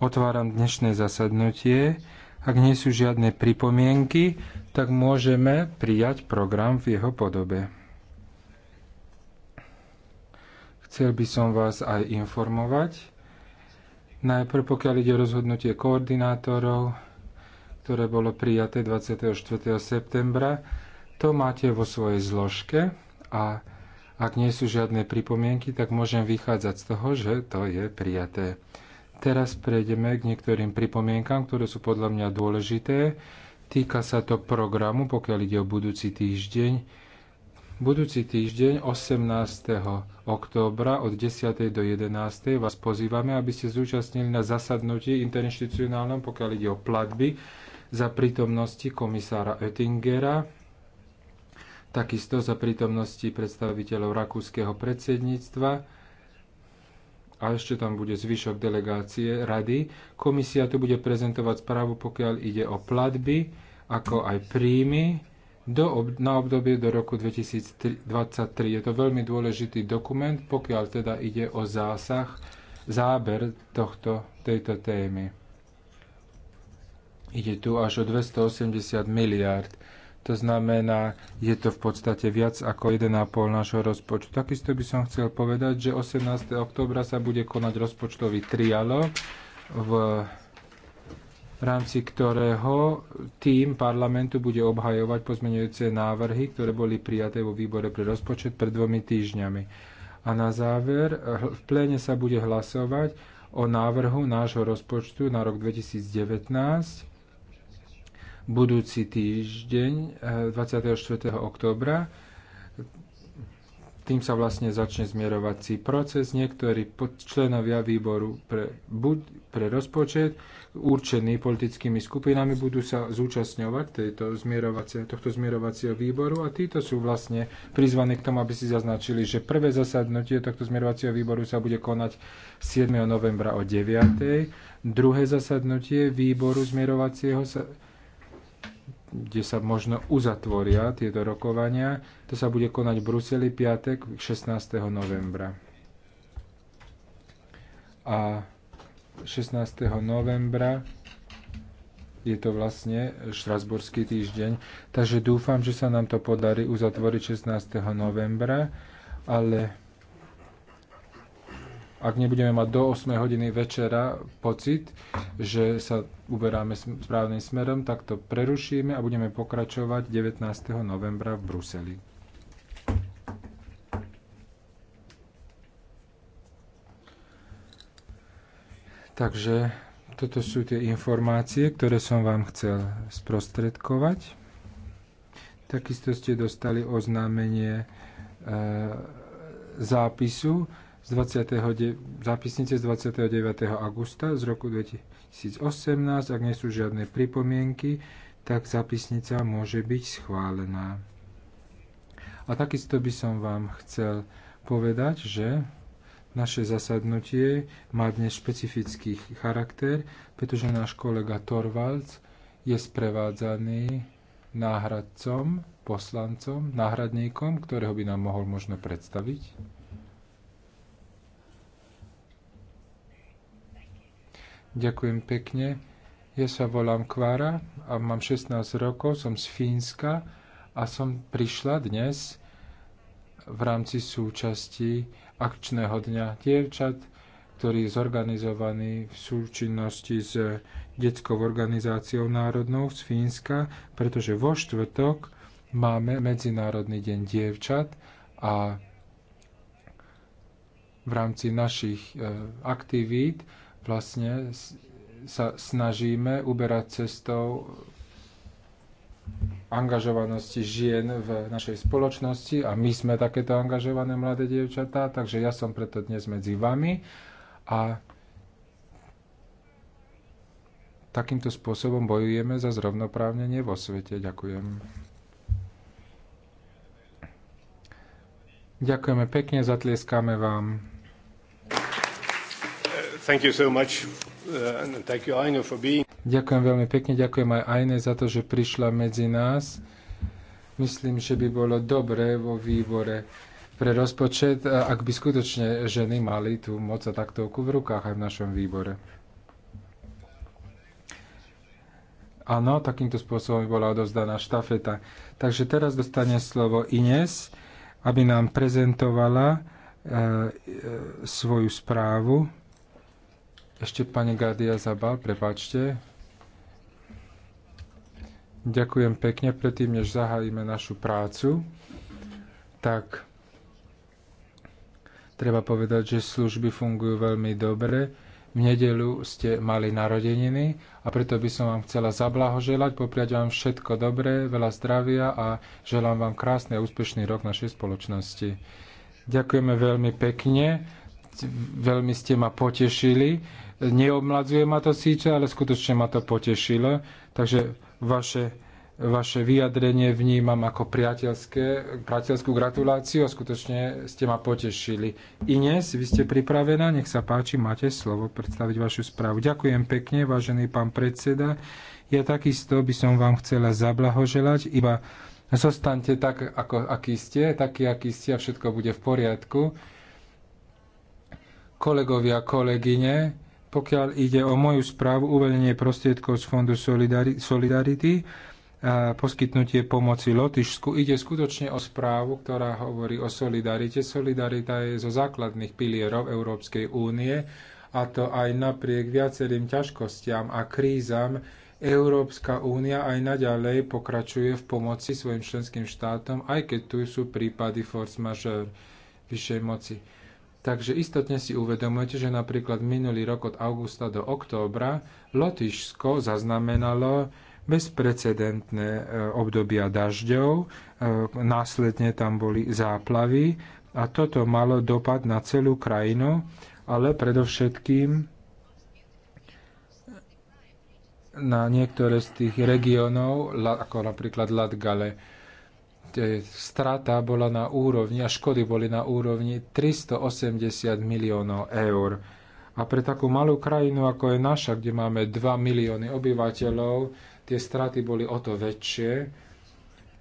Otváram dnešné zasadnutie. Ak nie sú žiadne pripomienky, tak môžeme prijať program v jeho podobe. Chcel by som vás aj informovať. Najprv pokiaľ ide o rozhodnutie koordinátorov, ktoré bolo prijaté 24. septembra, to máte vo svojej zložke a ak nie sú žiadne pripomienky, tak môžem vychádzať z toho, že to je prijaté. Teraz prejdeme k niektorým pripomienkám, ktoré sú podľa mňa dôležité. Týka sa to programu, pokiaľ ide o budúci týždeň. Budúci týždeň 18. októbra od 10. do 11. vás pozývame, aby ste zúčastnili na zasadnutí interinstitucionálnom, pokiaľ ide o platby za prítomnosti komisára Oettingera, takisto za prítomnosti predstaviteľov rakúskeho predsedníctva, a ešte tam bude zvyšok delegácie rady. Komisia tu bude prezentovať správu, pokiaľ ide o platby, ako aj príjmy do, na obdobie do roku 2023. Je to veľmi dôležitý dokument, pokiaľ teda ide o zásah, záber tohto, tejto témy. Ide tu až o 280 miliárd. To znamená, je to v podstate viac ako 1,5 nášho rozpočtu. Takisto by som chcel povedať, že 18. októbra sa bude konať rozpočtový trialog, v rámci ktorého tým parlamentu bude obhajovať pozmeňujúce návrhy, ktoré boli prijaté vo výbore pre rozpočet pred dvomi týždňami. A na záver v pléne sa bude hlasovať o návrhu nášho rozpočtu na rok 2019 budúci týždeň 24. Eh, oktobra. Tým sa vlastne začne zmierovací proces. Niektorí členovia výboru pre, pre rozpočet určení politickými skupinami budú sa zúčastňovať tejto zmierovacie, tohto zmierovacieho výboru a títo sú vlastne prizvaní k tomu, aby si zaznačili, že prvé zasadnutie tohto zmierovacieho výboru sa bude konať 7. novembra o 9. Druhé zasadnutie výboru zmierovacieho sa kde sa možno uzatvoria tieto rokovania. To sa bude konať v Bruseli piatek 16. novembra. A 16. novembra je to vlastne štrasburský týždeň, takže dúfam, že sa nám to podarí uzatvoriť 16. novembra, ale ak nebudeme mať do 8 hodiny večera pocit, že sa uberáme správnym smerom, tak to prerušíme a budeme pokračovať 19. novembra v Bruseli. Takže toto sú tie informácie, ktoré som vám chcel sprostredkovať. Takisto ste dostali oznámenie e, zápisu z 20. zápisnice z 29. augusta z roku 2018. Ak nie sú žiadne pripomienky, tak zápisnica môže byť schválená. A takisto by som vám chcel povedať, že naše zasadnutie má dnes špecifický charakter, pretože náš kolega Torvalds je sprevádzaný náhradcom, poslancom, náhradníkom, ktorého by nám mohol možno predstaviť. Ďakujem pekne. Ja sa volám Kvára a mám 16 rokov, som z Fínska a som prišla dnes v rámci súčasti akčného dňa dievčat, ktorý je zorganizovaný v súčinnosti s detskou organizáciou národnou z Fínska, pretože vo štvrtok máme Medzinárodný deň dievčat a v rámci našich e, aktivít vlastne sa snažíme uberať cestou angažovanosti žien v našej spoločnosti a my sme takéto angažované mladé dievčatá, takže ja som preto dnes medzi vami a takýmto spôsobom bojujeme za zrovnoprávnenie vo svete. Ďakujem. Ďakujeme pekne, zatlieskáme vám. Thank you so much. Uh, thank you, for being... Ďakujem veľmi pekne, ďakujem aj Aine za to, že prišla medzi nás. Myslím, že by bolo dobré vo výbore pre rozpočet, ak by skutočne ženy mali tú moc a taktovku v rukách aj v našom výbore. Áno, takýmto spôsobom bola odovzdaná štafeta. Takže teraz dostane slovo Ines, aby nám prezentovala e, e, svoju správu. Ešte pani Gadia Zabal, prepáčte. Ďakujem pekne, predtým než zahájime našu prácu, tak treba povedať, že služby fungujú veľmi dobre. V nedeľu ste mali narodeniny a preto by som vám chcela zablahoželať, popriať vám všetko dobré, veľa zdravia a želám vám krásny a úspešný rok našej spoločnosti. Ďakujeme veľmi pekne, veľmi ste ma potešili neobmladzuje ma to síce, ale skutočne ma to potešilo. Takže vaše, vaše vyjadrenie vnímam ako priateľské, priateľskú gratuláciu a skutočne ste ma potešili. Ines, vy ste pripravená? Nech sa páči, máte slovo predstaviť vašu správu. Ďakujem pekne, vážený pán predseda. Ja takisto by som vám chcela zablahoželať, iba zostaňte tak, ako, aký ste, taký, aký ste a všetko bude v poriadku. Kolegovia, kolegyne, pokiaľ ide o moju správu, uvedenie prostriedkov z Fondu Solidarity, a poskytnutie pomoci Lotyšsku. Ide skutočne o správu, ktorá hovorí o solidarite. Solidarita je zo základných pilierov Európskej únie a to aj napriek viacerým ťažkostiam a krízam Európska únia aj naďalej pokračuje v pomoci svojim členským štátom, aj keď tu sú prípady force majeure vyššej moci. Takže istotne si uvedomujete, že napríklad minulý rok od augusta do októbra Lotyšsko zaznamenalo bezprecedentné e, obdobia dažďov, e, následne tam boli záplavy a toto malo dopad na celú krajinu, ale predovšetkým e, na niektoré z tých regiónov, ako napríklad Latgale. E, strata bola na úrovni a škody boli na úrovni 380 miliónov eur. A pre takú malú krajinu, ako je naša, kde máme 2 milióny obyvateľov, tie straty boli o to väčšie.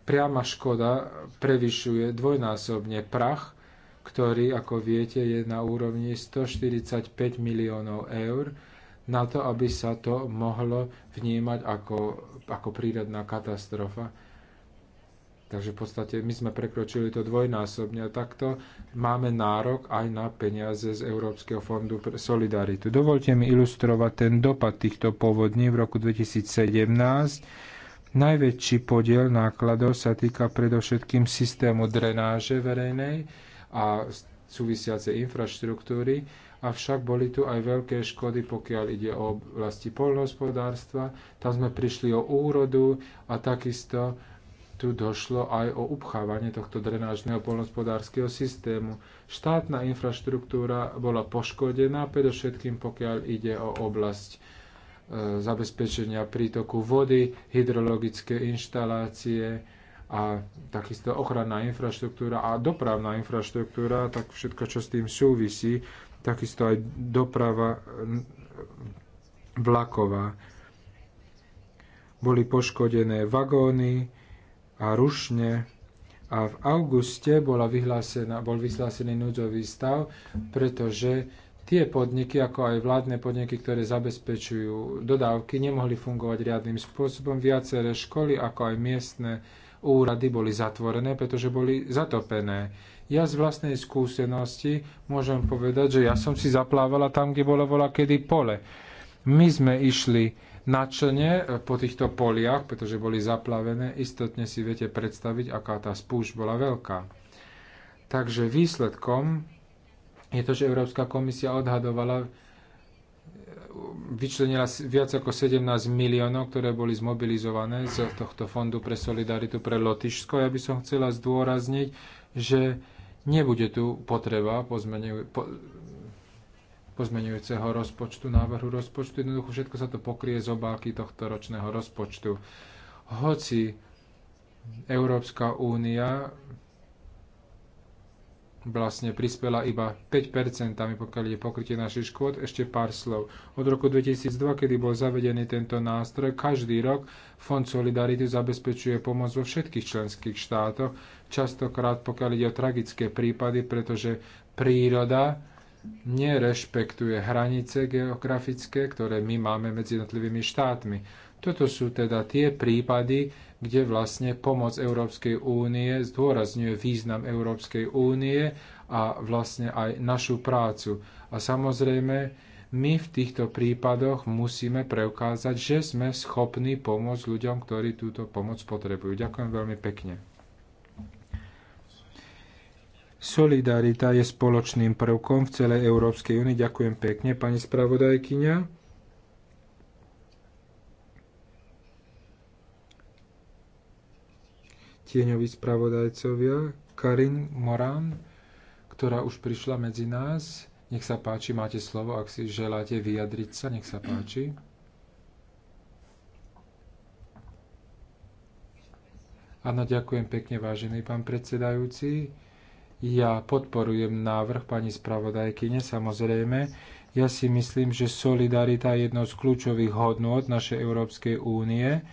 Priama škoda prevyšuje dvojnásobne prach, ktorý, ako viete, je na úrovni 145 miliónov eur na to, aby sa to mohlo vnímať ako, ako prírodná katastrofa Takže v podstate my sme prekročili to dvojnásobne a takto máme nárok aj na peniaze z Európskeho fondu pre solidaritu. Dovolte mi ilustrovať ten dopad týchto povodní v roku 2017. Najväčší podiel nákladov sa týka predovšetkým systému drenáže verejnej a súvisiacej infraštruktúry, avšak boli tu aj veľké škody, pokiaľ ide o oblasti poľnohospodárstva. Tam sme prišli o úrodu a takisto tu došlo aj o upchávanie tohto drenážneho polnospodárskeho systému. Štátna infraštruktúra bola poškodená, predovšetkým pokiaľ ide o oblasť e, zabezpečenia prítoku vody, hydrologické inštalácie a takisto ochranná infraštruktúra a dopravná infraštruktúra, tak všetko, čo s tým súvisí, takisto aj doprava vlaková. Boli poškodené vagóny, a rušne. A v auguste bola vyhlásená, bol vyhlásený núdzový stav, pretože tie podniky, ako aj vládne podniky, ktoré zabezpečujú dodávky, nemohli fungovať riadnym spôsobom. Viaceré školy, ako aj miestne úrady boli zatvorené, pretože boli zatopené. Ja z vlastnej skúsenosti môžem povedať, že ja som si zaplávala tam, kde bolo vola kedy pole. My sme išli načlne e, po týchto poliach, pretože boli zaplavené, istotne si viete predstaviť, aká tá spúšť bola veľká. Takže výsledkom je to, že Európska komisia odhadovala, e, vyčlenila viac ako 17 miliónov, ktoré boli zmobilizované z tohto fondu pre solidaritu pre Lotyšsko. Ja by som chcela zdôrazniť, že nebude tu potreba po zmene, po, pozmenujúceho rozpočtu, návrhu rozpočtu. Jednoducho všetko sa to pokrie z obálky tohto ročného rozpočtu. Hoci Európska únia vlastne prispela iba 5%, pokiaľ je pokrytie našich škôd, ešte pár slov. Od roku 2002, kedy bol zavedený tento nástroj, každý rok Fond Solidarity zabezpečuje pomoc vo všetkých členských štátoch, častokrát pokiaľ ide o tragické prípady, pretože príroda nerešpektuje hranice geografické, ktoré my máme medzi jednotlivými štátmi. Toto sú teda tie prípady, kde vlastne pomoc Európskej únie zdôrazňuje význam Európskej únie a vlastne aj našu prácu. A samozrejme, my v týchto prípadoch musíme preukázať, že sme schopní pomôcť ľuďom, ktorí túto pomoc potrebujú. Ďakujem veľmi pekne. Solidarita je spoločným prvkom v celej Európskej únii. Ďakujem pekne, pani spravodajkyňa. Tieňoví spravodajcovia, Karin Moran, ktorá už prišla medzi nás. Nech sa páči, máte slovo, ak si želáte vyjadriť sa, nech sa páči. Áno, ďakujem pekne, vážený pán predsedajúci. Ja podporujem návrh pani spravodajkyne, samozrejme. Ja si myslím, že solidarita je jednou z kľúčových hodnôt našej Európskej únie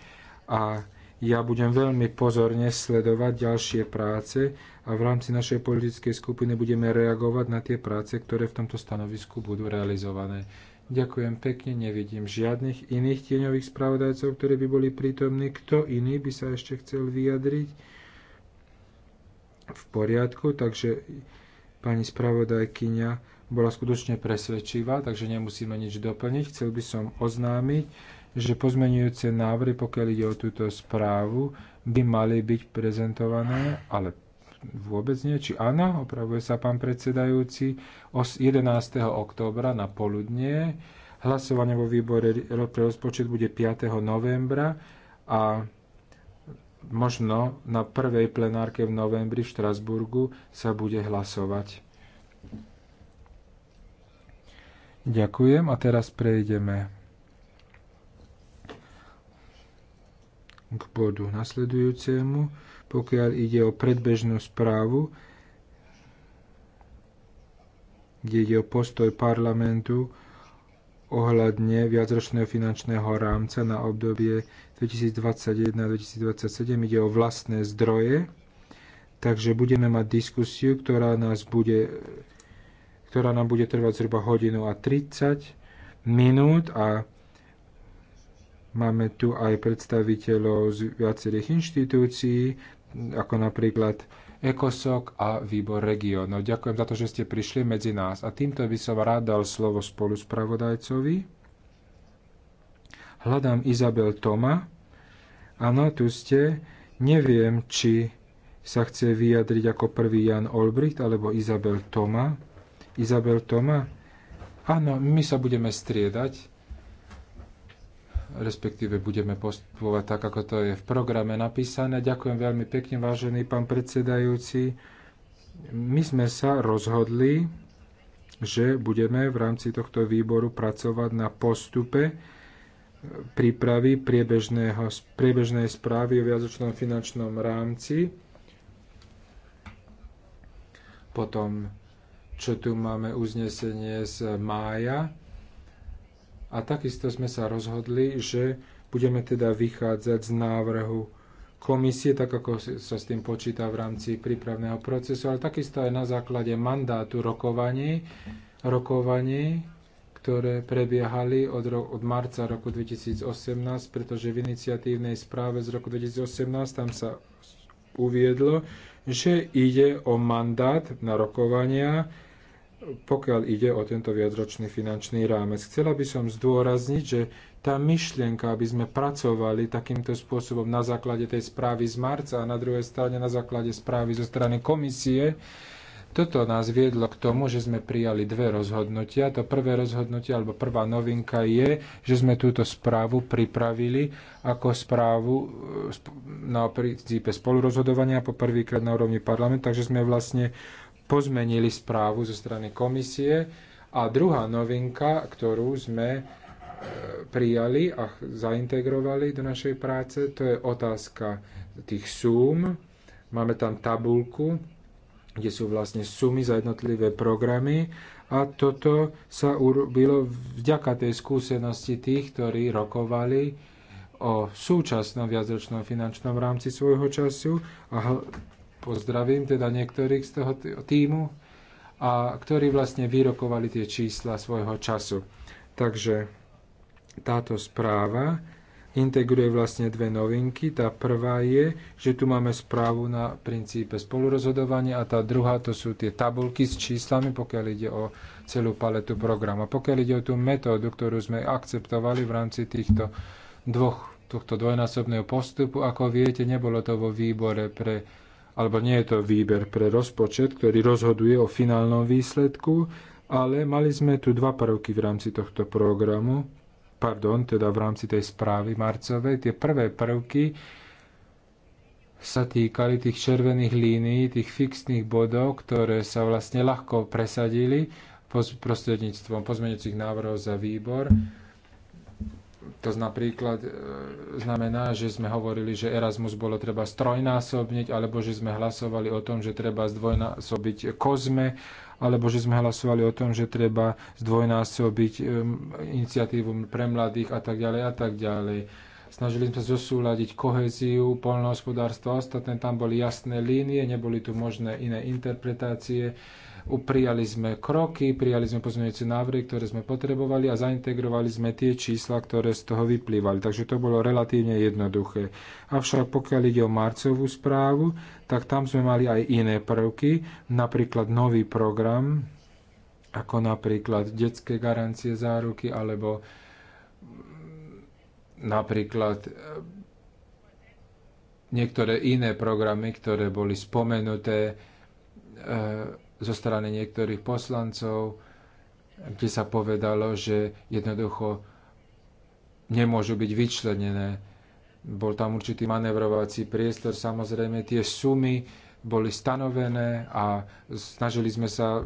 a ja budem veľmi pozorne sledovať ďalšie práce a v rámci našej politickej skupiny budeme reagovať na tie práce, ktoré v tomto stanovisku budú realizované. Ďakujem pekne, nevidím žiadnych iných tieňových spravodajcov, ktorí by boli prítomní. Kto iný by sa ešte chcel vyjadriť? v poriadku, takže pani spravodajkyňa bola skutočne presvedčivá, takže nemusíme nič doplniť. Chcel by som oznámiť, že pozmenujúce návrhy, pokiaľ ide o túto správu, by mali byť prezentované, ale vôbec nie, či áno, opravuje sa pán predsedajúci, 11. októbra na poludnie. Hlasovanie vo výbore pre rozpočet bude 5. novembra a možno na prvej plenárke v novembri v Štrasburgu sa bude hlasovať. Ďakujem a teraz prejdeme k bodu nasledujúcemu, pokiaľ ide o predbežnú správu, kde ide o postoj parlamentu ohľadne viacročného finančného rámca na obdobie 2021-2027 ide o vlastné zdroje, takže budeme mať diskusiu, ktorá, nás bude, ktorá nám bude trvať zhruba hodinu a 30 minút a máme tu aj predstaviteľov z viacerých inštitúcií, ako napríklad ECOSOC a výbor regionov. Ďakujem za to, že ste prišli medzi nás. A týmto by som rád dal slovo spoluspravodajcovi. Hľadám Izabel Toma. Áno, tu ste. Neviem, či sa chce vyjadriť ako prvý Jan Olbricht alebo Izabel Toma. Izabel Toma? Áno, my sa budeme striedať respektíve budeme postupovať tak, ako to je v programe napísané. Ďakujem veľmi pekne, vážený pán predsedajúci. My sme sa rozhodli, že budeme v rámci tohto výboru pracovať na postupe prípravy priebežnej správy o viazočnom finančnom rámci. Potom, čo tu máme uznesenie z mája a takisto sme sa rozhodli, že budeme teda vychádzať z návrhu komisie, tak ako sa s tým počíta v rámci prípravného procesu, ale takisto aj na základe mandátu rokovaní, rokovaní ktoré prebiehali od, ro- od marca roku 2018, pretože v iniciatívnej správe z roku 2018 tam sa uviedlo, že ide o mandát na rokovania pokiaľ ide o tento viacročný finančný rámec. Chcela by som zdôrazniť, že tá myšlienka, aby sme pracovali takýmto spôsobom na základe tej správy z marca a na druhej strane na základe správy zo strany komisie, toto nás viedlo k tomu, že sme prijali dve rozhodnutia. To prvé rozhodnutie alebo prvá novinka je, že sme túto správu pripravili ako správu eh, na princípe spolurozhodovania po prvýkrát na úrovni parlamentu, takže sme vlastne pozmenili správu zo strany komisie. A druhá novinka, ktorú sme e, prijali a zaintegrovali do našej práce, to je otázka tých súm. Máme tam tabulku, kde sú vlastne sumy za jednotlivé programy a toto sa urobilo vďaka tej skúsenosti tých, ktorí rokovali o súčasnom viacročnom finančnom rámci svojho času a pozdravím teda niektorých z toho týmu, a ktorí vlastne vyrokovali tie čísla svojho času. Takže táto správa integruje vlastne dve novinky. Tá prvá je, že tu máme správu na princípe spolurozhodovania a tá druhá to sú tie tabulky s číslami, pokiaľ ide o celú paletu programu. A pokiaľ ide o tú metódu, ktorú sme akceptovali v rámci týchto dvoch, tohto dvojnásobného postupu, ako viete, nebolo to vo výbore pre alebo nie je to výber pre rozpočet, ktorý rozhoduje o finálnom výsledku, ale mali sme tu dva prvky v rámci tohto programu, pardon, teda v rámci tej správy marcovej. Tie prvé prvky sa týkali tých červených línií, tých fixných bodov, ktoré sa vlastne ľahko presadili prostredníctvom pozmeňujúcich návrhov za výbor. Mm to napríklad e, znamená, že sme hovorili, že Erasmus bolo treba strojnásobniť, alebo že sme hlasovali o tom, že treba zdvojnásobiť kozme, alebo že sme hlasovali o tom, že treba zdvojnásobiť e, iniciatívu pre mladých a tak ďalej a tak ďalej. Snažili sme sa zosúľadiť koheziu, polnohospodárstvo a ostatné, tam boli jasné línie, neboli tu možné iné interpretácie prijali sme kroky, prijali sme pozmeňujúce návrhy, ktoré sme potrebovali a zaintegrovali sme tie čísla, ktoré z toho vyplývali. Takže to bolo relatívne jednoduché. Avšak pokiaľ ide o marcovú správu, tak tam sme mali aj iné prvky, napríklad nový program, ako napríklad detské garancie záruky alebo napríklad e, niektoré iné programy, ktoré boli spomenuté e, zo strany niektorých poslancov, kde sa povedalo, že jednoducho nemôžu byť vyčlenené. Bol tam určitý manevrovací priestor, samozrejme tie sumy boli stanovené a snažili sme sa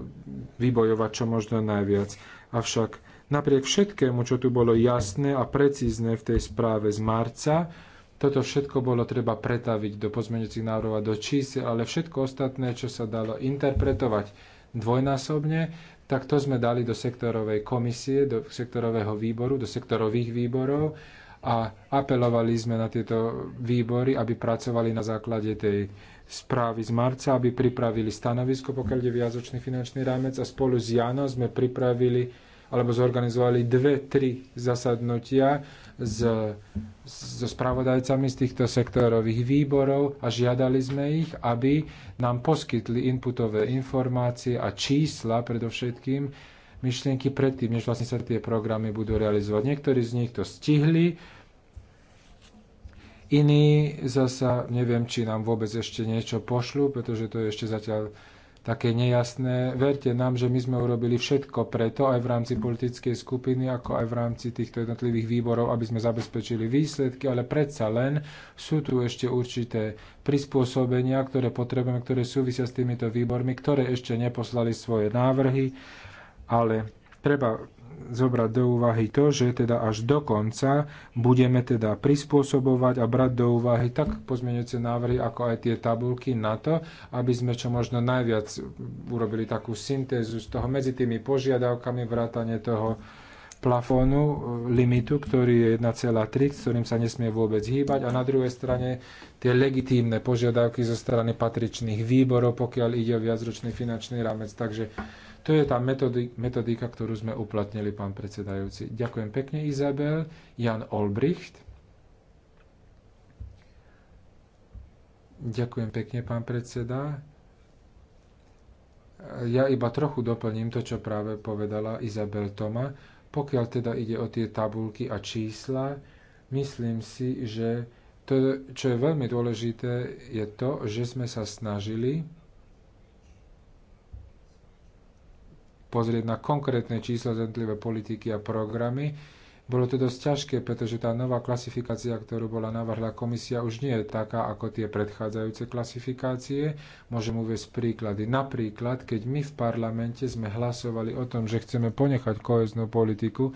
vybojovať čo možno najviac. Avšak napriek všetkému, čo tu bolo jasné a precízne v tej správe z marca, toto všetko bolo treba pretaviť do pozmeňujúcich návrhov a do čísel, ale všetko ostatné, čo sa dalo interpretovať dvojnásobne, tak to sme dali do sektorovej komisie, do sektorového výboru, do sektorových výborov a apelovali sme na tieto výbory, aby pracovali na základe tej správy z marca, aby pripravili stanovisko, pokiaľ je viazočný finančný rámec a spolu s Jano sme pripravili alebo zorganizovali dve, tri zasadnutia s, so spravodajcami z týchto sektorových výborov a žiadali sme ich, aby nám poskytli inputové informácie a čísla predovšetkým, myšlienky predtým, než vlastne sa tie programy budú realizovať. Niektorí z nich to stihli, iní zasa neviem, či nám vôbec ešte niečo pošlu, pretože to je ešte zatiaľ také nejasné. Verte nám, že my sme urobili všetko preto, aj v rámci politickej skupiny, ako aj v rámci týchto jednotlivých výborov, aby sme zabezpečili výsledky, ale predsa len sú tu ešte určité prispôsobenia, ktoré potrebujeme, ktoré súvisia s týmito výbormi, ktoré ešte neposlali svoje návrhy, ale treba zobrať do úvahy to, že teda až do konca budeme teda prispôsobovať a brať do úvahy tak pozmeňujúce návrhy, ako aj tie tabulky na to, aby sme čo možno najviac urobili takú syntézu z toho medzi tými požiadavkami vrátane toho plafónu, eh, limitu, ktorý je 1,3, s ktorým sa nesmie vôbec hýbať a na druhej strane tie legitímne požiadavky zo strany patričných výborov, pokiaľ ide o viacročný finančný rámec. Takže to je tá metodika, ktorú sme uplatnili, pán predsedajúci. Ďakujem pekne, Izabel. Jan Olbricht. Ďakujem pekne, pán predseda. Ja iba trochu doplním to, čo práve povedala Izabel Toma. Pokiaľ teda ide o tie tabulky a čísla, myslím si, že to, čo je veľmi dôležité, je to, že sme sa snažili pozrieť na konkrétne čísla jednotlivé politiky a programy. Bolo to dosť ťažké, pretože tá nová klasifikácia, ktorú bola navrhla komisia, už nie je taká ako tie predchádzajúce klasifikácie. Môžem uvieť príklady. Napríklad, keď my v parlamente sme hlasovali o tom, že chceme ponechať koheznú politiku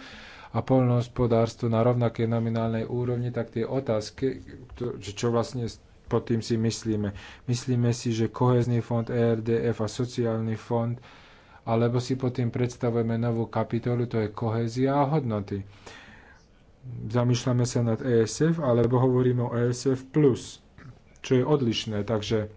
a poľnohospodárstvo na rovnakej nominálnej úrovni, tak tie otázky, čo vlastne pod tým si myslíme. Myslíme si, že kohezný fond ERDF a sociálny fond alebo si pod tým predstavujeme novú kapitolu, to je kohézia a hodnoty. Zamýšľame sa nad ESF, alebo hovoríme o ESF+, čo je odlišné. Takže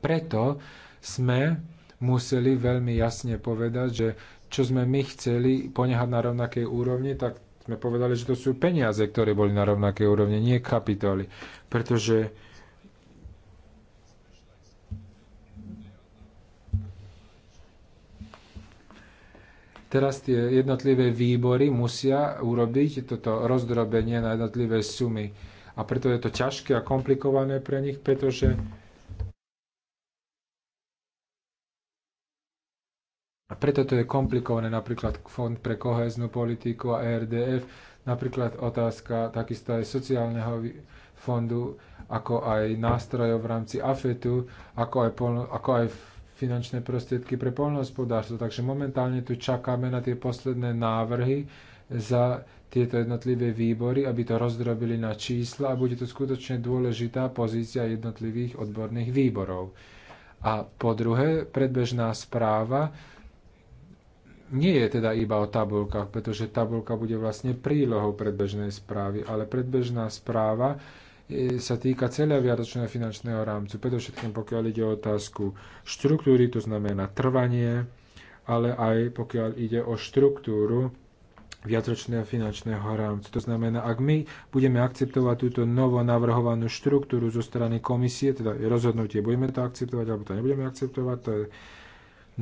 preto sme museli veľmi jasne povedať, že čo sme my chceli ponehať na rovnakej úrovni, tak sme povedali, že to sú peniaze, ktoré boli na rovnakej úrovni, nie kapitoly. Pretože Teraz tie jednotlivé výbory musia urobiť toto rozdrobenie na jednotlivé sumy. A preto je to ťažké a komplikované pre nich, pretože A preto to je komplikované napríklad Fond pre kohéznu politiku a e RDF, napríklad otázka takisto aj sociálneho fondu, ako aj nástrojov v rámci AFETu, ako aj, ako aj finančné prostriedky pre poľnohospodárstvo. Takže momentálne tu čakáme na tie posledné návrhy za tieto jednotlivé výbory, aby to rozdrobili na čísla a bude to skutočne dôležitá pozícia jednotlivých odborných výborov. A po druhé, predbežná správa nie je teda iba o tabulkách, pretože tabulka bude vlastne prílohou predbežnej správy, ale predbežná správa E, sa týka celého viadočného finančného rámcu, predovšetkým pokiaľ ide o otázku štruktúry, to znamená trvanie, ale aj pokiaľ ide o štruktúru viacročného finančného rámcu. To znamená, ak my budeme akceptovať túto novo navrhovanú štruktúru zo strany komisie, teda rozhodnutie, budeme to akceptovať alebo to nebudeme akceptovať, to je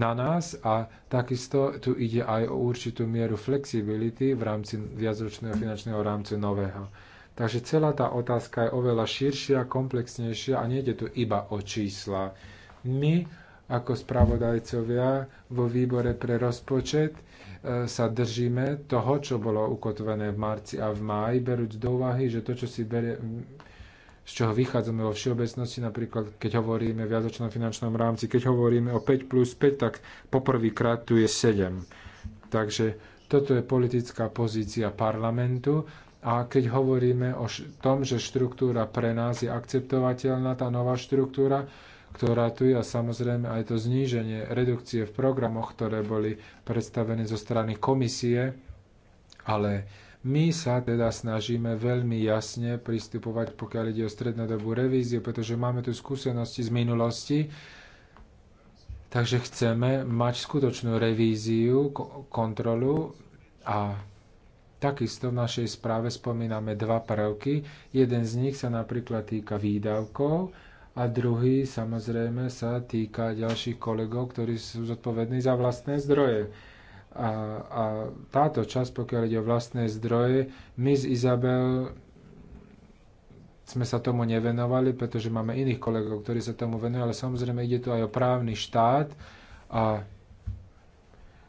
na nás a takisto tu ide aj o určitú mieru flexibility v rámci viacročného finančného rámcu nového. Takže celá tá otázka je oveľa širšia, komplexnejšia a nejde tu iba o čísla. My ako spravodajcovia vo výbore pre rozpočet e, sa držíme toho, čo bolo ukotvené v marci a v máji, berúc do úvahy, že to, čo si berie, z čoho vychádzame vo všeobecnosti, napríklad keď hovoríme v viacočnom finančnom rámci, keď hovoríme o 5 plus 5, tak poprvýkrát tu je 7. Takže toto je politická pozícia parlamentu a keď hovoríme o tom, že štruktúra pre nás je akceptovateľná, tá nová štruktúra, ktorá tu je a samozrejme aj to zníženie redukcie v programoch, ktoré boli predstavené zo strany komisie, ale my sa teda snažíme veľmi jasne pristupovať, pokiaľ ide o strednodobú revíziu, pretože máme tu skúsenosti z minulosti, takže chceme mať skutočnú revíziu, kontrolu a Takisto v našej správe spomíname dva prvky. Jeden z nich sa napríklad týka výdavkov a druhý samozrejme sa týka ďalších kolegov, ktorí sú zodpovední za vlastné zdroje. A, a táto časť, pokiaľ ide o vlastné zdroje, my z Izabel sme sa tomu nevenovali, pretože máme iných kolegov, ktorí sa tomu venujú, ale samozrejme ide tu aj o právny štát a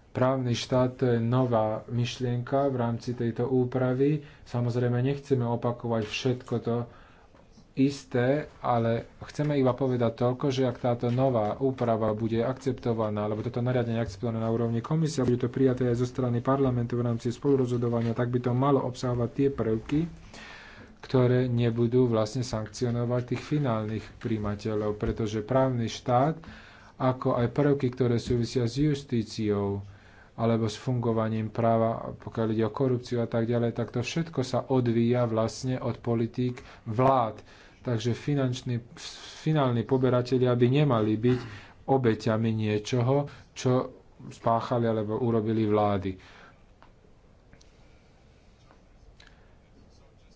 Právny štát to je nová myšlienka v rámci tejto úpravy. Samozrejme, nechceme opakovať všetko to isté, ale chceme iba povedať toľko, že ak táto nová úprava bude akceptovaná, alebo toto nariadenie akceptované na úrovni komisie, bude to prijaté aj zo strany parlamentu v rámci spolurozhodovania, tak by to malo obsahovať tie prvky, ktoré nebudú vlastne sankcionovať tých finálnych príjmateľov, pretože právny štát, ako aj prvky, ktoré súvisia s justíciou, alebo s fungovaním práva, pokiaľ ide o korupciu a tak ďalej, tak to všetko sa odvíja vlastne od politík vlád. Takže finanční, finálni poberatelia by nemali byť obeťami niečoho, čo spáchali alebo urobili vlády.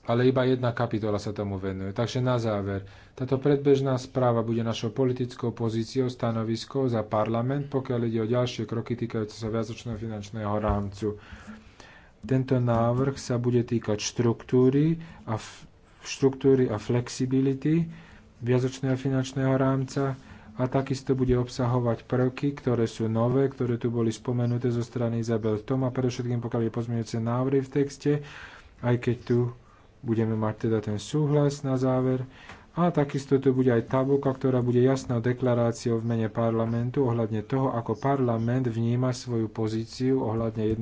Ale iba jedna kapitola sa tomu venuje. Takže na záver, táto predbežná správa bude našou politickou pozíciou, stanoviskou za parlament, pokiaľ ide o ďalšie kroky týkajúce sa viacočného finančného rámcu. Tento návrh sa bude týkať štruktúry a, štruktúry a flexibility viacočného finančného rámca a takisto bude obsahovať prvky, ktoré sú nové, ktoré tu boli spomenuté zo strany Izabel Tom a predovšetkým pokiaľ je pozmeňujúce návrhy v texte, aj keď tu budeme mať teda ten súhlas na záver a takisto tu bude aj tabulka, ktorá bude jasnou deklaráciou v mene parlamentu ohľadne toho, ako parlament vníma svoju pozíciu ohľadne 1,3.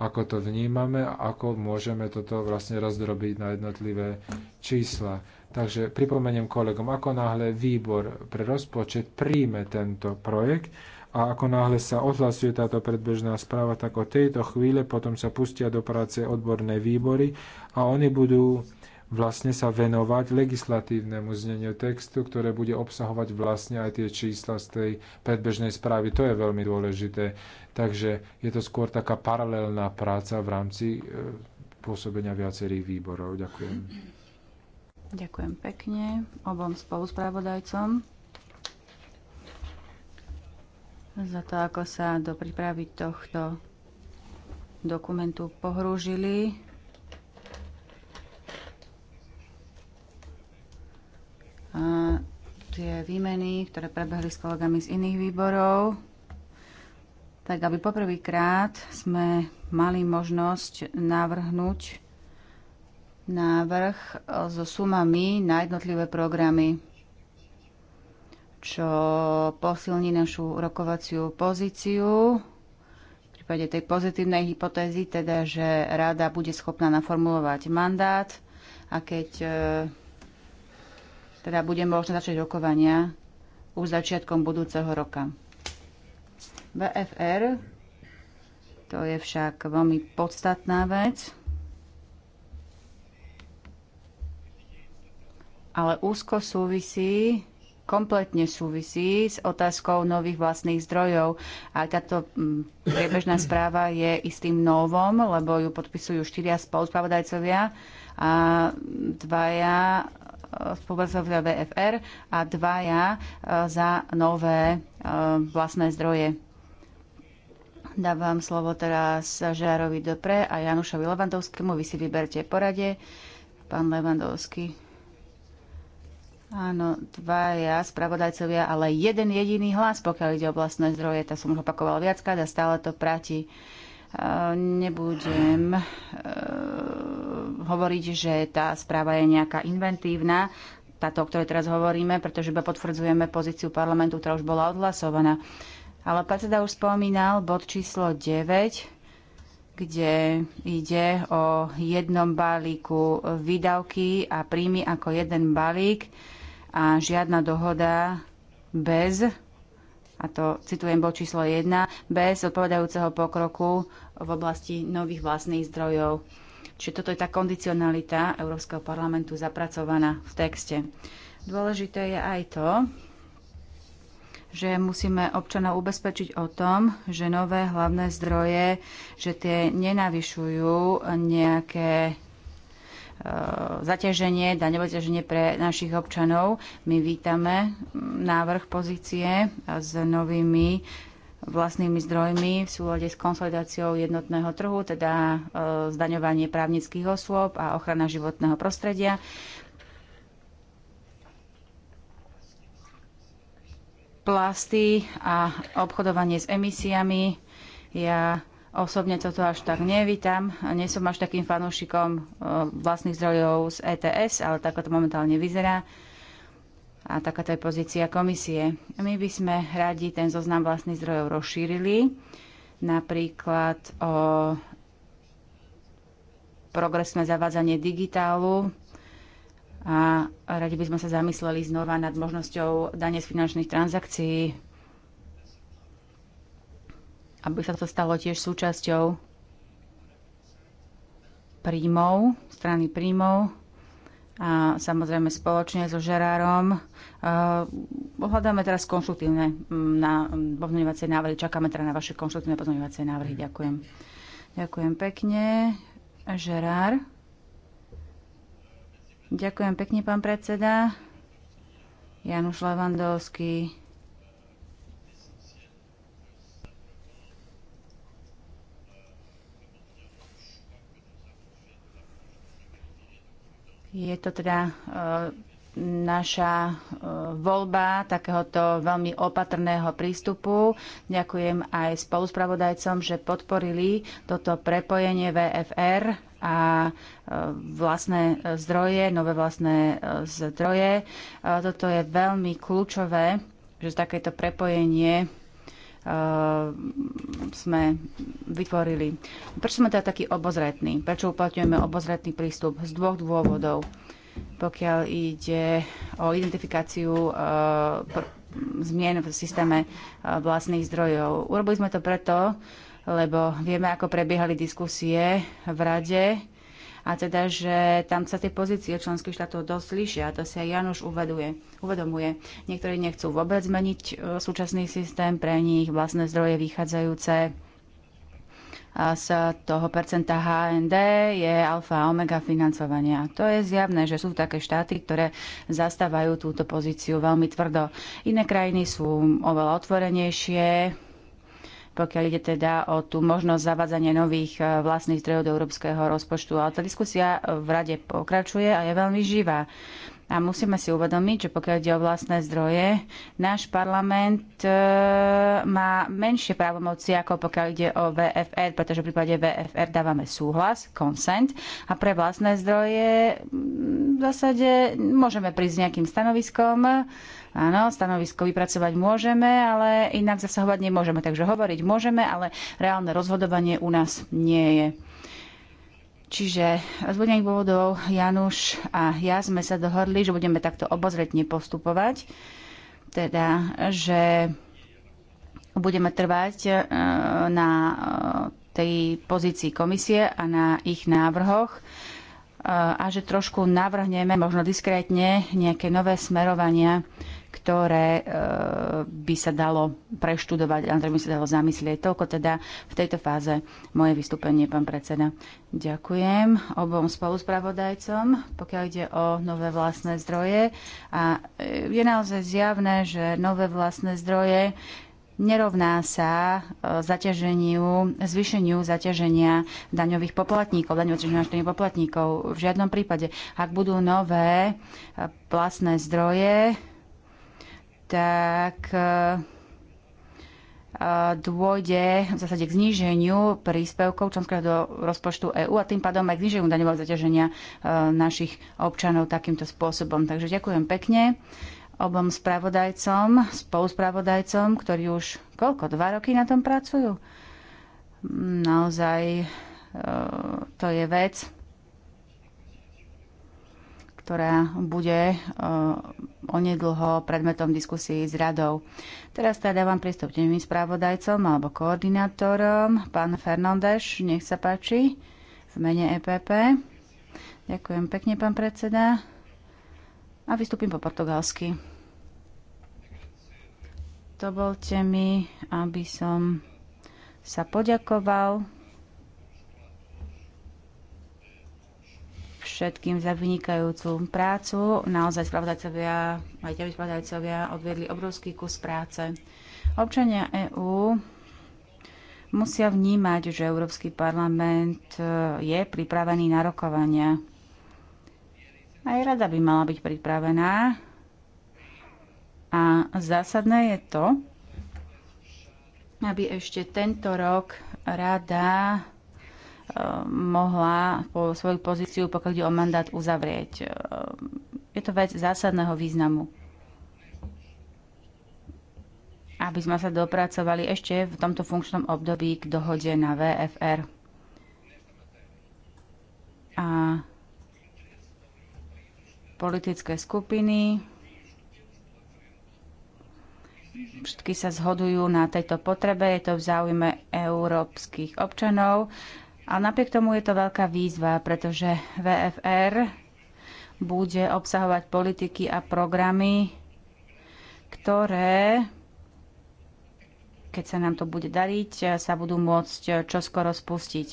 Ako to vnímame a ako môžeme toto vlastne rozdrobiť na jednotlivé čísla. Takže pripomeniem kolegom, ako náhle výbor pre rozpočet príjme tento projekt, a ako náhle sa odhlasuje táto predbežná správa, tak od tejto chvíle potom sa pustia do práce odborné výbory a oni budú vlastne sa venovať legislatívnemu zneniu textu, ktoré bude obsahovať vlastne aj tie čísla z tej predbežnej správy. To je veľmi dôležité. Takže je to skôr taká paralelná práca v rámci e, pôsobenia viacerých výborov. Ďakujem. Ďakujem pekne obom spoluspravodajcom za to, ako sa do prípravy tohto dokumentu pohrúžili a tie výmeny, ktoré prebehli s kolegami z iných výborov, tak aby poprvýkrát sme mali možnosť navrhnúť návrh so sumami na jednotlivé programy, čo posilní našu rokovaciu pozíciu v prípade tej pozitívnej hypotézy, teda, že rada bude schopná naformulovať mandát a keď e, teda bude možné začať rokovania už začiatkom budúceho roka. VFR, to je však veľmi podstatná vec, ale úzko súvisí kompletne súvisí s otázkou nových vlastných zdrojov. A táto mm, priebežná správa je istým novom, lebo ju podpisujú štyria spoluspravodajcovia a dvaja spolupracovali VFR a dvaja e, za nové e, vlastné zdroje. Dávam slovo teraz Žárovi Dopre a Janušovi Levandovskému. Vy si vyberte porade. Pán Levandovský. Áno, dva ja spravodajcovia, ale jeden jediný hlas, pokiaľ ide o vlastné zdroje. To som už opakovala viackrát a stále to platí. Uh, Nebudem e, hovoriť, že tá správa je nejaká inventívna, táto, o ktorej teraz hovoríme, pretože iba potvrdzujeme pozíciu parlamentu, ktorá už bola odhlasovaná. Ale predseda už spomínal bod číslo 9, kde ide o jednom balíku výdavky a príjmy ako jeden balík a žiadna dohoda bez, a to citujem bod číslo 1, bez odpovedajúceho pokroku v oblasti nových vlastných zdrojov. Čiže toto je tá kondicionalita Európskeho parlamentu zapracovaná v texte. Dôležité je aj to, že musíme občanov ubezpečiť o tom, že nové hlavné zdroje, že tie nenavyšujú nejaké e, zaťaženie, daňové zaťaženie pre našich občanov. My vítame návrh pozície s novými vlastnými zdrojmi v súlade s konsolidáciou jednotného trhu, teda e, zdaňovanie právnických osôb a ochrana životného prostredia. Plasty a obchodovanie s emisiami. Ja osobne toto až tak nevítam. Nie som až takým fanúšikom e, vlastných zdrojov z ETS, ale takto to momentálne vyzerá a takáto je pozícia komisie. My by sme radi ten zoznam vlastných zdrojov rozšírili, napríklad o progresné zavádzanie digitálu a radi by sme sa zamysleli znova nad možnosťou dane z finančných transakcií, aby sa to stalo tiež súčasťou príjmov, strany príjmov a samozrejme spoločne so Žerárom. Eh, Hľadáme teraz konštruktívne mm, na mm, pozmeňovacie návrhy. Čakáme teda na vaše konštruktívne pozmeňovacie návrhy. Ďakujem. Ďakujem pekne. Žerár. Ďakujem pekne, pán predseda. Januš Levandovský Je to teda e, naša e, voľba takéhoto veľmi opatrného prístupu. Ďakujem aj spoluspravodajcom, že podporili toto prepojenie VFR a e, vlastné zdroje, nové vlastné zdroje. Toto je veľmi kľúčové, že takéto prepojenie Ehm, sme vytvorili. Prečo sme teda taký obozretný, Prečo uplatňujeme obozretný prístup? Z dvoch dôvodov. Pokiaľ ide o identifikáciu ehm, zmien v systéme ehm, vlastných zdrojov. Urobili sme to preto, lebo vieme, ako prebiehali diskusie v rade a teda, že tam sa tie pozície členských štátov dosť líšia, to si aj Janoš uveduje, uvedomuje. Niektorí nechcú vôbec zmeniť e, súčasný systém, pre nich vlastné zdroje vychádzajúce e, z toho percenta HND je alfa a omega financovania. To je zjavné, že sú také štáty, ktoré zastávajú túto pozíciu veľmi tvrdo. Iné krajiny sú oveľa otvorenejšie, pokiaľ ide teda o tú možnosť zavádzania nových eh, vlastných zdrojov do európskeho rozpočtu. Ale tá diskusia v rade pokračuje a je veľmi živá. A musíme si uvedomiť, že pokiaľ ide o vlastné zdroje, náš parlament e, má menšie právomoci, ako pokiaľ ide o VFR, pretože v prípade VFR dávame súhlas, consent, a pre vlastné zdroje mm, v zásade môžeme prísť s nejakým stanoviskom, Áno, stanovisko vypracovať môžeme, ale inak zasahovať nemôžeme. Takže hovoriť môžeme, ale reálne rozhodovanie u nás nie je. Čiže z budených dôvodov Januš a ja sme sa dohodli, že budeme takto obozretne postupovať. Teda, že budeme trvať e, na e, tej pozícii komisie a na ich návrhoch e, a že trošku navrhneme možno diskrétne nejaké nové smerovania ktoré e, by sa dalo preštudovať, na by sa dalo zamyslieť. Toľko teda v tejto fáze moje vystúpenie, pán predseda. Ďakujem obom spoluspravodajcom, pokiaľ ide o nové vlastné zdroje. A e, je naozaj zjavné, že nové vlastné zdroje nerovná sa e, zaťaženiu, zvýšeniu zaťaženia daňových poplatníkov, daňových poplatníkov v žiadnom prípade. Ak budú nové vlastné zdroje, tak e, e, dôjde v zásade k zníženiu príspevkov členského do rozpočtu EÚ a tým pádom aj k zníženiu daňového zaťaženia e, našich občanov takýmto spôsobom. Takže ďakujem pekne obom spravodajcom, spoluspravodajcom, ktorí už koľko, dva roky na tom pracujú. Naozaj to je vec, ktorá bude e, onedlho predmetom diskusie s radou. Teraz teda dávam prístup k správodajcom alebo koordinátorom. Pán Fernández, nech sa páči, v mene EPP. Ďakujem pekne, pán predseda. A vystúpim po portugalsky. Dovolte mi, aby som sa poďakoval všetkým za vynikajúcu prácu. Naozaj spravodajcovia, aj ťa spravodajcovia odvedli obrovský kus práce. Občania EÚ musia vnímať, že Európsky parlament e, je pripravený na rokovania. Aj rada by mala byť pripravená. A zásadné je to, aby ešte tento rok rada mohla po svoju pozíciu, pokiaľ ide o mandát, uzavrieť. E, je to vec zásadného významu. Aby sme sa dopracovali ešte v tomto funkčnom období k dohode na VFR. A politické skupiny všetky sa zhodujú na tejto potrebe, je to v záujme európskych občanov a napriek tomu je to veľká výzva, pretože VFR bude obsahovať politiky a programy, ktoré, keď sa nám to bude dariť, sa budú môcť čoskoro spustiť.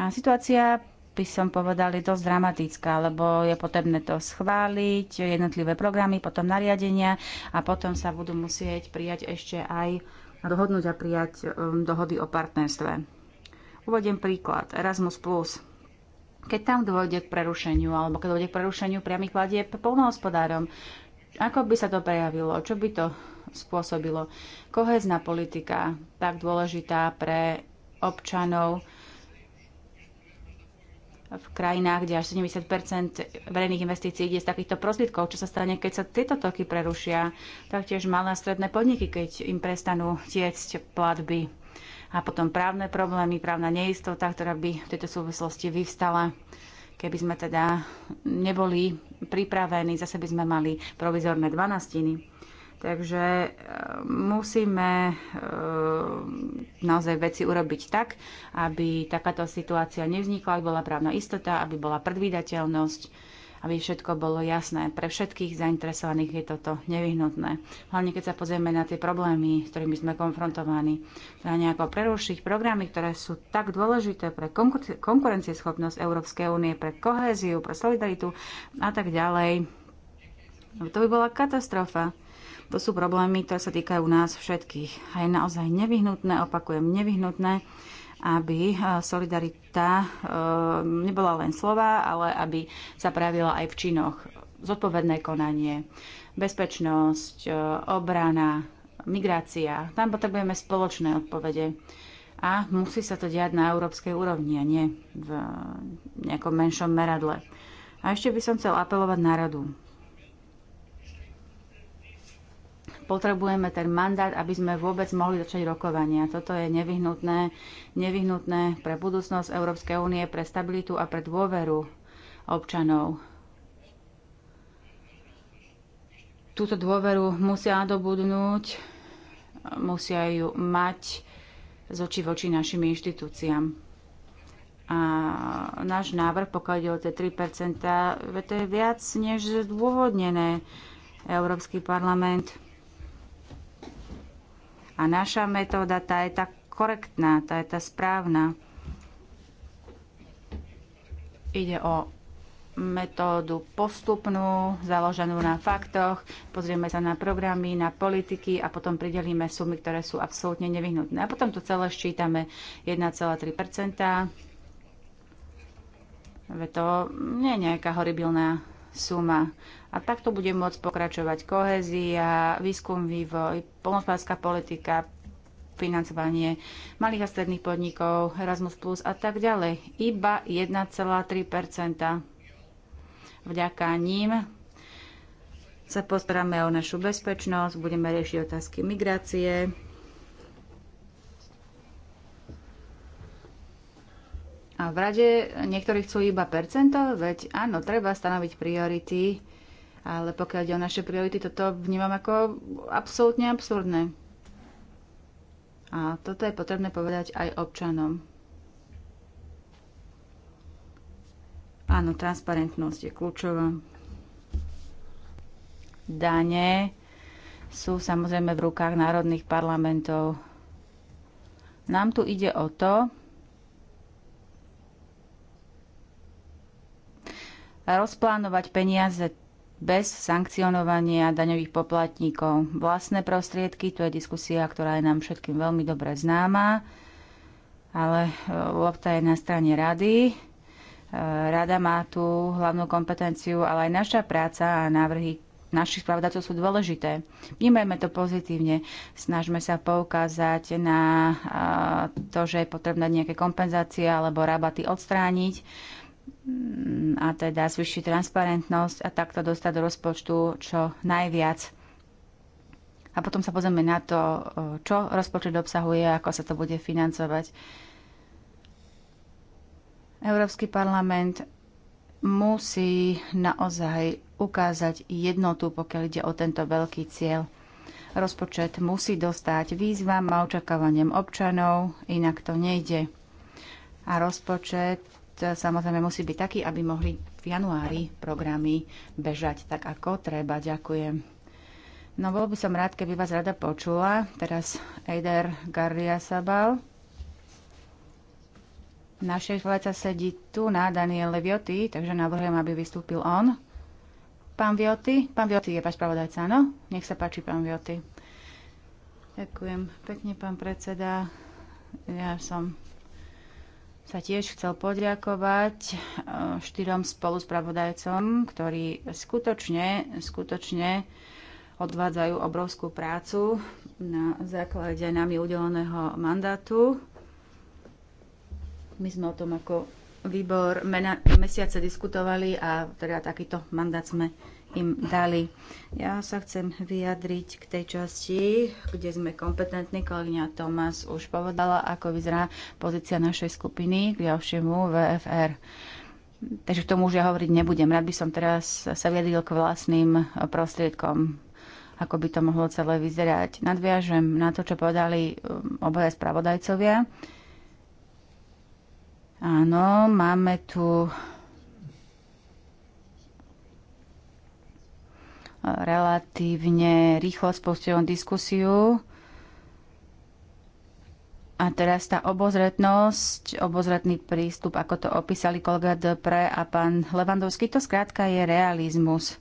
A situácia by som povedal, je dosť dramatická, lebo je potrebné to schváliť, jednotlivé programy, potom nariadenia a potom sa budú musieť prijať ešte aj dohodnúť a prijať um, dohody o partnerstve. Uvediem príklad. Erasmus+. Keď tam dôjde k prerušeniu, alebo keď dôjde k prerušeniu priamých platieb polnohospodárom, ako by sa to prejavilo? Čo by to spôsobilo? Kohezná politika, tak dôležitá pre občanov, v krajinách, kde až 70 verejných investícií ide z takýchto prostriedkov. Čo sa stane, keď sa tieto toky prerušia? Taktiež malé a stredné podniky, keď im prestanú tiecť platby a potom právne problémy, právna neistota, ktorá by v tejto súvislosti vyvstala keby sme teda neboli pripravení, zase by sme mali provizorné dvanastiny. Takže e, musíme e, naozaj veci urobiť tak, aby takáto situácia nevznikla, aby bola právna istota, aby bola predvídateľnosť aby všetko bolo jasné. Pre všetkých zainteresovaných je toto nevyhnutné. Hlavne keď sa pozrieme na tie problémy, s ktorými sme konfrontovaní. na teda nejako prerušiť programy, ktoré sú tak dôležité pre konkurencieschopnosť Európskej únie, pre kohéziu, pre solidaritu a tak ďalej. To by bola katastrofa. To sú problémy, ktoré sa týkajú nás všetkých. A je naozaj nevyhnutné, opakujem, nevyhnutné, aby e, solidarita e, nebola len slova, ale aby sa pravila aj v činoch. Zodpovedné konanie, bezpečnosť, e, obrana, migrácia. Tam potrebujeme spoločné odpovede. A musí sa to diať na európskej úrovni a nie v nejakom menšom meradle. A ešte by som chcel apelovať na radu. potrebujeme ten mandát, aby sme vôbec mohli začať rokovania. Toto je nevyhnutné, nevyhnutné pre budúcnosť Európskej únie, pre stabilitu a pre dôveru občanov. Túto dôveru musia dobudnúť, musia ju mať z oči voči našim inštitúciám. A náš návrh, pokiaľ ide o tie 3%, to je viac než zdôvodnené. Európsky parlament a naša metóda, tá je tá korektná, tá je tá správna. Ide o metódu postupnú, založenú na faktoch, pozrieme sa na programy, na politiky a potom pridelíme sumy, ktoré sú absolútne nevyhnutné. A potom to celé ščítame 1,3 Veď to nie je nejaká horibilná suma. A takto bude môcť pokračovať kohézia, výskum, vývoj, polnospodárska politika, financovanie malých a stredných podnikov, Erasmus Plus a tak ďalej. Iba 1,3 Vďaka ním sa postaráme o našu bezpečnosť, budeme riešiť otázky migrácie, A v rade niektorí chcú iba percento, veď áno, treba stanoviť priority ale pokiaľ ide o naše priority, toto vnímam ako absolútne absurdné. A toto je potrebné povedať aj občanom. Áno, transparentnosť je kľúčová. Dane sú samozrejme v rukách národných parlamentov. Nám tu ide o to, rozplánovať peniaze bez sankcionovania daňových poplatníkov vlastné prostriedky. To je diskusia, ktorá je nám všetkým veľmi dobre známa, ale e, lopta je na strane rady. E, rada má tú hlavnú kompetenciu, ale aj naša práca a návrhy našich spravodajcov sú dôležité. Vnímajme to pozitívne. Snažme sa poukázať na e, to, že je potrebné nejaké kompenzácie alebo rabaty odstrániť Mm, a teda zvyšiť transparentnosť a takto dostať do rozpočtu čo najviac. A potom sa pozrieme na to, čo rozpočet obsahuje a ako sa to bude financovať. Európsky parlament musí naozaj ukázať jednotu, pokiaľ ide o tento veľký cieľ. Rozpočet musí dostať výzvam a očakávaniam občanov, inak to nejde. A rozpočet samozrejme musí byť taký, aby mohli v januári programy bežať tak, ako treba. Ďakujem. No bol by som rád, keby vás rada počula. Teraz Eider Garria Sabal. Naše vleca sedí tu na Daniele Vioty, takže navrhujem, aby vystúpil on. Pán Vioty, pán Vioty je váš pravodajca, áno? Nech sa páči, pán Vioty. Ďakujem pekne, pán predseda. Ja som sa tiež chcel poďakovať eh, štyrom spoluspravodajcom, ktorí skutočne, skutočne odvádzajú obrovskú prácu na základe nami udeleného mandátu. My sme o tom ako výbor mena- mesiace diskutovali a teda takýto mandát sme im dali. Ja sa chcem vyjadriť k tej časti, kde sme kompetentní. Kolegyňa Tomás už povedala, ako vyzerá pozícia našej skupiny k ďalšiemu VFR. Takže k tomu už ja hovoriť nebudem. Rád by som teraz sa vyjadril k vlastným prostriedkom, ako by to mohlo celé vyzerať. Nadviažem na to, čo povedali um, obaja spravodajcovia. Áno, máme tu relatívne rýchlo spustilo diskusiu. A teraz tá obozretnosť, obozretný prístup, ako to opísali kolega Dpre a pán Levandovský, to skrátka je realizmus.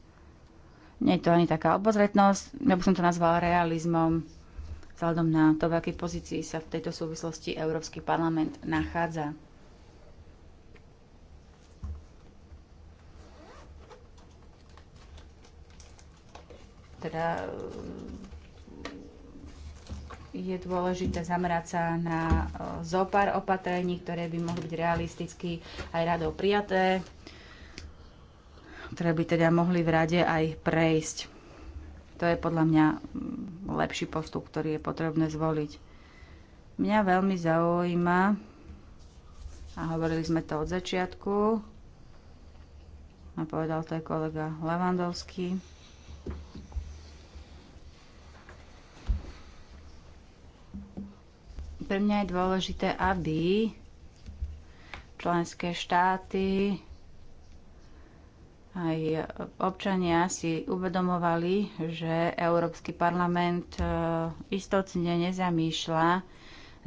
Nie je to ani taká obozretnosť, ja by som to nazvala realizmom, vzhľadom na to, v akej pozícii sa v tejto súvislosti Európsky parlament nachádza. teda um, je dôležité zamerať sa na uh, zopár opatrení, ktoré by mohli byť realisticky aj radou prijaté, ktoré by teda mohli v rade aj prejsť. To je podľa mňa um, lepší postup, ktorý je potrebné zvoliť. Mňa veľmi zaujíma, a hovorili sme to od začiatku, a povedal to aj kolega Levandovský, Pre mňa je dôležité, aby členské štáty aj občania si uvedomovali, že Európsky parlament e, istotne nezamýšľa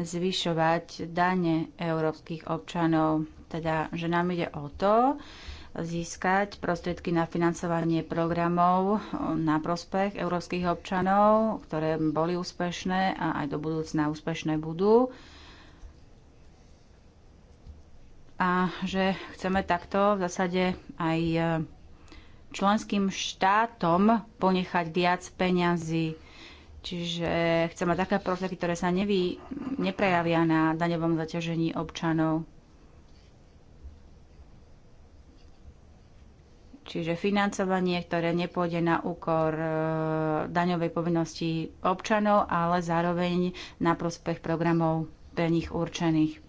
zvyšovať dane európskych občanov. Teda, že nám ide o to, získať prostriedky na financovanie programov na prospech európskych občanov, ktoré boli úspešné a aj do budúcna úspešné budú. A že chceme takto v zásade aj e, členským štátom ponechať viac peňazí. Čiže chceme také prostriedky, ktoré sa nevy, neprejavia na daňovom zaťažení občanov. Čiže financovanie, ktoré nepôjde na úkor e, daňovej povinnosti občanov, ale zároveň na prospech programov pre nich určených.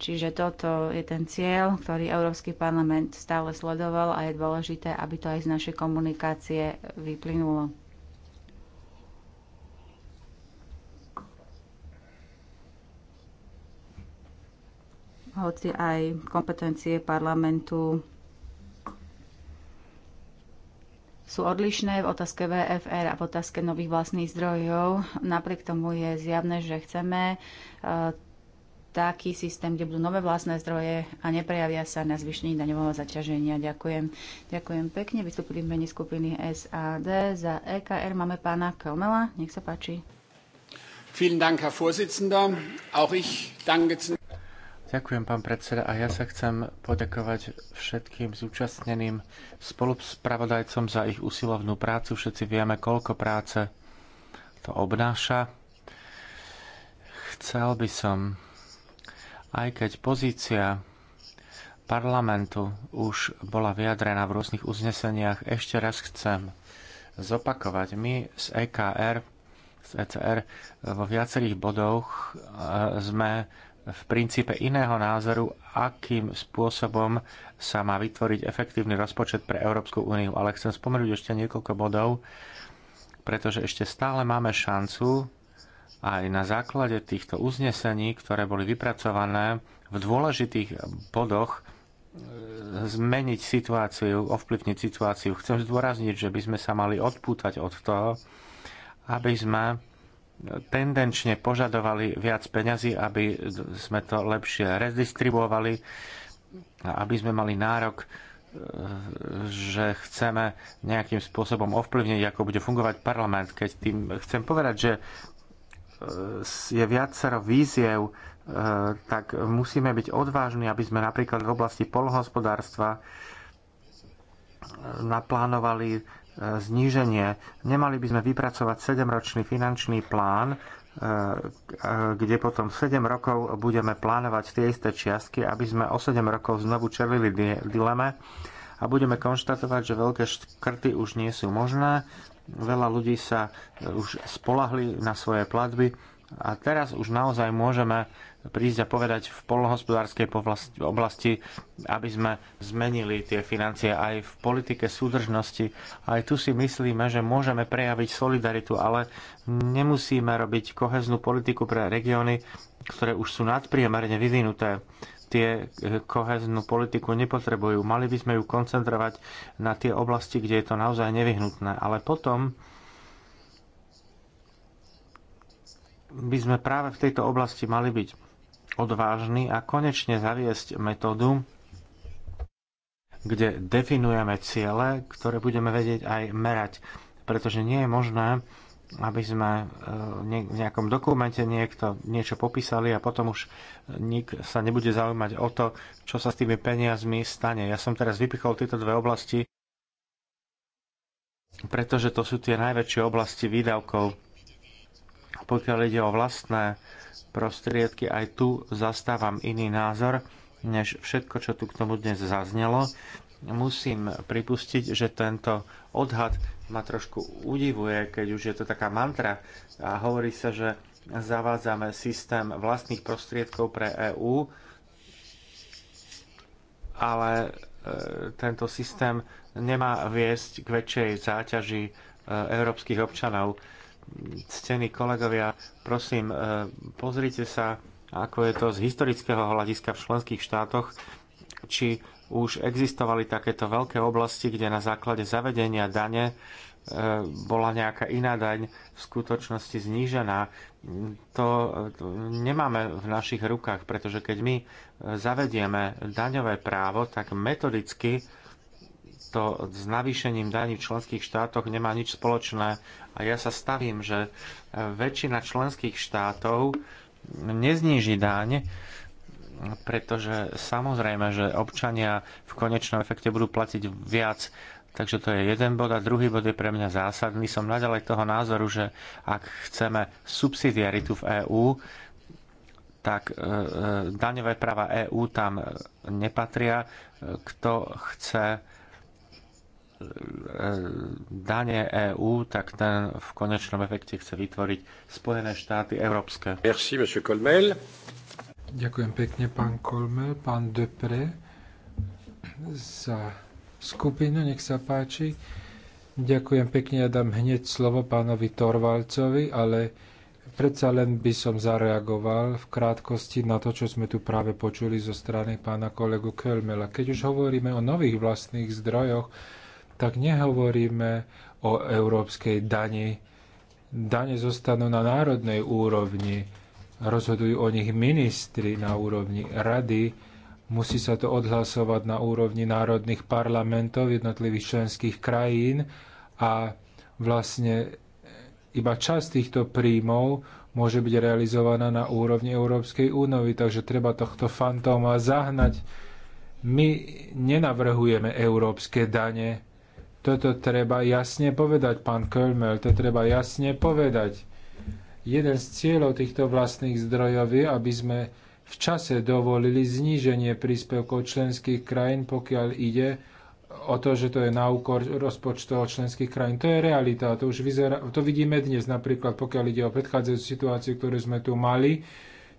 Čiže toto je ten cieľ, ktorý Európsky parlament stále sledoval a je dôležité, aby to aj z našej komunikácie vyplynulo. Hoci aj kompetencie parlamentu sú odlišné v otázke VFR a v otázke nových vlastných zdrojov. Napriek tomu je zjavné, že chceme e, taký systém, kde budú nové vlastné zdroje a neprejavia sa na zvyšení daňového zaťaženia. Ďakujem. Ďakujem pekne. Vystúpili v mene skupiny SAD. Za EKR máme pána Kelmela. Nech sa páči. Vielen Dank, Herr Vorsitzender. Auch ich danke Ďakujem, pán predseda, a ja sa chcem poďakovať všetkým zúčastneným spolupravodajcom za ich usilovnú prácu. Všetci vieme, koľko práce to obnáša. Chcel by som, aj keď pozícia parlamentu už bola vyjadrená v rôznych uzneseniach, ešte raz chcem zopakovať. My z EKR, z ECR vo viacerých bodoch e, sme v princípe iného názoru, akým spôsobom sa má vytvoriť efektívny rozpočet pre Európsku úniu. Ale chcem spomenúť ešte niekoľko bodov, pretože ešte stále máme šancu aj na základe týchto uznesení, ktoré boli vypracované v dôležitých bodoch, e, zmeniť situáciu, ovplyvniť situáciu. Chcem zdôrazniť, že by sme sa mali odpútať od toho, aby sme tendenčne požadovali viac peňazí, aby sme to lepšie redistribuovali a aby sme mali nárok že chceme nejakým spôsobom ovplyvniť, ako bude fungovať parlament. Keď tým chcem povedať, že e, je viacero víziev, e, tak musíme byť odvážni, aby sme napríklad v oblasti polhospodárstva e, naplánovali zníženie. Nemali by sme vypracovať 7-ročný finančný plán, eh, kde potom 7 rokov budeme plánovať tie isté čiastky, aby sme o 7 rokov znovu čelili dileme a budeme konštatovať, že veľké škrty už nie sú možné. Veľa ľudí sa už spolahli na svoje platby a teraz už naozaj môžeme prísť a povedať v polnohospodárskej oblasti, aby sme zmenili tie financie aj v politike súdržnosti. Aj tu si myslíme, že môžeme prejaviť solidaritu, ale nemusíme robiť koheznú politiku pre regióny, ktoré už sú nadpriemerne vyvinuté tie e, koheznú politiku nepotrebujú. Mali by sme ju koncentrovať na tie oblasti, kde je to naozaj nevyhnutné. Ale potom by sme práve v tejto oblasti mali byť odvážni a konečne zaviesť metódu, kde definujeme ciele, ktoré budeme vedieť aj merať. Pretože nie je možné, aby sme e, v nejakom dokumente niekto niečo popísali a potom už nik sa nebude zaujímať o to, čo sa s tými peniazmi stane. Ja som teraz vypichol tieto dve oblasti, pretože to sú tie najväčšie oblasti výdavkov pokiaľ ide o vlastné prostriedky, aj tu zastávam iný názor, než všetko, čo tu k tomu dnes zaznelo. Musím pripustiť, že tento odhad ma trošku udivuje, keď už je to taká mantra a hovorí sa, že zavádzame systém vlastných prostriedkov pre EÚ, ale e, tento systém nemá viesť k väčšej záťaži e, európskych občanov. Ctení kolegovia, prosím, e, pozrite sa, ako je to z historického hľadiska v členských štátoch, či už existovali takéto veľké oblasti, kde na základe zavedenia dane e, bola nejaká iná daň v skutočnosti znížená. To nemáme v našich rukách, pretože keď my e, zavedieme daňové právo, tak metodicky to s navýšením daní v členských štátoch nemá nič spoločné. A ja sa stavím, že e, väčšina členských štátov nezníži daň, pretože samozrejme, že občania v konečnom efekte budú platiť viac. Takže to je jeden bod a druhý bod je pre mňa zásadný. Som naďalej toho názoru, že ak chceme subsidiaritu v EÚ, tak e, e, daňové práva EÚ tam nepatria. Kto chce E, dane EÚ, tak ten v konečnom efekte chce vytvoriť Spojené štáty európske. Merci, monsieur Colmel. Ďakujem pekne, pán Kolmel, pán Depre, za skupinu, nech sa páči. Ďakujem pekne, ja dám hneď slovo pánovi Torvalcovi, ale predsa len by som zareagoval v krátkosti na to, čo sme tu práve počuli zo strany pána kolegu Kölmela. Keď už hovoríme o nových vlastných zdrojoch, tak nehovoríme o európskej dani. Dane zostanú na národnej úrovni, rozhodujú o nich ministri na úrovni rady, musí sa to odhlasovať na úrovni národných parlamentov jednotlivých členských krajín a vlastne iba časť týchto príjmov môže byť realizovaná na úrovni Európskej únovy, takže treba tohto fantóma zahnať. My nenavrhujeme európske dane, toto treba jasne povedať, pán Kölmel, to treba jasne povedať. Jeden z cieľov týchto vlastných zdrojov je, aby sme v čase dovolili zníženie príspevkov členských krajín, pokiaľ ide o to, že to je na úkor rozpočtov členských krajín. To je realita, to už vyzerá, to vidíme dnes napríklad, pokiaľ ide o predchádzajúcu situáciu, ktorú sme tu mali,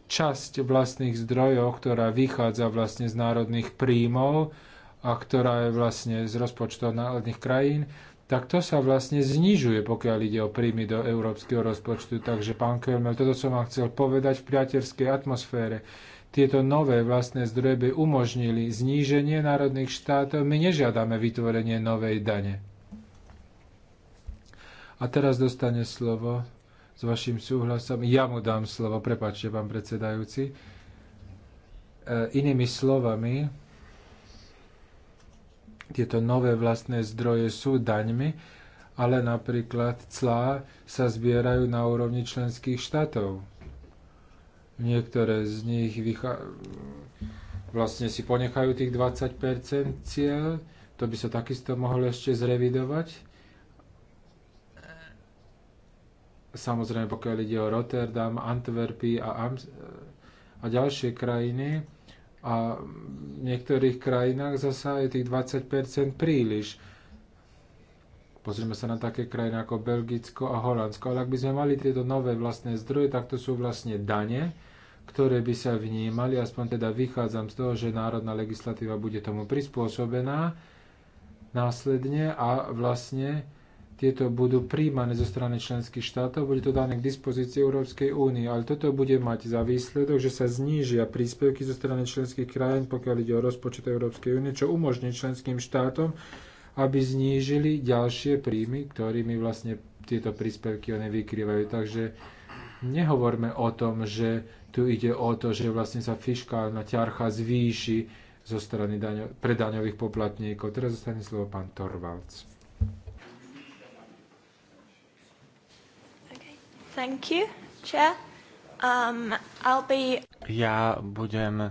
časť vlastných zdrojov, ktorá vychádza vlastne z národných príjmov, a ktorá je vlastne z rozpočtov národných krajín, tak to sa vlastne znižuje, pokiaľ ide o príjmy do európskeho rozpočtu. Takže, pán Kölmel, toto som vám chcel povedať v priateľskej atmosfére. Tieto nové vlastné zdroje by umožnili zníženie národných štátov. My nežiadame vytvorenie novej dane. A teraz dostane slovo s vašim súhlasom. Ja mu dám slovo, prepáčte, pán predsedajúci. E, inými slovami, tieto nové vlastné zdroje sú daňmi, ale napríklad clá sa zbierajú na úrovni členských štátov. Niektoré z nich vychá... vlastne si ponechajú tých 20% cieľ, to by sa takisto mohlo ešte zrevidovať. Samozrejme, pokiaľ ide o Rotterdam, Antwerpy a, Am- a ďalšie krajiny, a v niektorých krajinách zasa je tých 20% príliš. Pozrieme sa na také krajiny ako Belgicko a Holandsko. Ale ak by sme mali tieto nové vlastné zdroje, tak to sú vlastne dane, ktoré by sa vnímali, aspoň teda vychádzam z toho, že národná legislatíva bude tomu prispôsobená následne a vlastne tieto budú príjmané zo strany členských štátov, bude to dané k dispozícii Európskej únie, ale toto bude mať za výsledok, že sa znížia príspevky zo strany členských krajín, pokiaľ ide o rozpočet Európskej únie, čo umožní členským štátom, aby znížili ďalšie príjmy, ktorými vlastne tieto príspevky oni vykrývajú. Takže nehovorme o tom, že tu ide o to, že vlastne sa fiškálna ťarcha zvýši zo strany daňo- pre daňových poplatníkov. Teraz zostane slovo pán Torvalds. Thank you, Chair. Um, I'll be... Ja budem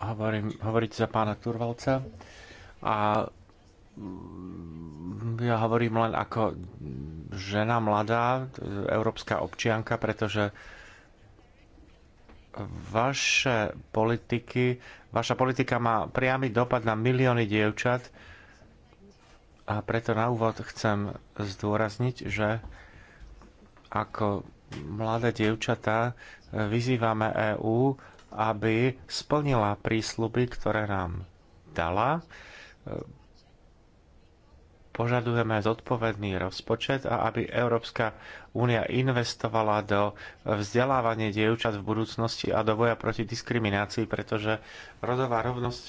hovorím, hovoriť za pána Turvalca a mm, ja hovorím len ako žena mladá, európska občianka, pretože vaše politiky, vaša politika má priamy dopad na milióny dievčat a preto na úvod chcem zdôrazniť, že ako mladé dievčatá e, vyzývame EÚ, aby splnila prísluby, ktoré nám dala. E, požadujeme zodpovedný rozpočet a aby Európska únia investovala do vzdelávania dievčat v budúcnosti a do boja proti diskriminácii, pretože rodová rovnosť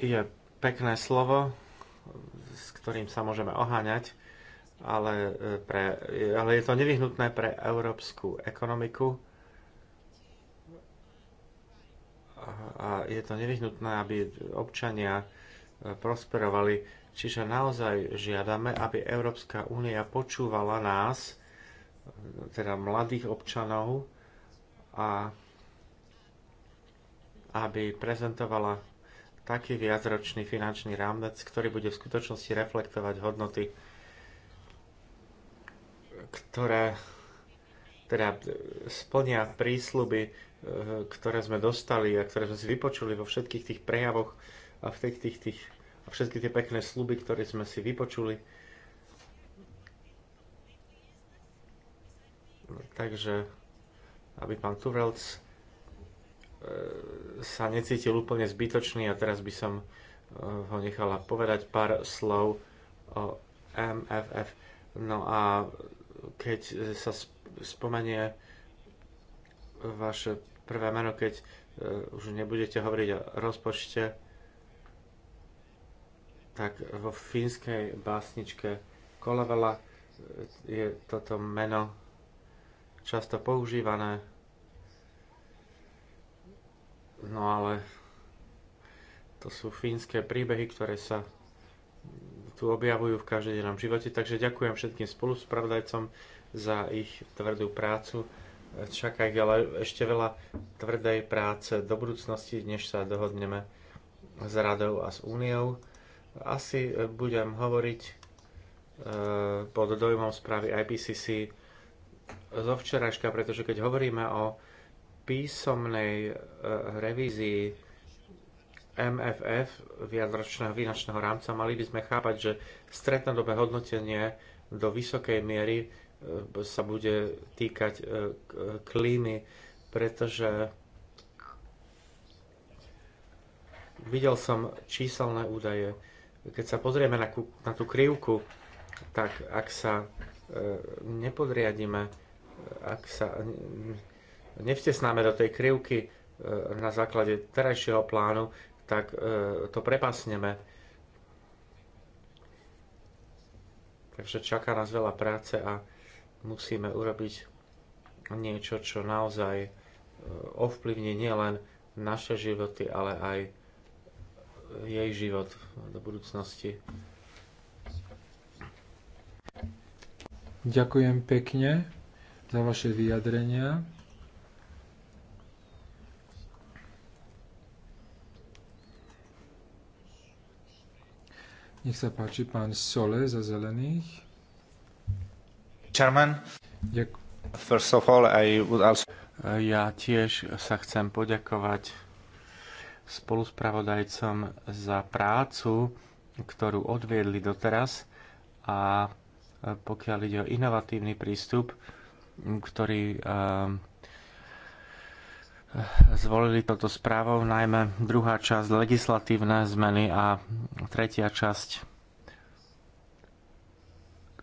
je pekné slovo, s ktorým sa môžeme oháňať, ale, e, pre, ale je to nevyhnutné pre európsku ekonomiku a je to nevyhnutné, aby občania e, prosperovali. Čiže naozaj žiadame, aby Európska únia počúvala nás, teda mladých občanov, a aby prezentovala taký viacročný finančný rámec, ktorý bude v skutočnosti reflektovať hodnoty ktoré teda splnia prísľuby, eh, ktoré sme dostali a ktoré sme si vypočuli vo všetkých tých prejavoch a v tých, tých, tých a všetky tie pekné sluby, ktoré sme si vypočuli. Takže, aby pán Turelc eh, sa necítil úplne zbytočný a teraz by som eh, ho nechala povedať pár slov o MFF. No a keď e, sa spomenie vaše prvé meno, keď e, už nebudete hovoriť o rozpočte, tak vo fínskej básničke Kolevela e, je toto meno často používané. No ale to sú fínske príbehy, ktoré sa tu objavujú v každodennom živote. Takže ďakujem všetkým spoluspravodajcom za ich tvrdú prácu. Čaká ich ale ešte veľa tvrdej práce do budúcnosti, než sa dohodneme s radou a s úniou. Asi e, budem hovoriť e, pod dojmom správy IPCC zo včerajška, pretože keď hovoríme o písomnej e, revízii MFF, viacročného finančného rámca, mali by sme chápať, že strednodobé hodnotenie do vysokej miery e, sa bude týkať e, klímy, pretože videl som číselné údaje. Keď sa pozrieme na, na tú krivku, tak ak sa e, nepodriadíme, ak sa nevtesnáme do tej krivky na základe terajšieho plánu, tak e, to prepasneme. Takže čaká nás veľa práce a musíme urobiť niečo, čo naozaj e, ovplyvní nielen naše životy, ale aj jej život do budúcnosti. Ďakujem pekne za vaše vyjadrenia. Nech sa páči pán Sole za zelených. Chairman. Ďakujem. First of all, I would also... Ja tiež sa chcem poďakovať spoluspravodajcom za prácu, ktorú odviedli doteraz a pokiaľ ide o inovatívny prístup, ktorý ehm, zvolili toto správou, najmä druhá časť legislatívne zmeny a tretia časť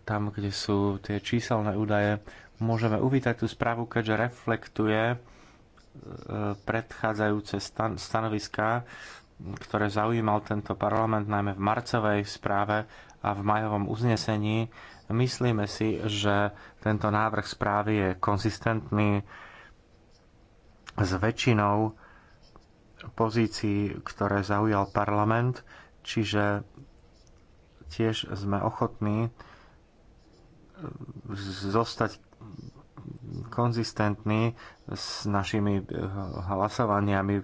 tam, kde sú tie číselné údaje. Môžeme uvítať tú správu, keďže reflektuje e, predchádzajúce stan- stanoviská, ktoré zaujímal tento parlament najmä v marcovej správe a v majovom uznesení. Myslíme si, že tento návrh správy je konzistentný, s väčšinou pozícií, ktoré zaujal parlament, čiže tiež sme ochotní e, zostať konzistentní s našimi e, hlasovaniami,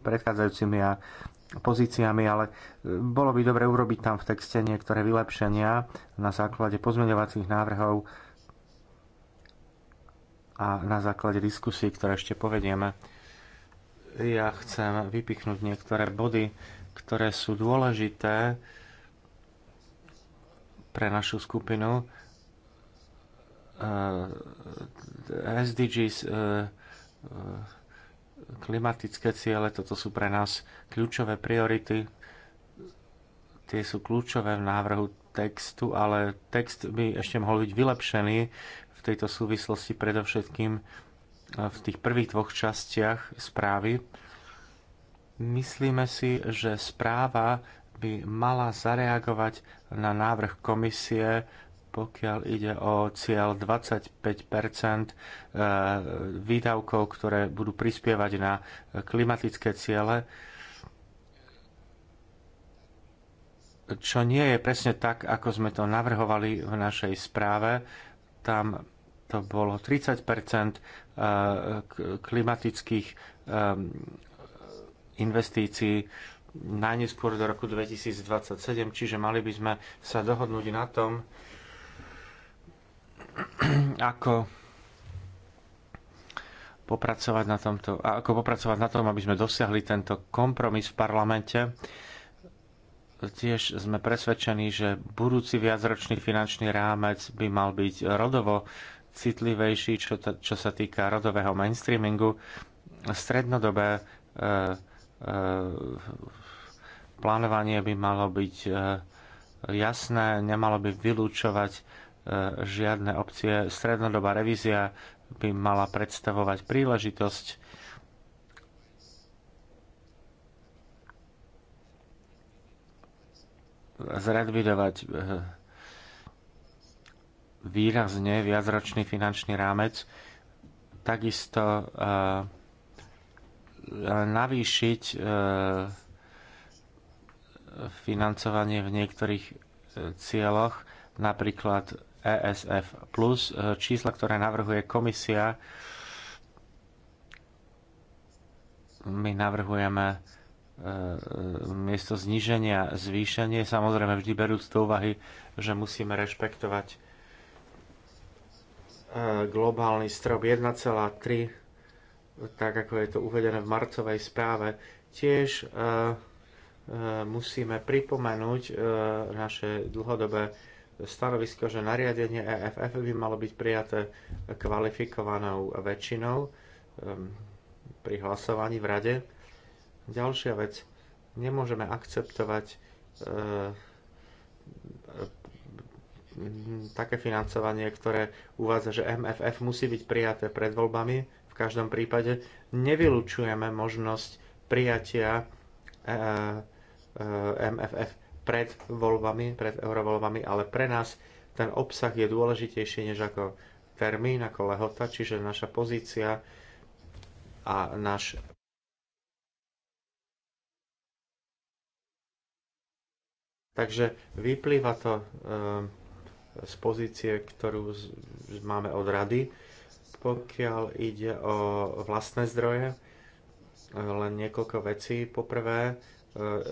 predchádzajúcimi a pozíciami, ale e, bolo by dobre urobiť tam v texte niektoré vylepšenia na základe pozmeňovacích návrhov, a na základe diskusí, ktoré ešte povedieme, ja chcem vypichnúť niektoré body, ktoré sú dôležité pre našu skupinu. Eh, SDGs, eh, eh, klimatické ciele, toto sú pre nás kľúčové priority. Tie sú kľúčové v návrhu textu, ale text by ešte mohol byť vylepšený tejto súvislosti, predovšetkým e, v tých prvých dvoch častiach správy. Myslíme si, že správa by mala zareagovať na návrh komisie, pokiaľ ide o cieľ 25 e, výdavkov, ktoré budú prispievať na klimatické ciele, čo nie je presne tak, ako sme to navrhovali v našej správe. Tam to bolo 30 eh, klimatických eh, investícií najneskôr do roku 2027, čiže mali by sme sa dohodnúť na tom, ako popracovať na tomto, ako popracovať na tom, aby sme dosiahli tento kompromis v parlamente. Tiež sme presvedčení, že budúci viacročný finančný rámec by mal byť rodovo citlivejší, čo, t- čo sa týka rodového mainstreamingu. Strednodobé e, e, plánovanie by malo byť e, jasné, nemalo by vylúčovať e, žiadne opcie. Strednodobá revízia by mala predstavovať príležitosť zredvidovať e, výrazne viacročný finančný rámec, takisto e, navýšiť e, financovanie v niektorých e, cieľoch, napríklad ESF+, plus čísla, ktoré navrhuje komisia. My navrhujeme miesto zniženia zvýšenie, samozrejme vždy berúc do úvahy, že musíme rešpektovať globálny strop 1,3, tak ako je to uvedené v marcovej správe. Tiež e, e, musíme pripomenúť e, naše dlhodobé stanovisko, že nariadenie EFF by malo byť prijaté kvalifikovanou väčšinou pri hlasovaní v rade. Ďalšia vec, nemôžeme akceptovať Mhm, také financovanie, ktoré uvádza, že MFF musí byť prijaté pred voľbami. V každom prípade nevylučujeme možnosť prijatia e, e, MFF pred voľbami, pred eurovoľbami, ale pre nás ten obsah je dôležitejší než ako termín, ako lehota, čiže naša pozícia a náš Takže vyplýva to e, z pozície, ktorú máme od rady. Pokiaľ ide o vlastné zdroje, len niekoľko vecí. Poprvé, e,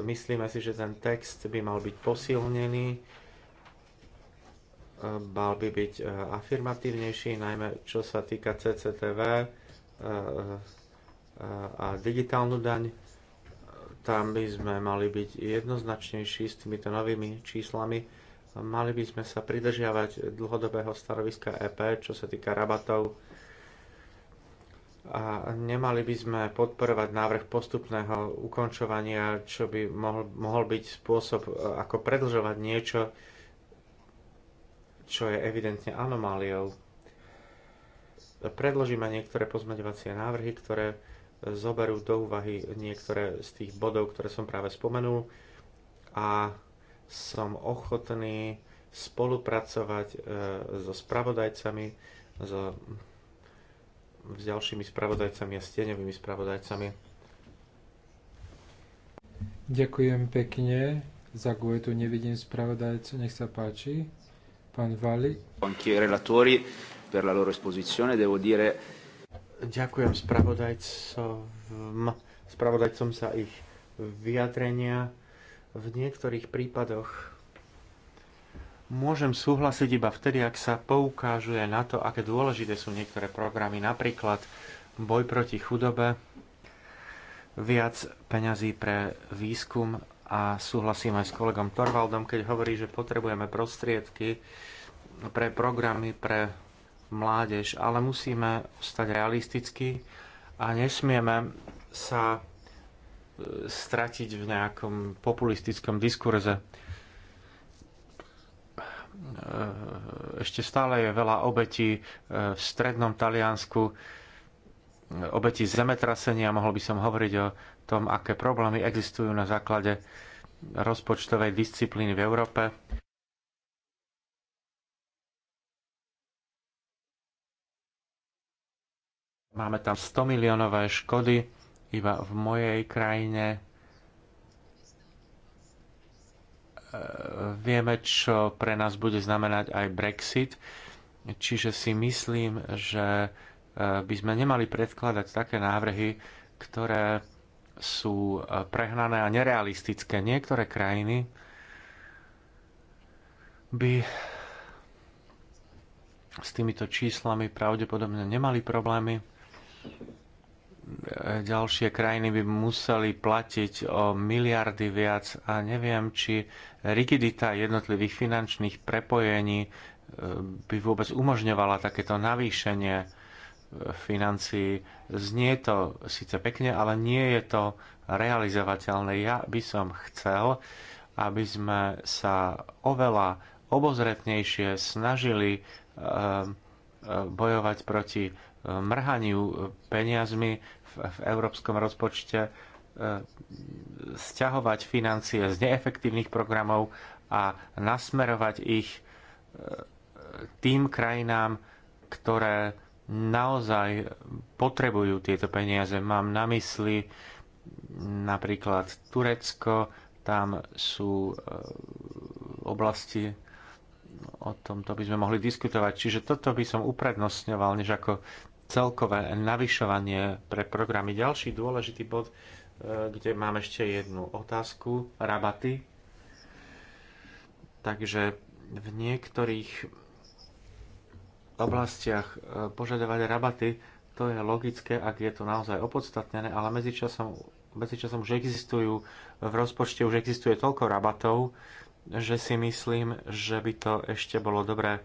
myslíme si, že ten text by mal byť posilnený, e, mal by byť e, afirmatívnejší, najmä čo sa týka CCTV a digitálnu daň. Tam by sme mali byť jednoznačnejší s týmito novými číslami Mali by sme sa pridržiavať dlhodobého stanoviska EP, čo sa týka rabatov. A nemali by sme podporovať návrh postupného ukončovania, čo by mohol, mohol byť spôsob, e, ako predlžovať niečo, čo je evidentne anomáliou. Predložíme niektoré pozmeňovacie návrhy, ktoré e, zoberú do úvahy niektoré z tých bodov, ktoré som práve spomenul a som ochotný spolupracovať e, so spravodajcami, so, s ďalšími spravodajcami a stieňovými spravodajcami. Ďakujem pekne. Za tu nevidím spravodajcu, nech sa páči. Pán Vali. Anche relatori per la loro devo dire... Ďakujem spravodajcom, spravodajcom za ich vyjadrenia v niektorých prípadoch môžem súhlasiť iba vtedy, ak sa poukážuje na to, aké dôležité sú niektoré programy, napríklad boj proti chudobe, viac peňazí pre výskum a súhlasím aj s kolegom Torvaldom, keď hovorí, že potrebujeme prostriedky pre programy pre mládež, ale musíme stať realisticky a nesmieme sa stratiť v nejakom populistickom diskurze. E, ešte stále je veľa obetí e, v strednom Taliansku, e, obetí zemetrasenia. Mohol by som hovoriť o tom, aké problémy existujú na základe rozpočtovej disciplíny v Európe. Máme tam 100 miliónové škody iba v mojej krajine e, vieme, čo pre nás bude znamenať aj Brexit. Čiže si myslím, že e, by sme nemali predkladať také návrhy, ktoré sú e, prehnané a nerealistické. Niektoré krajiny by s týmito číslami pravdepodobne nemali problémy ďalšie krajiny by museli platiť o miliardy viac a neviem, či rigidita jednotlivých finančných prepojení e, by vôbec umožňovala takéto navýšenie e, financií. Znie to síce pekne, ale nie je to realizovateľné. Ja by som chcel, aby sme sa oveľa obozretnejšie snažili um, bojovať proti eh, mrhaniu eh, peniazmi v, v európskom rozpočte, eh, sťahovať financie z neefektívnych programov a nasmerovať ich tým krajinám, ktoré naozaj potrebujú tieto peniaze. Mám na mysli napríklad Turecko, tam sú oblasti o tomto by sme mohli diskutovať. Čiže toto by som uprednostňoval, než ako celkové navyšovanie pre programy. Ďalší dôležitý bod, e, kde mám ešte jednu otázku, rabaty. Takže v niektorých oblastiach e, požadovať rabaty, to je logické, ak je to naozaj opodstatnené, ale medzičasom, medzičasom už existujú, v rozpočte už existuje toľko rabatov, že si myslím, že by to ešte bolo dobré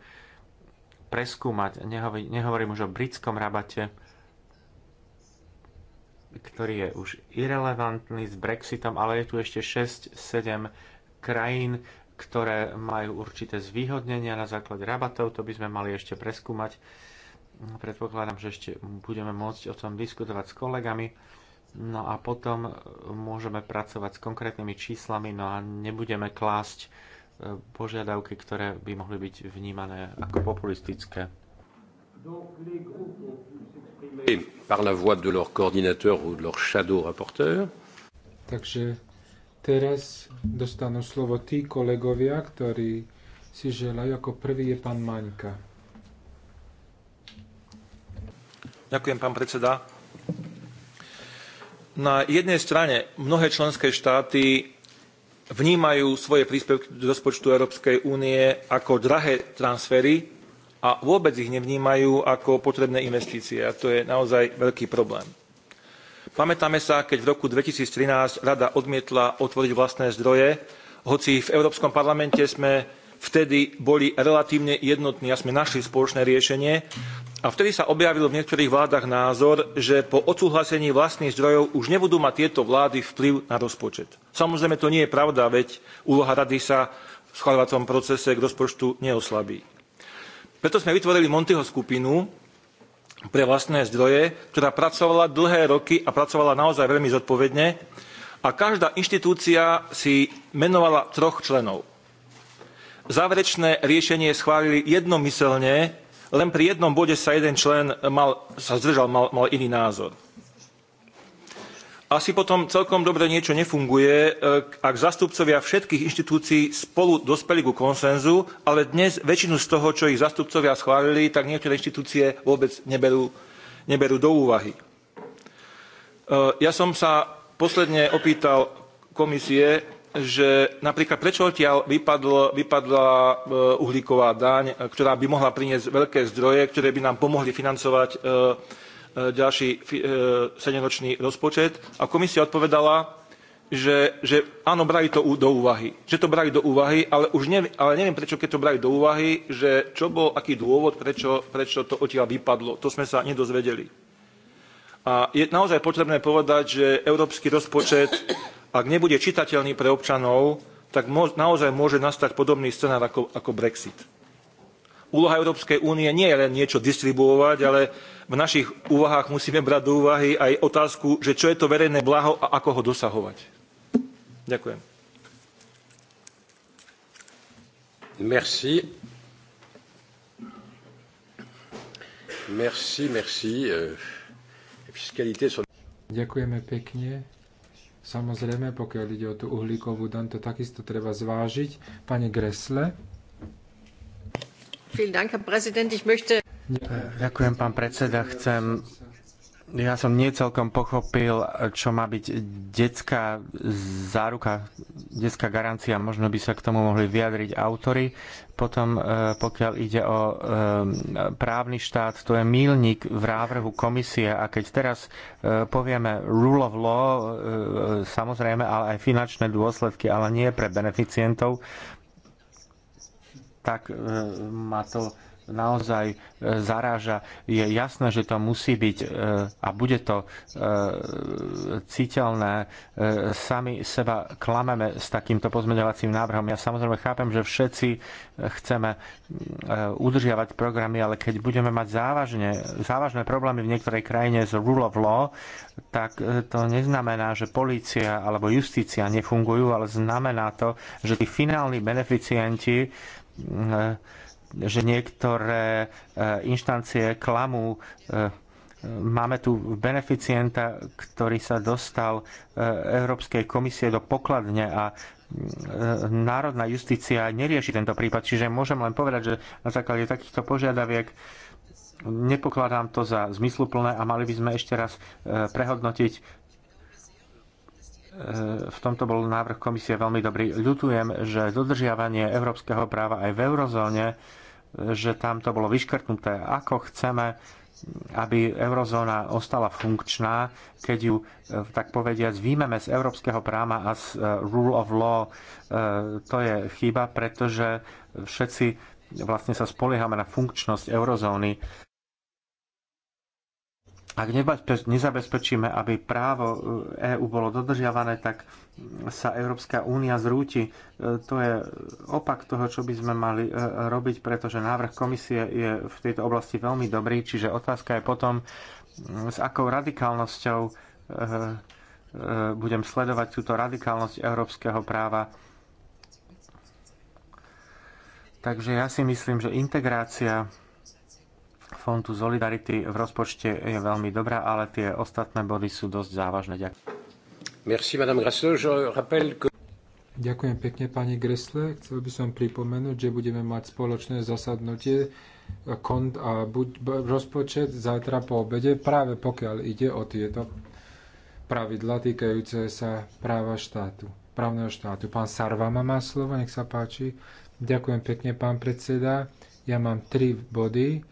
preskúmať. Nehovorím, už o britskom rabate, ktorý je už irrelevantný s Brexitom, ale je tu ešte 6-7 krajín, ktoré majú určité zvýhodnenia na základe rabatov. To by sme mali ešte preskúmať. Predpokladám, že ešte budeme môcť o tom diskutovať s kolegami. No a potom e, môžeme pracovať s konkrétnymi číslami, no a nebudeme klásť e, požiadavky, ktoré by mohli byť vnímané ako populistické. Par la voix de leur coordinateur ou de leur shadow rapporteur. Takže teraz dostanú slovo tí kolegovia, ktorí si želajú. Ako prvý je pán Maňka. Ďakujem, pán predseda na jednej strane mnohé členské štáty vnímajú svoje príspevky do rozpočtu Európskej únie ako drahé transfery a vôbec ich nevnímajú ako potrebné investície. A to je naozaj veľký problém. Pamätáme sa, keď v roku 2013 Rada odmietla otvoriť vlastné zdroje, hoci v Európskom parlamente sme vtedy boli relatívne jednotní a sme našli spoločné riešenie, a vtedy sa objavil v niektorých vládach názor, že po odsúhlasení vlastných zdrojov už nebudú mať tieto vlády vplyv na rozpočet. Samozrejme, to nie je pravda, veď úloha rady sa v schváľovacom procese k rozpočtu neoslabí. Preto sme vytvorili Montyho skupinu pre vlastné zdroje, ktorá pracovala dlhé roky a pracovala naozaj veľmi zodpovedne. A každá inštitúcia si menovala troch členov. Záverečné riešenie schválili jednomyselne len pri jednom bode sa jeden člen mal, sa zdržal, mal, mal iný názor. Asi potom celkom dobre niečo nefunguje, e, ak zastupcovia všetkých inštitúcií spolu dospeli ku konsenzu, ale dnes väčšinu z toho, čo ich zastupcovia schválili, tak niektoré inštitúcie vôbec neberú, neberú do úvahy. E, ja som sa posledne opýtal komisie, že napríklad prečo odtiaľ vypadla e, uhlíková daň, e, ktorá by mohla priniesť veľké zdroje, ktoré by nám pomohli financovať e, ďalší sedenočný rozpočet. A komisia odpovedala, že, že áno, brali to do úvahy. Že to brali do úvahy, ale už neviem, ale neviem, prečo keď to brali do úvahy, že čo bol, aký dôvod, prečo, prečo to odtiaľ vypadlo. To sme sa nedozvedeli. A je naozaj potrebné povedať, že európsky rozpočet ak nebude čitateľný pre občanov, tak naozaj môže nastať podobný scenár ako, ako Brexit. Úloha Európskej únie nie je len niečo distribuovať, ale v našich úvahách musíme brať do úvahy aj otázku, že čo je to verejné blaho a ako ho dosahovať. Ďakujem. Merci. Merci, merci. Euh, Ďakujeme pekne. Samozrejme, pokiaľ ide o tú uhlíkovú daň, to takisto treba zvážiť. Pane Gresle. Ďakujem, pán predseda. Chcem ja som nie celkom pochopil, čo má byť detská záruka, detská garancia. Možno by sa k tomu mohli vyjadriť autory. Potom, e, pokiaľ ide o e, právny štát, to je mílnik v návrhu komisie. A keď teraz e, povieme rule of law, samozrejme, ale aj finančné dôsledky, ale nie pre beneficientov, tak ma to naozaj e, zaráža. Je jasné, že to musí byť e, a bude to e, citeľné. Sami seba klameme s takýmto pozmeňovacím návrhom. Ja samozrejme chápem, že všetci chceme udržiavať programy, ale keď budeme mať závažne, závažné problémy v niektorej krajine z rule of law, tak to neznamená, že polícia alebo justícia nefungujú, ale znamená to, že tí finálni beneficienti že niektoré e, inštancie klamú. E, máme tu beneficienta, ktorý sa dostal e, Európskej komisie do pokladne a národná justícia nerieši tento prípad. Čiže môžem len povedať, že na základe takýchto požiadaviek nepokladám to za zmysluplné a mali by sme ešte raz prehodnotiť E, v tomto bol návrh komisie veľmi dobrý. Ľutujem, že dodržiavanie európskeho práva aj v eurozóne, že tam to bolo vyškrtnuté. Ako chceme, aby eurozóna ostala funkčná, keď ju, e, tak povediať výmeme z európskeho práva a z e, rule of law. To je chyba, pretože všetci vlastne sa spoliehame na funkčnosť eurozóny ak nezabezpečíme, aby právo EÚ e bolo dodržiavané, tak sa Európska únia zrúti. E, to je opak toho, čo by sme mali e, robiť, pretože návrh komisie je v tejto oblasti veľmi dobrý, čiže otázka je potom, s akou radikálnosťou budem sledovať túto radikálnosť európskeho práva. Takže ja si myslím, že integrácia fondu Solidarity v rozpočte je veľmi dobrá, ale tie ostatné body sú dosť závažné. Ďakujem. Merci, Madame Je rappelle que... Ďakujem pekne, pani Gressle. Chcel by som pripomenúť, že budeme mať spoločné zasadnutie eh, kont a buď, rozpočet zajtra po obede, práve pokiaľ ide o tieto pravidla týkajúce sa práva štátu, právneho štátu. Pán Sarvama má slovo, nech sa páči. Ďakujem pekne, pán predseda. Ja mám tri body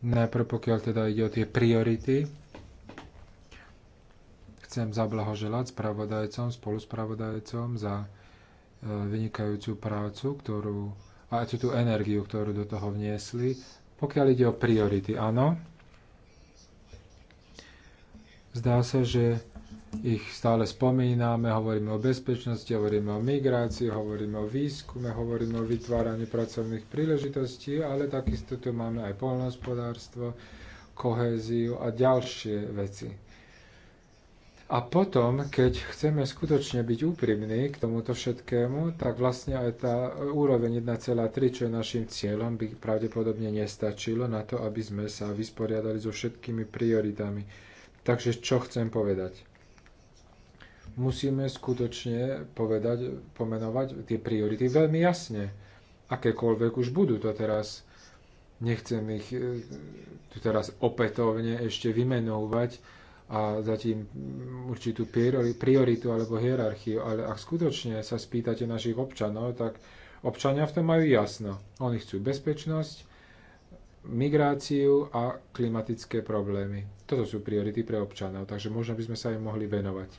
Najprv pokiaľ teda ide o tie priority, chcem zablahoželať spravodajcom, spoluspravodajcom za e, vynikajúcu prácu, ktorú a aj tú energiu, ktorú do toho vniesli. Pokiaľ ide o priority, áno, zdá sa, že ich stále spomíname, hovoríme o bezpečnosti, hovoríme o migrácii, hovoríme o výskume, hovoríme o vytváraní pracovných príležitostí, ale takisto tu máme aj polnohospodárstvo, kohéziu a ďalšie veci. A potom, keď chceme skutočne byť úprimní k tomuto všetkému, tak vlastne aj tá úroveň 1,3, čo je našim cieľom, by pravdepodobne nestačilo na to, aby sme sa vysporiadali so všetkými prioritami. Takže čo chcem povedať? musíme skutočne povedať, pomenovať tie priority veľmi jasne. Akékoľvek už budú to teraz. Nechcem ich e, tu teraz opätovne ešte vymenovať a zatím určitú prioritu alebo hierarchiu, ale ak skutočne sa spýtate našich občanov, tak občania v tom majú jasno. Oni chcú bezpečnosť, migráciu a klimatické problémy. Toto sú priority pre občanov, takže možno by sme sa im mohli venovať.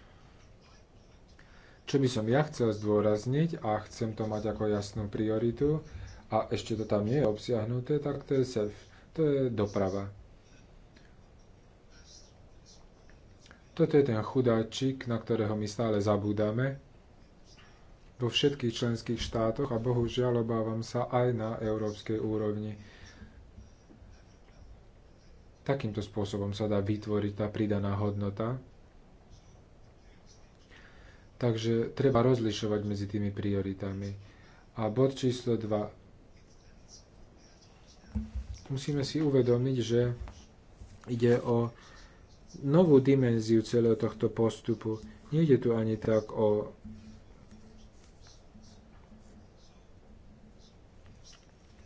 Čo by som ja chcel zdôrazniť a chcem to mať ako jasnú prioritu a ešte to tam nie je obsiahnuté, tak to je self, to je doprava. Toto je ten chudáčik, na ktorého my stále zabúdame vo všetkých členských štátoch a bohužiaľ obávam sa aj na európskej úrovni. Takýmto spôsobom sa dá vytvoriť tá pridaná hodnota, Takže treba rozlišovať medzi tými prioritami. A bod číslo 2. Musíme si uvedomiť, že ide o novú dimenziu celého tohto postupu. Nejde tu ani tak o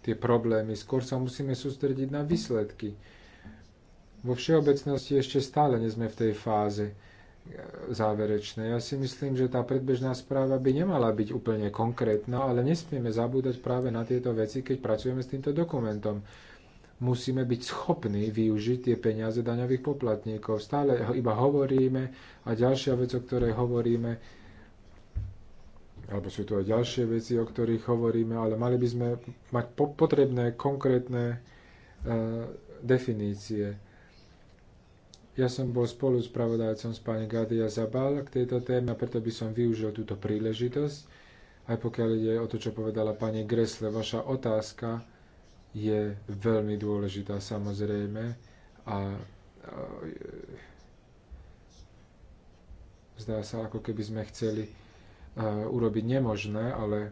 tie problémy. Skôr sa musíme sústrediť na výsledky. Vo všeobecnosti ešte stále nie sme v tej fáze záverečné. Ja si myslím, že tá predbežná správa by nemala byť úplne konkrétna, ale nesmieme zabúdať práve na tieto veci, keď pracujeme s týmto dokumentom. Musíme byť schopní využiť tie peniaze daňových poplatníkov. Stále iba hovoríme a ďalšia vec, o ktorej hovoríme, alebo sú to aj ďalšie veci, o ktorých hovoríme, ale mali by sme mať potrebné konkrétne eh, definície ja som bol spolu s pravodajcom s pani Gadia Zabal k tejto téme, a preto by som využil túto príležitosť, aj pokiaľ ide o to, čo povedala pani Gresle. Vaša otázka je veľmi dôležitá, samozrejme. A, a e, zdá sa, ako keby sme chceli uh, urobiť nemožné, ale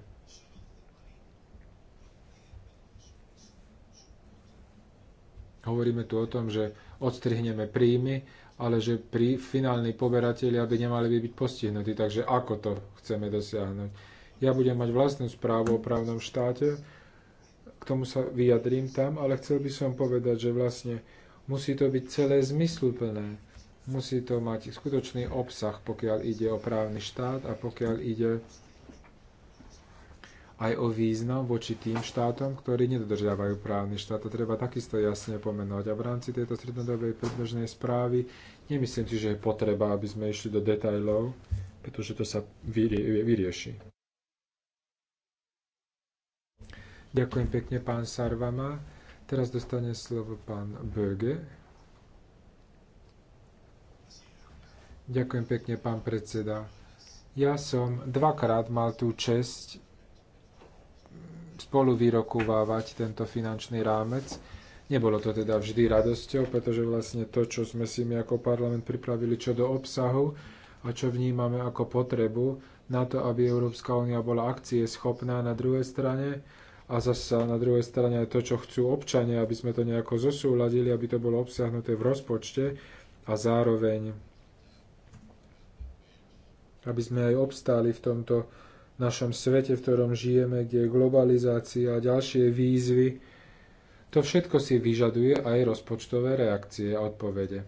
hovoríme tu o tom, že odstrihneme príjmy, ale že pri finálni poberateľi, by nemali by byť postihnutí. Takže ako to chceme dosiahnuť? Ja budem mať vlastnú správu o právnom štáte, k tomu sa vyjadrím tam, ale chcel by som povedať, že vlastne musí to byť celé zmysluplné. Musí to mať skutočný obsah, pokiaľ ide o právny štát a pokiaľ ide aj o význam voči tým štátom, ktorí nedodržiavajú právny štát. To treba takisto jasne pomenovať. A v rámci tejto strednodobej predbežnej správy nemyslím si, že je potreba, aby sme išli do detajlov, pretože to sa vyrie, vyrieši. Ďakujem pekne, pán Sarvama. Teraz dostane slovo pán Böge. Ďakujem pekne, pán predseda. Ja som dvakrát mal tú česť spolu vyrokovávať tento finančný rámec. Nebolo to teda vždy radosťou, pretože vlastne to, čo sme si my ako parlament pripravili čo do obsahu a čo vnímame ako potrebu na to, aby Európska únia bola akcie schopná na druhej strane a zase na druhej strane aj to, čo chcú občania, aby sme to nejako zosúladili, aby to bolo obsiahnuté v rozpočte a zároveň aby sme aj obstáli v tomto v našom svete, v ktorom žijeme, kde je globalizácia a ďalšie výzvy. To všetko si vyžaduje aj rozpočtové reakcie a odpovede.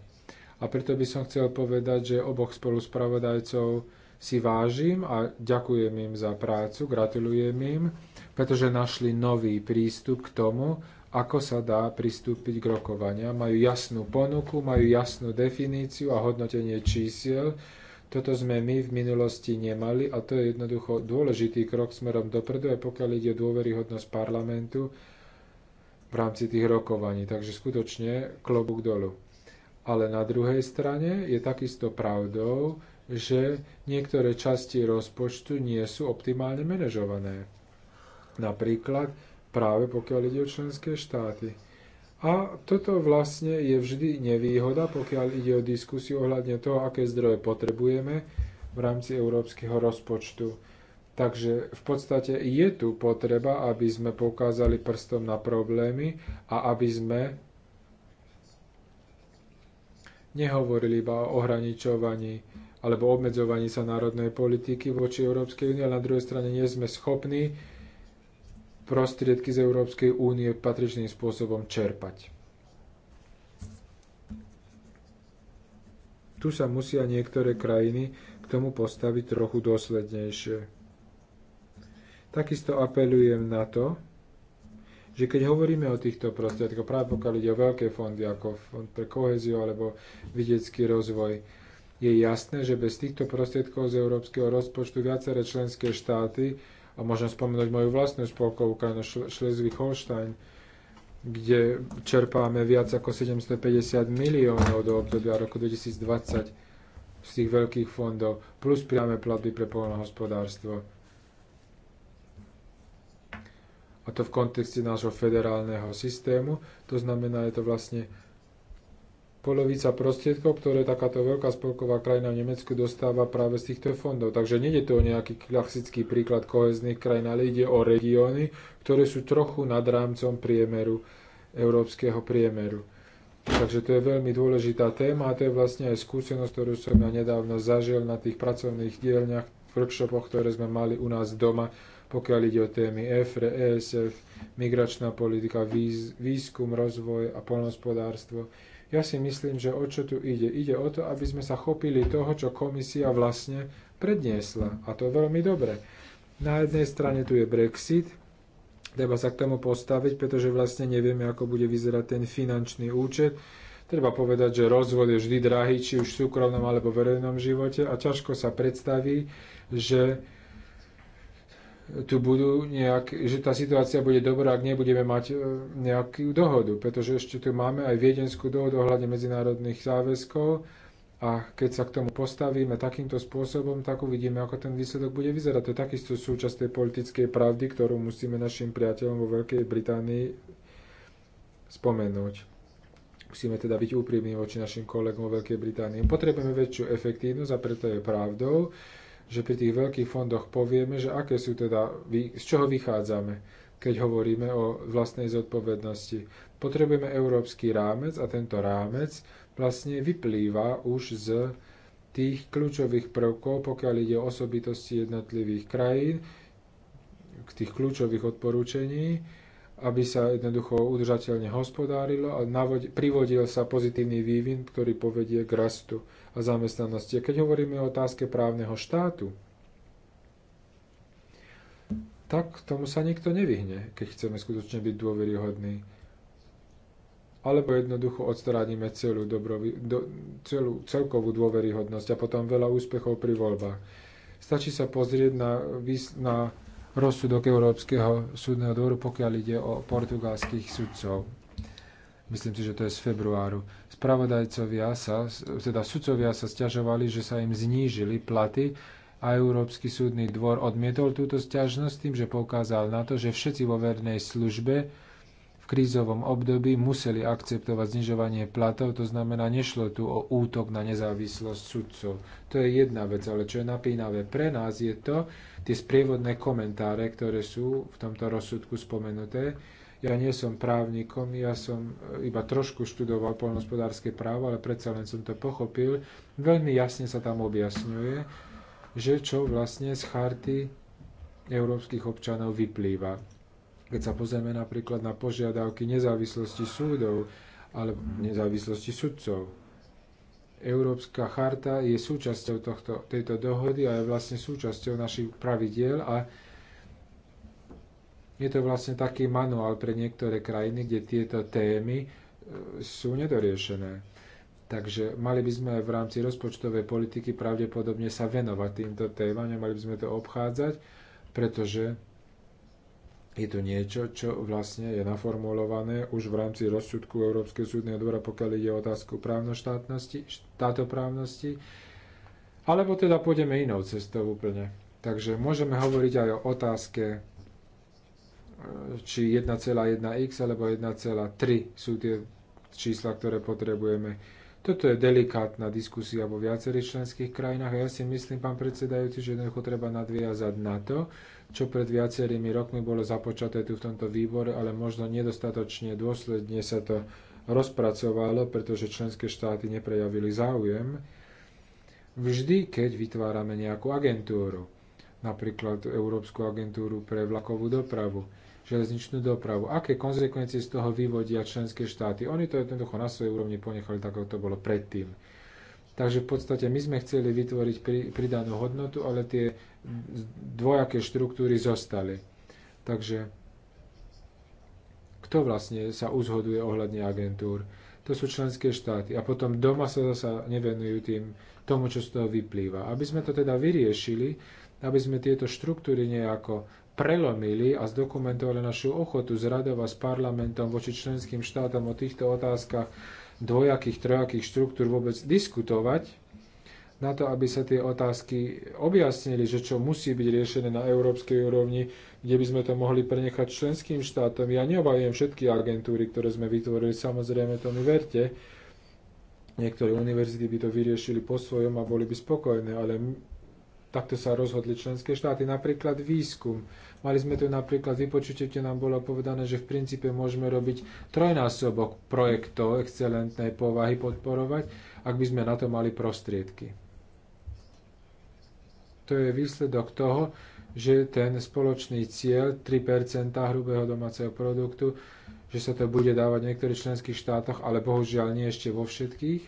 A preto by som chcel povedať, že oboch spoluspravodajcov si vážim a ďakujem im za prácu, gratulujem im, pretože našli nový prístup k tomu, ako sa dá pristúpiť k rokovania. Majú jasnú ponuku, majú jasnú definíciu a hodnotenie čísiel, toto sme my v minulosti nemali a to je jednoducho dôležitý krok smerom dopredu, aj pokiaľ ide o dôveryhodnosť parlamentu v rámci tých rokovaní. Takže skutočne klobúk dolu. Ale na druhej strane je takisto pravdou, že niektoré časti rozpočtu nie sú optimálne manažované. Napríklad práve pokiaľ ide o členské štáty. A toto vlastne je vždy nevýhoda, pokiaľ ide o diskusiu ohľadne toho, aké zdroje potrebujeme v rámci európskeho rozpočtu. Takže v podstate je tu potreba, aby sme poukázali prstom na problémy a aby sme nehovorili iba o ohraničovaní alebo obmedzovaní sa národnej politiky voči Európskej únie, ale na druhej strane nie sme schopní prostriedky z Európskej únie patričným spôsobom čerpať. Tu sa musia niektoré krajiny k tomu postaviť trochu doslednejšie. Takisto apelujem na to, že keď hovoríme o týchto prostriedkoch, práve pokiaľ ide o veľké fondy ako fond pre koheziu alebo vidiecký rozvoj, je jasné, že bez týchto prostriedkov z európskeho rozpočtu viaceré členské štáty a môžem spomenúť moju vlastnú spolkovú krajinu schleswig holstein kde čerpáme viac ako 750 miliónov do obdobia roku 2020 z tých veľkých fondov, plus priame platby pre poľnohospodárstvo. A to v kontexte nášho federálneho systému. To znamená, je to vlastne polovica prostriedkov, ktoré takáto veľká spolková krajina v Nemecku dostáva práve z týchto fondov. Takže nie je to nejaký klasický príklad kohezných krajín, ale ide o regióny, ktoré sú trochu nad rámcom priemeru, európskeho priemeru. Takže to je veľmi dôležitá téma a to je vlastne aj skúsenosť, ktorú som ja nedávno zažil na tých pracovných dielňach, workshopoch, ktoré sme mali u nás doma, pokiaľ ide o témy EFRE, ESF, migračná politika, výz, výskum, rozvoj a polnospodárstvo. Ja si myslím, že o čo tu ide? Ide o to, aby sme sa chopili toho, čo komisia vlastne predniesla. A to veľmi dobre. Na jednej strane tu je Brexit, treba sa k tomu postaviť, pretože vlastne nevieme, ako bude vyzerať ten finančný účet. Treba povedať, že rozvod je vždy drahý, či už v súkromnom alebo verejnom živote a ťažko sa predstaví, že tu budú nejak, že tá situácia bude dobrá, ak nebudeme mať e, nejakú dohodu, pretože ešte tu máme aj viedenskú dohodu ohľadne medzinárodných záväzkov a keď sa k tomu postavíme takýmto spôsobom, tak uvidíme, ako ten výsledok bude vyzerať. To je takisto súčasť tej politickej pravdy, ktorú musíme našim priateľom vo Veľkej Británii spomenúť. Musíme teda byť úprimní voči našim kolegom vo Veľkej Británii. Potrebujeme väčšiu efektívnosť a preto je pravdou, že pri tých veľkých fondoch povieme, že aké sú teda, z čoho vychádzame, keď hovoríme o vlastnej zodpovednosti. Potrebujeme európsky rámec a tento rámec vlastne vyplýva už z tých kľúčových prvkov, pokiaľ ide o osobitosti jednotlivých krajín, k tých kľúčových odporúčení, aby sa jednoducho udržateľne hospodárilo a privodil sa pozitívny vývin, ktorý povedie k rastu a zamestnanosti. A keď hovoríme o otázke právneho štátu, tak tomu sa nikto nevyhne, keď chceme skutočne byť dôveryhodní. Alebo jednoducho odstránime celú, dobrovi, do, celú celkovú dôveryhodnosť a potom veľa úspechov pri voľbách. Stačí sa pozrieť na, na rozsudok Európskeho súdneho dvoru, pokiaľ ide o portugalských sudcov. Myslím si, že to je z februáru spravodajcovia sa, teda sudcovia sa stiažovali, že sa im znížili platy a Európsky súdny dvor odmietol túto stiažnosť tým, že poukázal na to, že všetci vo vernej službe v krízovom období museli akceptovať znižovanie platov, to znamená, nešlo tu o útok na nezávislosť sudcov. To je jedna vec, ale čo je napínavé pre nás je to, tie sprievodné komentáre, ktoré sú v tomto rozsudku spomenuté, ja nie som právnikom, ja som e, iba trošku študoval poľnohospodárske právo, ale predsa len som to pochopil. Veľmi jasne sa tam objasňuje, že čo vlastne z charty európskych občanov vyplýva. Keď sa pozrieme napríklad na požiadavky nezávislosti súdov alebo nezávislosti sudcov, Európska charta je súčasťou tohto, tejto dohody a je vlastne súčasťou našich pravidiel a je to vlastne taký manuál pre niektoré krajiny, kde tieto témy e, sú nedoriešené. Takže mali by sme v rámci rozpočtovej politiky pravdepodobne sa venovať týmto témam, nemali by sme to obchádzať, pretože je to niečo, čo vlastne je naformulované už v rámci rozsudku Európskeho súdneho dvora, pokiaľ ide o otázku právnoštátnosti, štátoprávnosti, alebo teda pôjdeme inou cestou úplne. Takže môžeme hovoriť aj o otázke či 1,1x alebo 1,3 sú tie čísla, ktoré potrebujeme. Toto je delikátna diskusia vo viacerých členských krajinách a ja si myslím, pán predsedajúci, že jednoducho treba nadviazať na to, čo pred viacerými rokmi bolo započaté tu v tomto výbore, ale možno nedostatočne dôsledne sa to rozpracovalo, pretože členské štáty neprejavili záujem. Vždy, keď vytvárame nejakú agentúru, napríklad Európsku agentúru pre vlakovú dopravu, železničnú dopravu. Aké konsekvencie z toho vyvodia členské štáty? Oni to jednoducho na svojej úrovni ponechali tak, ako to bolo predtým. Takže v podstate my sme chceli vytvoriť pridanú hodnotu, ale tie dvojaké štruktúry zostali. Takže kto vlastne sa uzhoduje ohľadne agentúr? To sú členské štáty. A potom doma sa zasa nevenujú tým, tomu, čo z toho vyplýva. Aby sme to teda vyriešili, aby sme tieto štruktúry nejako prelomili a zdokumentovali našu ochotu zradovať s parlamentom voči členským štátom o týchto otázkach dvojakých, trojakých štruktúr vôbec diskutovať, na to, aby sa tie otázky objasnili, že čo musí byť riešené na európskej úrovni, kde by sme to mohli prenechať členským štátom. Ja neobajujem všetky agentúry, ktoré sme vytvorili, samozrejme to mi verte. Niektoré univerzity by to vyriešili po svojom a boli by spokojné, ale Takto sa rozhodli členské štáty. Napríklad výskum. Mali sme tu napríklad vypočutie, kde nám bolo povedané, že v princípe môžeme robiť trojnásobok projektov excelentnej povahy podporovať, ak by sme na to mali prostriedky. To je výsledok toho, že ten spoločný cieľ 3 hrubého domáceho produktu, že sa to bude dávať v niektorých členských štátoch, ale bohužiaľ nie ešte vo všetkých,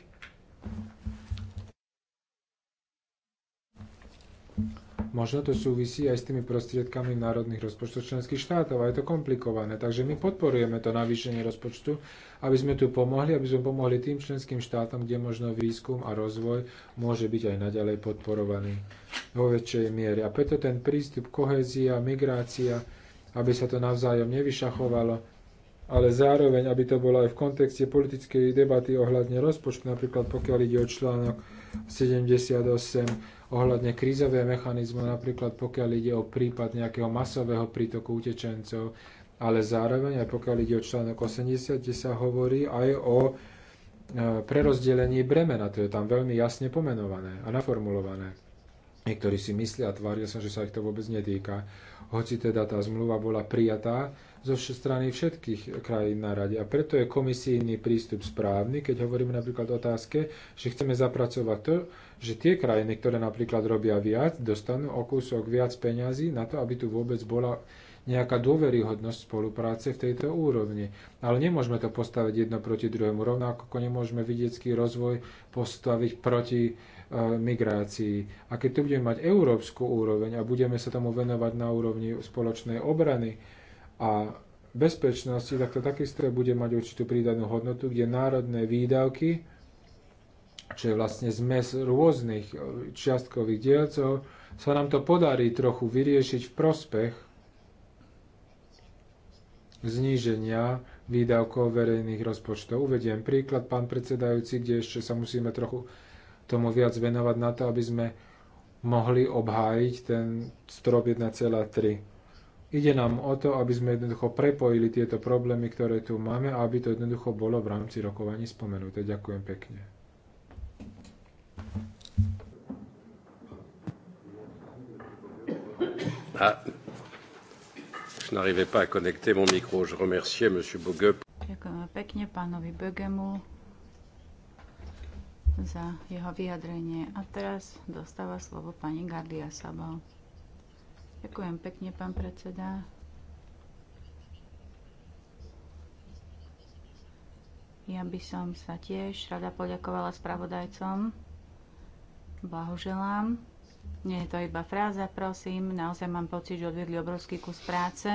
Možno to súvisí aj s tými prostriedkami národných rozpočtov členských štátov a je to komplikované. Takže my podporujeme to navýšenie rozpočtu, aby sme tu pomohli, aby sme pomohli tým členským štátom, kde možno výskum a rozvoj môže byť aj naďalej podporovaný vo väčšej miere. A preto ten prístup kohézia, migrácia, aby sa to navzájom nevyšachovalo, ale zároveň, aby to bolo aj v kontexte politickej debaty ohľadne rozpočtu, napríklad pokiaľ ide o článok 78 ohľadne krízového mechanizmu, napríklad pokiaľ ide o prípad nejakého masového prítoku utečencov, ale zároveň aj pokiaľ ide o článok 80, kde sa hovorí aj o e, prerozdelení bremena. To je tam veľmi jasne pomenované a naformulované. Niektorí si myslia a tvária sa, že sa ich to vôbec netýka. Hoci teda tá zmluva bola prijatá zo strany všetkých krajín na rade. A preto je komisijný prístup správny, keď hovoríme napríklad o otázke, že chceme zapracovať to, že tie krajiny, ktoré napríklad robia viac, dostanú o kúsok viac peňazí na to, aby tu vôbec bola nejaká dôveryhodnosť spolupráce v tejto úrovni. Ale nemôžeme to postaviť jedno proti druhému, rovnako ako nemôžeme vidiecký rozvoj postaviť proti e, migrácii. A keď tu budeme mať európsku úroveň a budeme sa tomu venovať na úrovni spoločnej obrany, a bezpečnosti, tak to takisto bude mať určitú prídanú hodnotu, kde národné výdavky, čo je vlastne zmes rôznych čiastkových dielcov, sa nám to podarí trochu vyriešiť v prospech zníženia výdavkov verejných rozpočtov. Uvediem príklad, pán predsedajúci, kde ešte sa musíme trochu tomu viac venovať na to, aby sme mohli obhájiť ten strop 1,3 Ide nám o to, aby sme jednoducho prepojili tieto problémy, ktoré tu máme a aby to jednoducho bolo v rámci rokovaní spomenuté. Ďakujem pekne. Ah. Je n'arrivais pas à connecter mon micro. Je remerciais M. Bogue. Ďakujem pekne pánovi Bögemu za jeho vyjadrenie. A teraz dostáva slovo pani Gardia Sabal. Ďakujem pekne, pán predseda. Ja by som sa tiež rada poďakovala spravodajcom. Blahoželám. Nie je to iba fráza, prosím. Naozaj mám pocit, že odvedli obrovský kus práce,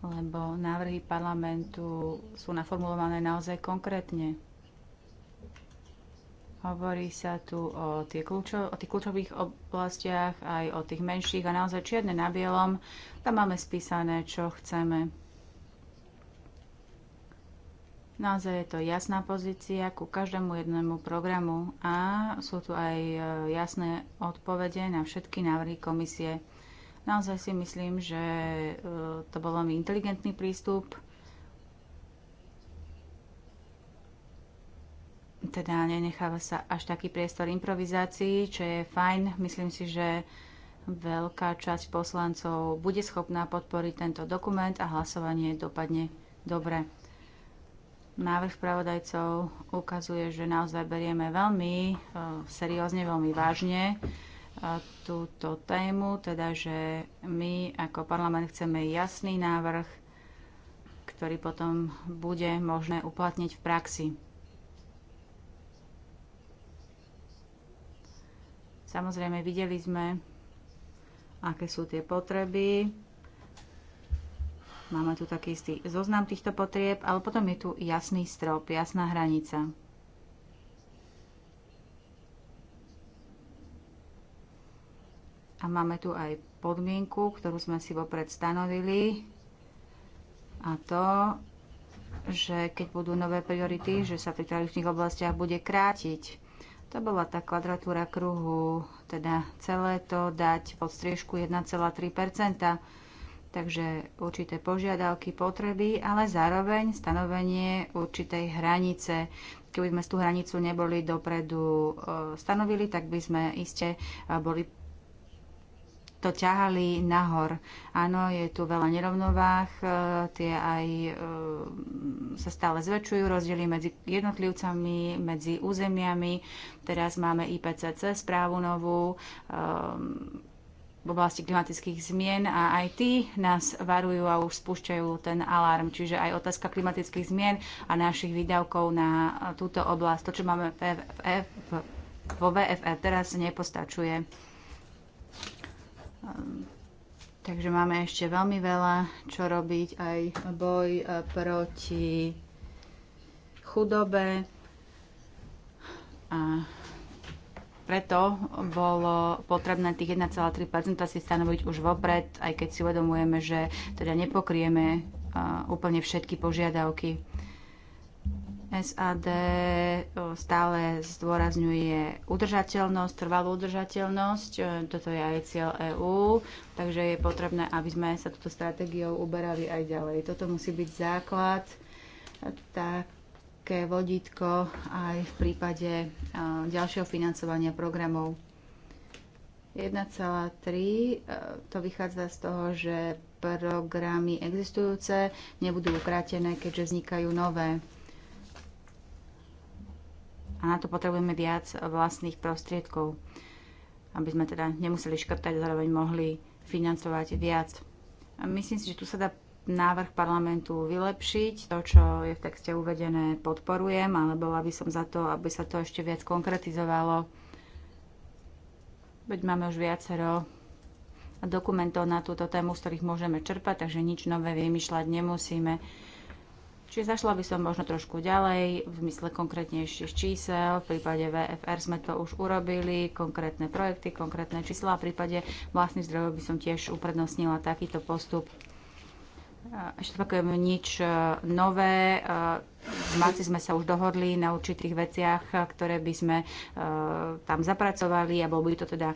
lebo návrhy parlamentu sú naformulované naozaj konkrétne. Hovorí sa tu o, tie kľúčo, o tých kľúčových oblastiach, aj o tých menších a naozaj čierne na bielom. Tam máme spísané, čo chceme. Naozaj je to jasná pozícia ku každému jednému programu a sú tu aj e, jasné odpovede na všetky návrhy komisie. Naozaj si myslím, že e, to bol veľmi inteligentný prístup teda nenecháva sa až taký priestor improvizácií, čo je fajn. Myslím si, že veľká časť poslancov bude schopná podporiť tento dokument a hlasovanie dopadne dobre. Návrh pravodajcov ukazuje, že naozaj berieme veľmi e, seriózne, veľmi vážne e, túto tému, teda že my ako parlament chceme jasný návrh, ktorý potom bude možné uplatniť v praxi. Samozrejme, videli sme, aké sú tie potreby. Máme tu taký istý zoznam týchto potrieb, ale potom je tu jasný strop, jasná hranica. A máme tu aj podmienku, ktorú sme si vopred stanovili, a to, že keď budú nové priority, že sa pri tradičných oblastiach bude krátiť to bola tá kvadratúra kruhu, teda celé to dať pod striežku 1,3 takže určité požiadavky, potreby, ale zároveň stanovenie určitej hranice. Keby sme tú hranicu neboli dopredu e, stanovili, tak by sme iste e, boli to ťahali nahor. Áno, je tu veľa nerovnováh, e, tie aj e, sa stále zväčšujú, rozdiely medzi jednotlivcami, medzi územiami. Teraz máme IPCC správu novú e, v oblasti klimatických zmien a aj tí nás varujú a už spúšťajú ten alarm. Čiže aj otázka klimatických zmien a našich výdavkov na túto oblasť, to, čo máme v, v, v, vo VFR teraz nepostačuje. Ehm, takže máme ešte veľmi veľa, čo robiť, aj boj e, proti chudobe. A preto bolo potrebné tých 1,3% si stanoviť už vopred, aj keď si uvedomujeme, že teda nepokrieme e, úplne všetky požiadavky. SAD stále zdôrazňuje udržateľnosť, trvalú udržateľnosť. E, toto je aj cieľ EÚ, takže je potrebné, aby sme sa túto stratégiou uberali aj ďalej. Toto musí byť základ, e, také vodítko aj v prípade e, ďalšieho financovania programov. 1,3 to vychádza z toho, že programy existujúce nebudú ukrátené, keďže vznikajú nové a na to potrebujeme viac vlastných prostriedkov, aby sme teda nemuseli škrtať a zároveň mohli financovať viac. A myslím si, že tu sa dá návrh parlamentu vylepšiť. To, čo je v texte uvedené, podporujem, ale bola by som za to, aby sa to ešte viac konkretizovalo. Veď máme už viacero dokumentov na túto tému, z ktorých môžeme čerpať, takže nič nové vymýšľať nemusíme. Čiže zašla by som možno trošku ďalej v mysle konkrétnejších čísel. V prípade VFR sme to už urobili, konkrétne projekty, konkrétne čísla. V prípade vlastných zdrojov by som tiež uprednostnila takýto postup. Ešte opakujem, nič e, nové. V e, marci sme sa už dohodli na určitých veciach, ktoré by sme e, tam zapracovali a bol by to teda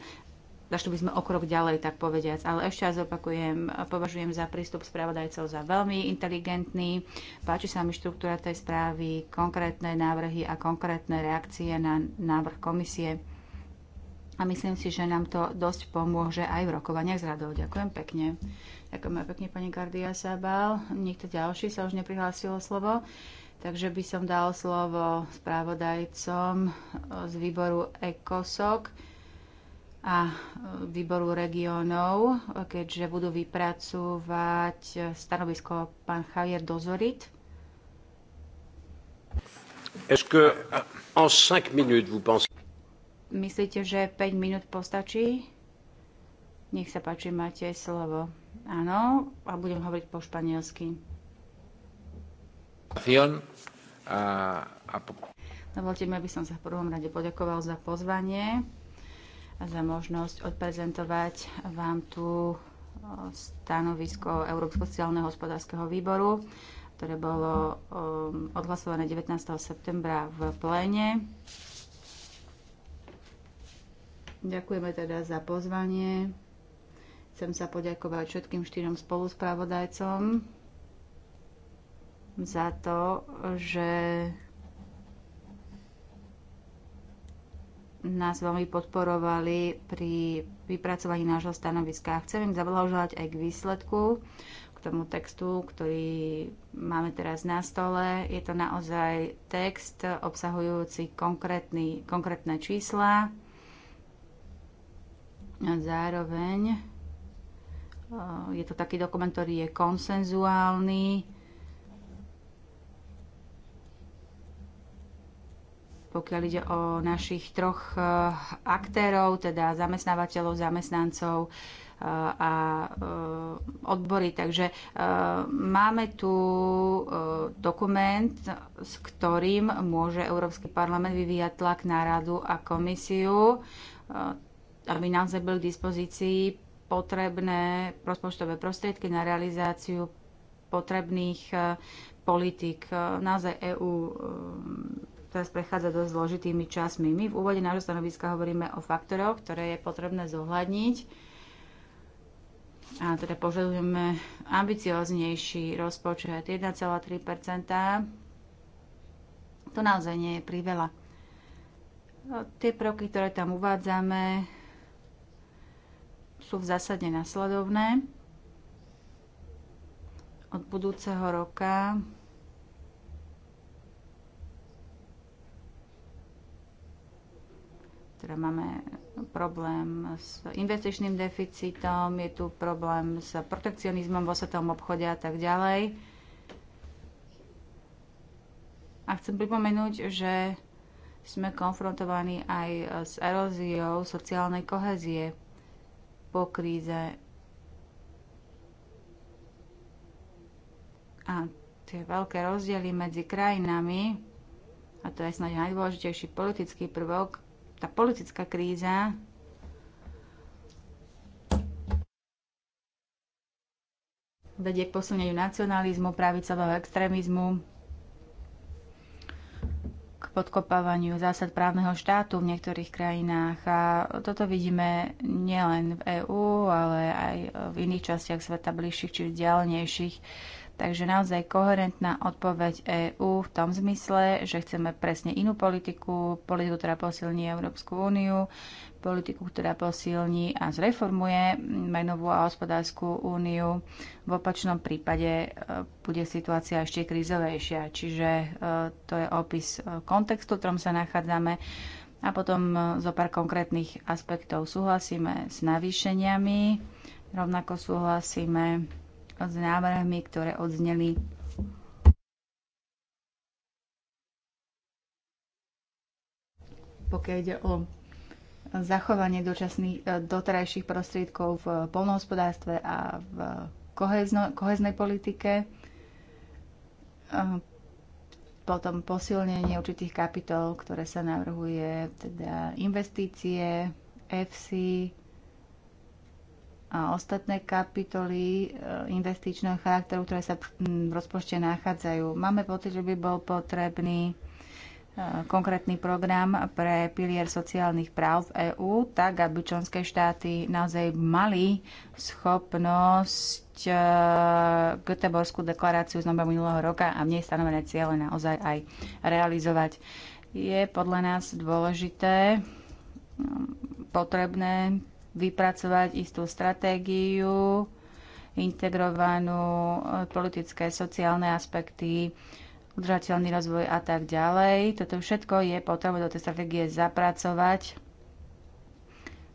zašli by sme o krok ďalej, tak povediac. Ale ešte raz opakujem, považujem za prístup spravodajcov za veľmi inteligentný. Páči sa mi štruktúra tej správy, konkrétne návrhy a konkrétne reakcie na návrh komisie. A myslím si, že nám to dosť pomôže aj v rokovaniach s radou. Ďakujem pekne. Ďakujem pekne pani Gardia Sabal. Nikto ďalší sa už neprihlásil slovo. Takže by som dal slovo správodajcom z výboru ECOSOC a e, výboru regiónov, keďže budú vypracovať e, stanovisko pán Javier Dozorit. Que en 5 minutes vous pensez... Myslíte, že 5 minút postačí? Nech sa páči, máte slovo. Áno, a budem hovoriť po španielsky. Dovolte mi, aby som sa v prvom rade poďakoval za pozvanie za možnosť odprezentovať vám tu stanovisko Európskeho sociálneho hospodárskeho výboru, ktoré bolo odhlasované 19. septembra v pléne. Ďakujeme teda za pozvanie. Chcem sa poďakovať všetkým štyrom spoluspravodajcom za to, že nás veľmi podporovali pri vypracovaní nášho stanoviska. Chcem im zablahoželať aj k výsledku, k tomu textu, ktorý máme teraz na stole. Je to naozaj text obsahujúci konkrétne čísla. A zároveň eh, je to taký dokument, ktorý je konsenzuálny, pokiaľ ide o našich troch e, aktérov, teda zamestnávateľov, zamestnancov e, a e, odbory. Takže máme tu dokument, s ktorým môže Európsky parlament vyvíjať tlak na radu a komisiu, aby naozaj boli k dispozícii potrebné rozpočtové prostriedky na realizáciu potrebných politik. Naozaj EÚ teraz prechádza dosť zložitými časmi. My v úvode nášho stanoviska hovoríme o faktoroch, ktoré je potrebné zohľadniť. A teda požadujeme ambicioznejší rozpočet 1,3 To naozaj nie je priveľa. Tie proky, ktoré tam uvádzame, sú v zásade nasledovné. Od budúceho roka Teda máme problém s investičným deficitom, je tu problém s protekcionizmom vo svetovom obchode a tak ďalej. A chcem pripomenúť, že sme konfrontovaní aj s eróziou sociálnej kohezie po kríze. A tie veľké rozdiely medzi krajinami, a to je snáď najdôležitejší politický prvok, tá politická kríza vedie k posilneniu nacionalizmu, pravicového extrémizmu, k podkopávaniu zásad právneho štátu v niektorých krajinách. A toto vidíme nielen v EÚ, ale aj v iných častiach sveta bližších či vzdialenejších Takže naozaj koherentná odpoveď EÚ v tom zmysle, že chceme presne inú politiku, politiku, ktorá posilní Európsku úniu, politiku, ktorá posilní a zreformuje menovú a hospodárskú úniu. V opačnom prípade e, bude situácia ešte krizovejšia. Čiže e, to je opis e, kontextu, v ktorom sa nachádzame. A potom zo pár konkrétnych aspektov súhlasíme s navýšeniami, rovnako súhlasíme s návrhmi, ktoré odzneli pokiaľ ide o zachovanie dočasných e, doterajších prostriedkov v polnohospodárstve a v koheznej politike, e, potom posilnenie určitých kapitol, ktoré sa navrhuje, teda investície, EFSI, a ostatné kapitoly e, investičného charakteru, ktoré sa v rozpočte nachádzajú. Máme pocit, že by bol potrebný e, konkrétny program pre pilier sociálnych práv v EÚ, tak aby členské štáty naozaj mali schopnosť e, Göteborskú deklaráciu z novembra minulého roka a v nej stanovené ciele naozaj aj realizovať. Je podľa nás dôležité potrebné vypracovať istú stratégiu, integrovanú e, politické, sociálne aspekty, udržateľný rozvoj a tak ďalej. Toto všetko je potrebné do tej stratégie zapracovať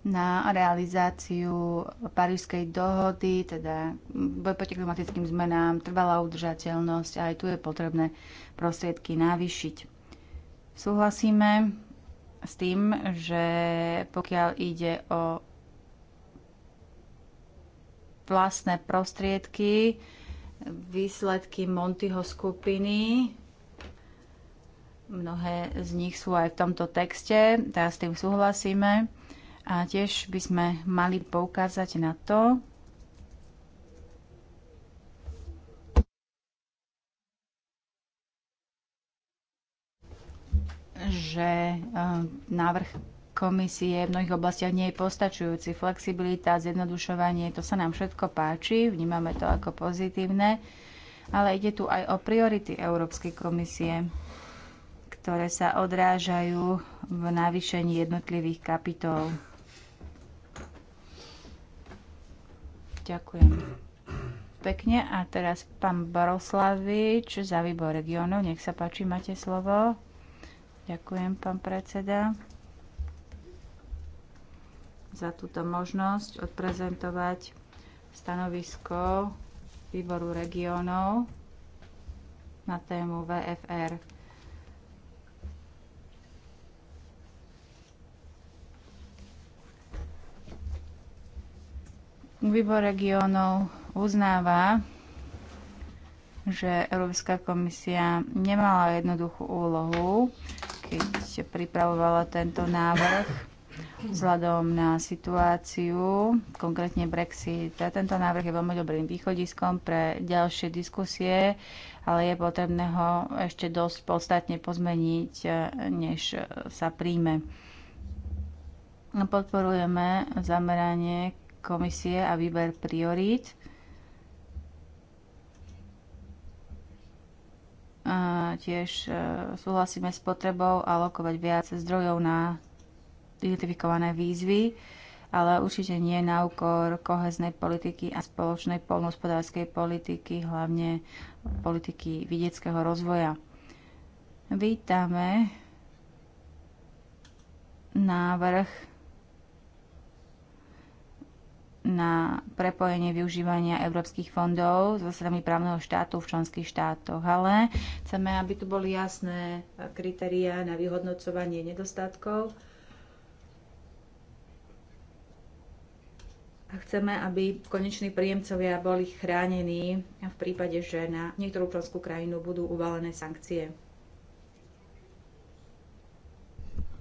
na realizáciu Parížskej dohody, teda boj proti klimatickým zmenám, trvalá udržateľnosť a aj tu je potrebné prostriedky navýšiť. Súhlasíme s tým, že pokiaľ ide o vlastné prostriedky, výsledky Montyho skupiny. Mnohé z nich sú aj v tomto texte, tak s tým súhlasíme. A tiež by sme mali poukázať na to, že eh, návrh komisie v mnohých oblastiach nie je postačujúci. Flexibilita, zjednodušovanie, to sa nám všetko páči, vnímame to ako pozitívne, ale ide tu aj o priority Európskej komisie, ktoré sa odrážajú v navýšení jednotlivých kapitol. Ďakujem. Pekne. A teraz pán Baroslavič za výbor regionov. Nech sa páči, máte slovo. Ďakujem, pán predseda za túto možnosť odprezentovať stanovisko výboru regiónov na tému VFR. Výbor regiónov uznáva, že Európska komisia nemala jednoduchú úlohu, keď pripravovala tento návrh vzhľadom na situáciu, konkrétne Brexit. A tento návrh je veľmi dobrým východiskom pre ďalšie diskusie, ale je potrebné ho ešte dosť podstatne pozmeniť, eh, než sa príjme. Podporujeme zameranie komisie a výber priorít. tiež eh, súhlasíme s potrebou alokovať viac zdrojov na identifikované výzvy, ale určite nie na úkor koheznej politiky a spoločnej polnohospodárskej politiky, hlavne politiky vidieckého rozvoja. Vítame návrh na prepojenie využívania európskych fondov s zásadami právneho štátu v členských štátoch, ale chceme, aby tu boli jasné kritériá na vyhodnocovanie nedostatkov Chceme, aby koneční príjemcovia boli chránení v prípade, že na niektorú členskú krajinu budú uvalené sankcie.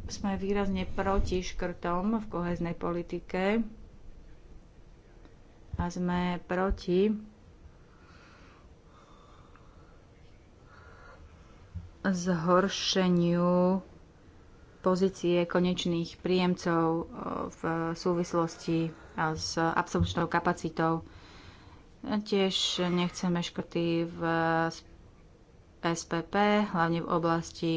Sme výrazne proti škrtom v koheznej politike a sme proti zhoršeniu pozície konečných príjemcov e, v súvislosti a s absolučnou kapacitou. Tiež nechceme škrty v SPP, hlavne v oblasti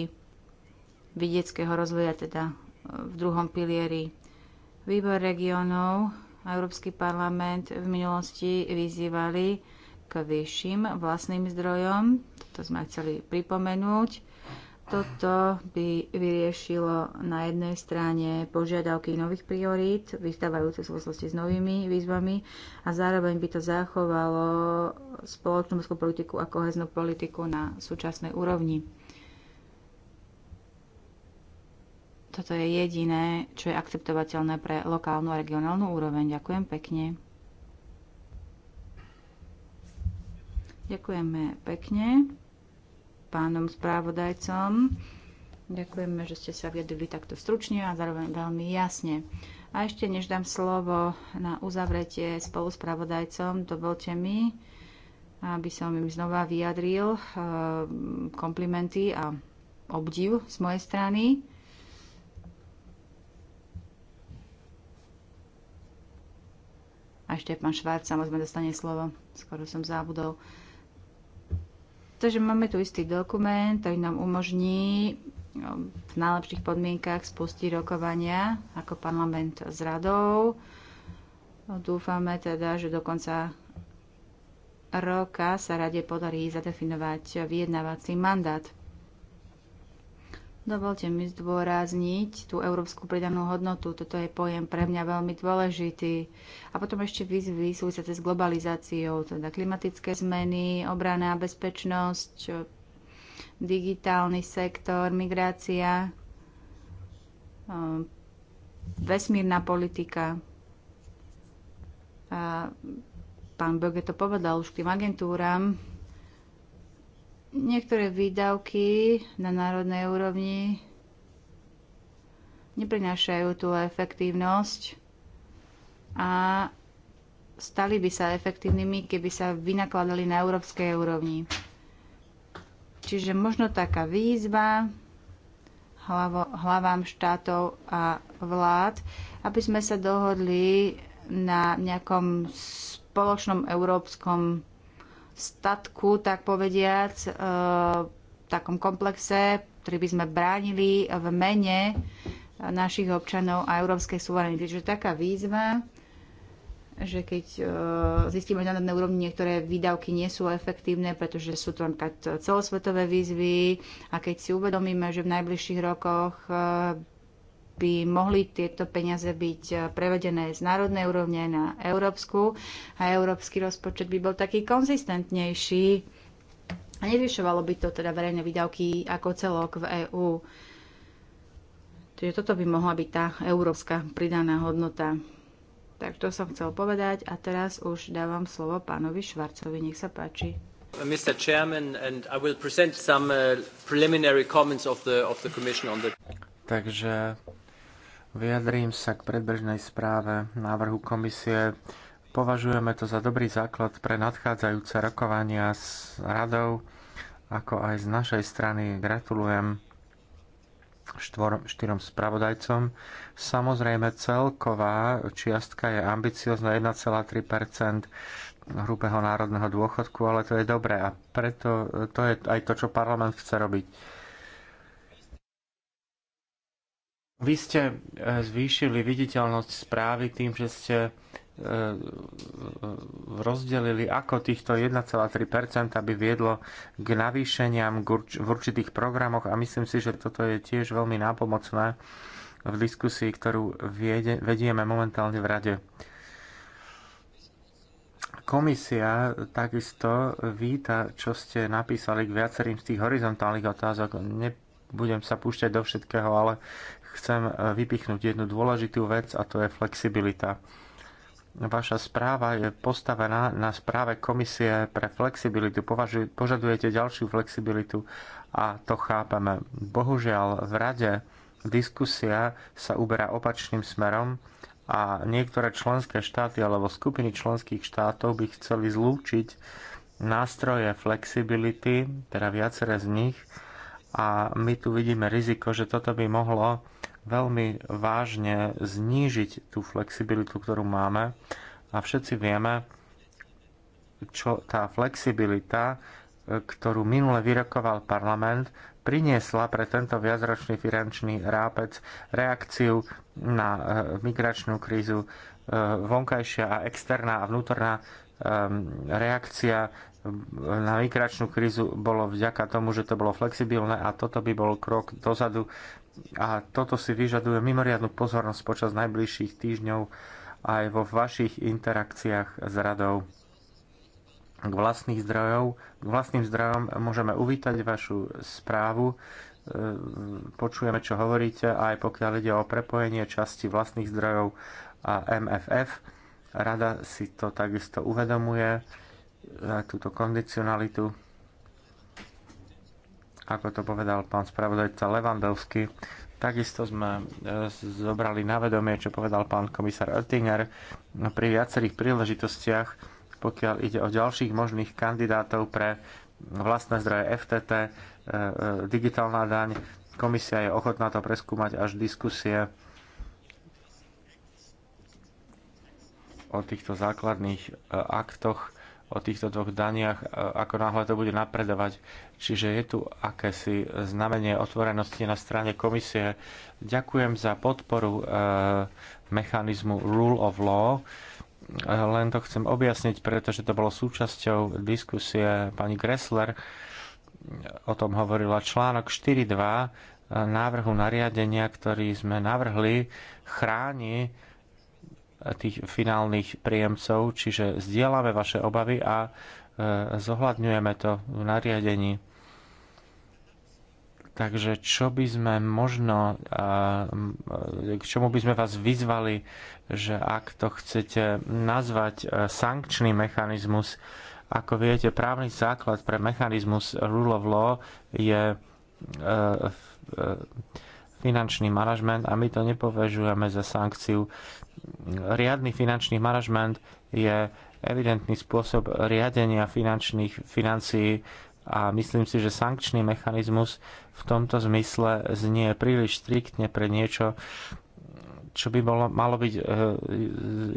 vidieckého rozvoja, teda v druhom pilieri. Výbor regionov a Európsky parlament v minulosti vyzývali k vyšším vlastným zdrojom. toto sme chceli pripomenúť. Toto by vyriešilo na jednej strane požiadavky nových priorít, vystávajúce v súvislosti s novými výzvami a zároveň by to zachovalo spoločnú politiku a koheznú politiku na súčasnej úrovni. Toto je jediné, čo je akceptovateľné pre lokálnu a regionálnu úroveň. Ďakujem pekne. Ďakujeme pekne pánom správodajcom. Ďakujeme, že ste sa viedli takto stručne a zároveň veľmi jasne. A ešte než dám slovo na uzavretie spolu s pravodajcom, dovolte mi, aby som im znova vyjadril eh, komplimenty a obdiv z mojej strany. A ešte pán Švárd, samozrejme dostane slovo. Skoro som zabudol. Takže máme tu istý dokument, ktorý nám umožní um, v najlepších podmienkach spustiť rokovania ako parlament s radou. No, dúfame teda, že do konca roka sa rade podarí zadefinovať vyjednávací mandát Dovolte mi zdôrazniť tú európsku pridanú hodnotu. Toto je pojem pre mňa veľmi dôležitý. A potom ešte výzvy súvisiace s globalizáciou, teda klimatické zmeny, obrana a bezpečnosť, digitálny sektor, migrácia, ehm, vesmírna politika. A pán Böge to povedal už k tým agentúram, niektoré výdavky na národnej úrovni neprinášajú tú efektívnosť a stali by sa efektívnymi, keby sa vynakladali na európskej úrovni. Čiže možno taká výzva hlavo, hlavám štátov a vlád, aby sme sa dohodli na nejakom spoločnom európskom statku, tak povediac, e, v takom komplexe, ktorý by sme bránili v mene našich občanov a európskej suverenity. Čiže taká výzva, že keď e, zistíme, že na národnej úrovni niektoré výdavky nie sú efektívne, pretože sú to celosvetové výzvy a keď si uvedomíme, že v najbližších rokoch e, by mohli tieto peniaze byť eh, prevedené z národnej úrovne na európsku a európsky rozpočet by bol taký konzistentnejší a nevyšovalo by to teda verejné výdavky ako celok v EÚ. Čiže toto by mohla byť tá európska pridaná hodnota. Tak to som chcel povedať a teraz už dávam slovo pánovi Švarcovi. Nech sa páči. Mr. Chairman, and I will present some eh, preliminary comments of the, of the Commission on the... Takže Vyjadrím sa k predbežnej správe návrhu komisie. Považujeme to za dobrý základ pre nadchádzajúce rokovania s radou, ako aj z našej strany gratulujem štvorom, štyrom spravodajcom. Samozrejme, celková čiastka je ambiciozna 1,3 hrubého národného dôchodku, ale to je dobré a preto to je aj to, čo parlament chce robiť Vy ste e, zvýšili viditeľnosť správy tým, že ste e, rozdelili, ako týchto 1,3% by viedlo k navýšeniam v určitých programoch a myslím si, že toto je tiež veľmi nápomocné v diskusii, ktorú vedieme momentálne v Rade. Komisia takisto víta, čo ste napísali k viacerým z tých horizontálnych otázok. Nebudem sa púšťať do všetkého, ale chcem e, vypichnúť jednu dôležitú vec a to je flexibilita. Vaša správa je postavená na správe Komisie pre flexibilitu. Považuj, požadujete ďalšiu flexibilitu a to chápeme. Bohužiaľ v rade diskusia sa uberá opačným smerom a niektoré členské štáty alebo skupiny členských štátov by chceli zlúčiť nástroje flexibility, teda viaceré z nich, a my tu vidíme riziko, že toto by mohlo veľmi vážne znížiť tú flexibilitu, ktorú máme. A všetci vieme, čo tá flexibilita, e, ktorú minule vyrokoval parlament, priniesla pre tento viacročný finančný rápec reakciu na e, migračnú krízu, e, vonkajšia a externá a vnútorná reakcia na migračnú krízu bolo vďaka tomu, že to bolo flexibilné a toto by bol krok dozadu a toto si vyžaduje mimoriadnu pozornosť počas najbližších týždňov aj vo vašich interakciách s radou k vlastných zdrojov. K vlastným zdrojom môžeme uvítať vašu správu, e, počujeme, čo hovoríte, aj pokiaľ ide o prepojenie časti vlastných zdrojov a MFF. Rada si to takisto uvedomuje, e, túto kondicionalitu ako to povedal pán spravodajca Levandovský. Takisto sme e, zobrali na vedomie, čo povedal pán komisár Oettinger no, pri viacerých príležitostiach, pokiaľ ide o ďalších možných kandidátov pre vlastné zdroje FTT, e, e, digitálna daň. Komisia je ochotná to preskúmať až diskusie o týchto základných aktoch o týchto dvoch daniach, e, ako náhle to bude napredovať. Čiže je tu akési znamenie otvorenosti na strane komisie. Ďakujem za podporu e, mechanizmu Rule of Law. E, len to chcem objasniť, pretože to bolo súčasťou diskusie pani Gressler. O tom hovorila článok 4.2 návrhu nariadenia, ktorý sme navrhli, chráni tých finálnych príjemcov, čiže zdieľame vaše obavy a e, zohľadňujeme to v nariadení. Takže čo by sme možno, e, k čomu by sme vás vyzvali, že ak to chcete nazvať e, sankčný mechanizmus, ako viete, právny základ pre mechanizmus rule of law je finančný manažment a my to nepovažujeme za sankciu riadny finančný manažment je evidentný spôsob riadenia finančných financií a myslím si, že sankčný mechanizmus v tomto zmysle znie príliš striktne pre niečo, čo by bolo, malo byť e,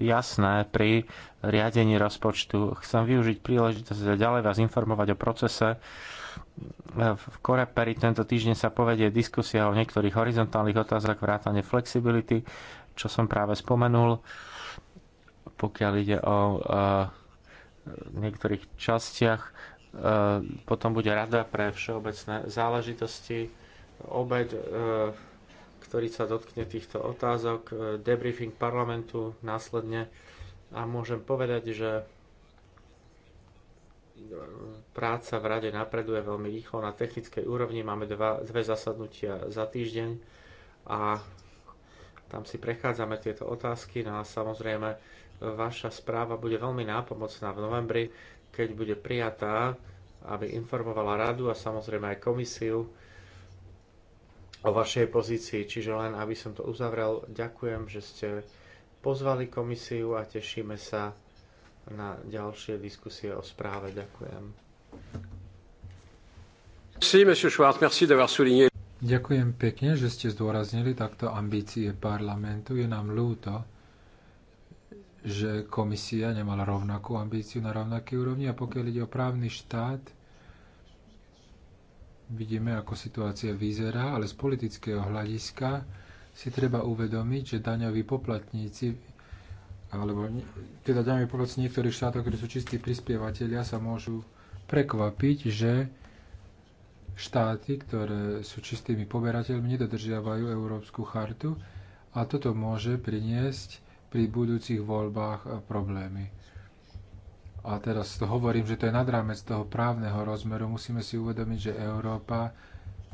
jasné pri riadení rozpočtu. Chcem využiť príležitosť a ďalej vás informovať o procese. Eh, v Koreperi tento týždeň sa povedie diskusia o niektorých horizontálnych otázkach vrátane flexibility čo som práve spomenul, pokiaľ ide o e, niektorých častiach, e, potom bude rada pre všeobecné záležitosti, obed, e, ktorý sa dotkne týchto otázok, debriefing parlamentu následne a môžem povedať, že práca v rade napreduje veľmi rýchlo na technickej úrovni. Máme dva, dve zasadnutia za týždeň a tam si prechádzame tieto otázky no a samozrejme vaša správa bude veľmi nápomocná v novembri, keď bude prijatá, aby informovala radu a samozrejme aj komisiu o vašej pozícii. Čiže len aby som to uzavrel, ďakujem, že ste pozvali komisiu a tešíme sa na ďalšie diskusie o správe. Ďakujem. Merci, monsieur Schwartz. Merci d'avoir souligné. Ďakujem pekne, že ste zdôraznili takto ambície parlamentu. Je nám ľúto, že komisia nemala rovnakú ambíciu na rovnakej úrovni a pokiaľ ide o právny štát, vidíme, ako situácia vyzerá, ale z politického hľadiska si treba uvedomiť, že daňoví poplatníci alebo teda daňoví poplatníci niektorých štátov, ktorí sú čistí prispievateľia, sa môžu prekvapiť, že štáty, ktoré sú čistými poberateľmi, nedodržiavajú Európsku chartu a toto môže priniesť pri budúcich voľbách problémy. A teraz to hovorím, že to je nad rámec toho právneho rozmeru. Musíme si uvedomiť, že Európa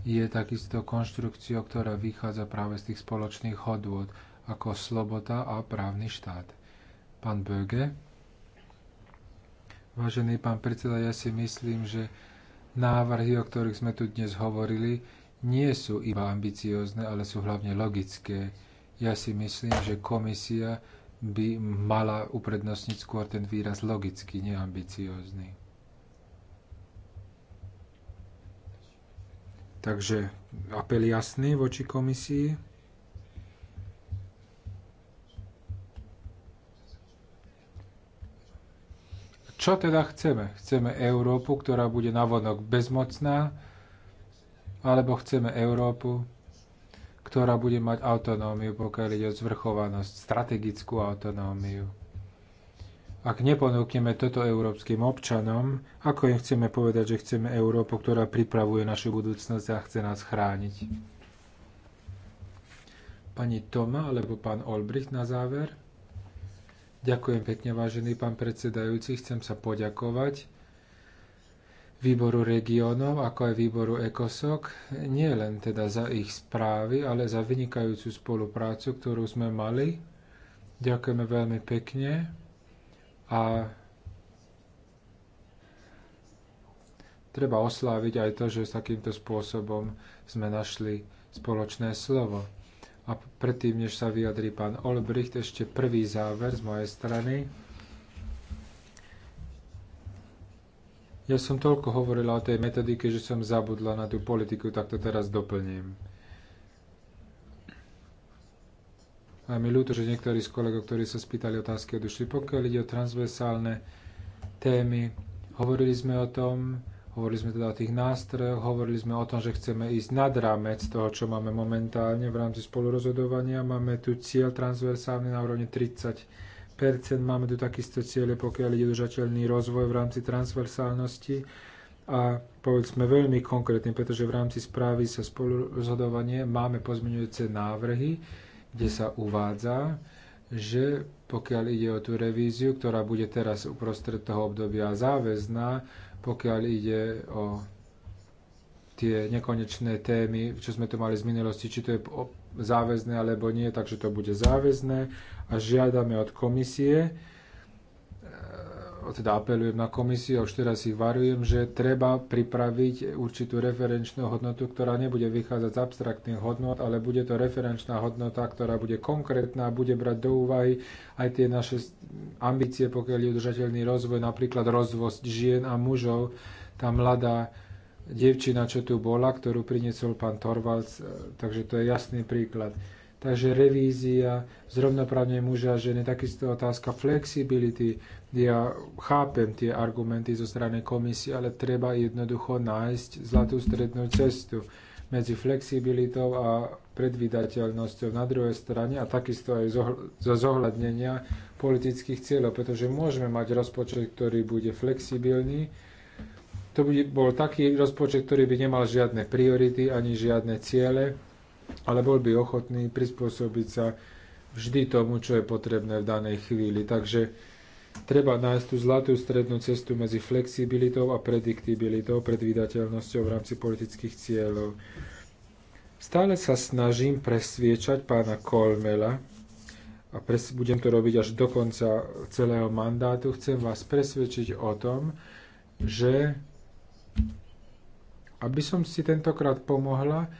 je takisto konštrukciou, ktorá vychádza práve z tých spoločných hodôd, ako sloboda a právny štát. Pán Böge. Vážený pán predseda, ja si myslím, že návrhy, o ktorých sme tu dnes hovorili, nie sú iba ambiciózne, ale sú hlavne logické. Ja si myslím, že komisia by mala uprednostniť skôr ten výraz logicky, neambiciózny. Takže apel jasný voči komisii. Čo teda chceme? Chceme Európu, ktorá bude navonok bezmocná, alebo chceme Európu, ktorá bude mať autonómiu, pokiaľ ide o zvrchovanosť, strategickú autonómiu. Ak neponúkneme toto európskym občanom, ako im chceme povedať, že chceme Európu, ktorá pripravuje našu budúcnosť a chce nás chrániť? Pani Toma alebo pán Olbricht na záver? Ďakujem pekne, vážený pán predsedajúci. Chcem sa poďakovať výboru regiónov, ako aj výboru ECOSOC, nie len teda za ich správy, ale za vynikajúcu spoluprácu, ktorú sme mali. Ďakujeme veľmi pekne a treba osláviť aj to, že s takýmto spôsobom sme našli spoločné slovo. A predtým, než sa vyjadrí pán Olbricht, ešte prvý záver z mojej strany. Ja som toľko hovorila o tej metodike, že som zabudla na tú politiku, tak to teraz doplním. A mi ľúto, že niektorí z kolegov, ktorí sa spýtali otázky, odušli. Pokiaľ ide o transversálne témy, hovorili sme o tom, Hovorili sme teda o tých nástrojoch, hovorili sme o tom, že chceme ísť nad rámec toho, čo máme momentálne v rámci spolurozhodovania. Máme tu cieľ transversálny na úrovni 30 Máme tu takisto cieľe, pokiaľ ide udržateľný rozvoj v rámci transversálnosti. A povedzme veľmi konkrétne, pretože v rámci správy sa spolurozhodovanie máme pozmeňujúce návrhy, kde sa uvádza, že pokiaľ ide o tú revíziu, ktorá bude teraz uprostred toho obdobia záväzná, pokiaľ ide o tie nekonečné témy, čo sme tu mali z minulosti, či to je záväzné alebo nie, takže to bude záväzné a žiadame od komisie, teda apelujem na komisiu, a už teraz ich varujem, že treba pripraviť určitú referenčnú hodnotu, ktorá nebude vychádzať z abstraktných hodnot, ale bude to referenčná hodnota, ktorá bude konkrétna, a bude brať do úvahy aj tie naše ambície, pokiaľ je udržateľný rozvoj, napríklad rozvoz žien a mužov. Tá mladá dievčina, čo tu bola, ktorú priniesol pán Torvalds, eh, takže to je jasný príklad. Takže revízia, zrovnoprávne muža a ženy, takisto otázka flexibility. Ja chápem tie argumenty zo strany komisie, ale treba jednoducho nájsť zlatú strednú cestu medzi flexibilitou a predvydateľnosťou na druhej strane a takisto aj zo zohľadnenia politických cieľov, pretože môžeme mať rozpočet, ktorý bude flexibilný, to by bol taký rozpočet, ktorý by nemal žiadne priority ani žiadne ciele ale bol by ochotný prispôsobiť sa vždy tomu, čo je potrebné v danej chvíli. Takže treba nájsť tú zlatú strednú cestu medzi flexibilitou a prediktibilitou, predvídateľnosťou v rámci politických cieľov. Stále sa snažím presviečať pána Kolmela a pres, budem to robiť až do konca celého mandátu. Chcem vás presvedčiť o tom, že aby som si tentokrát pomohla,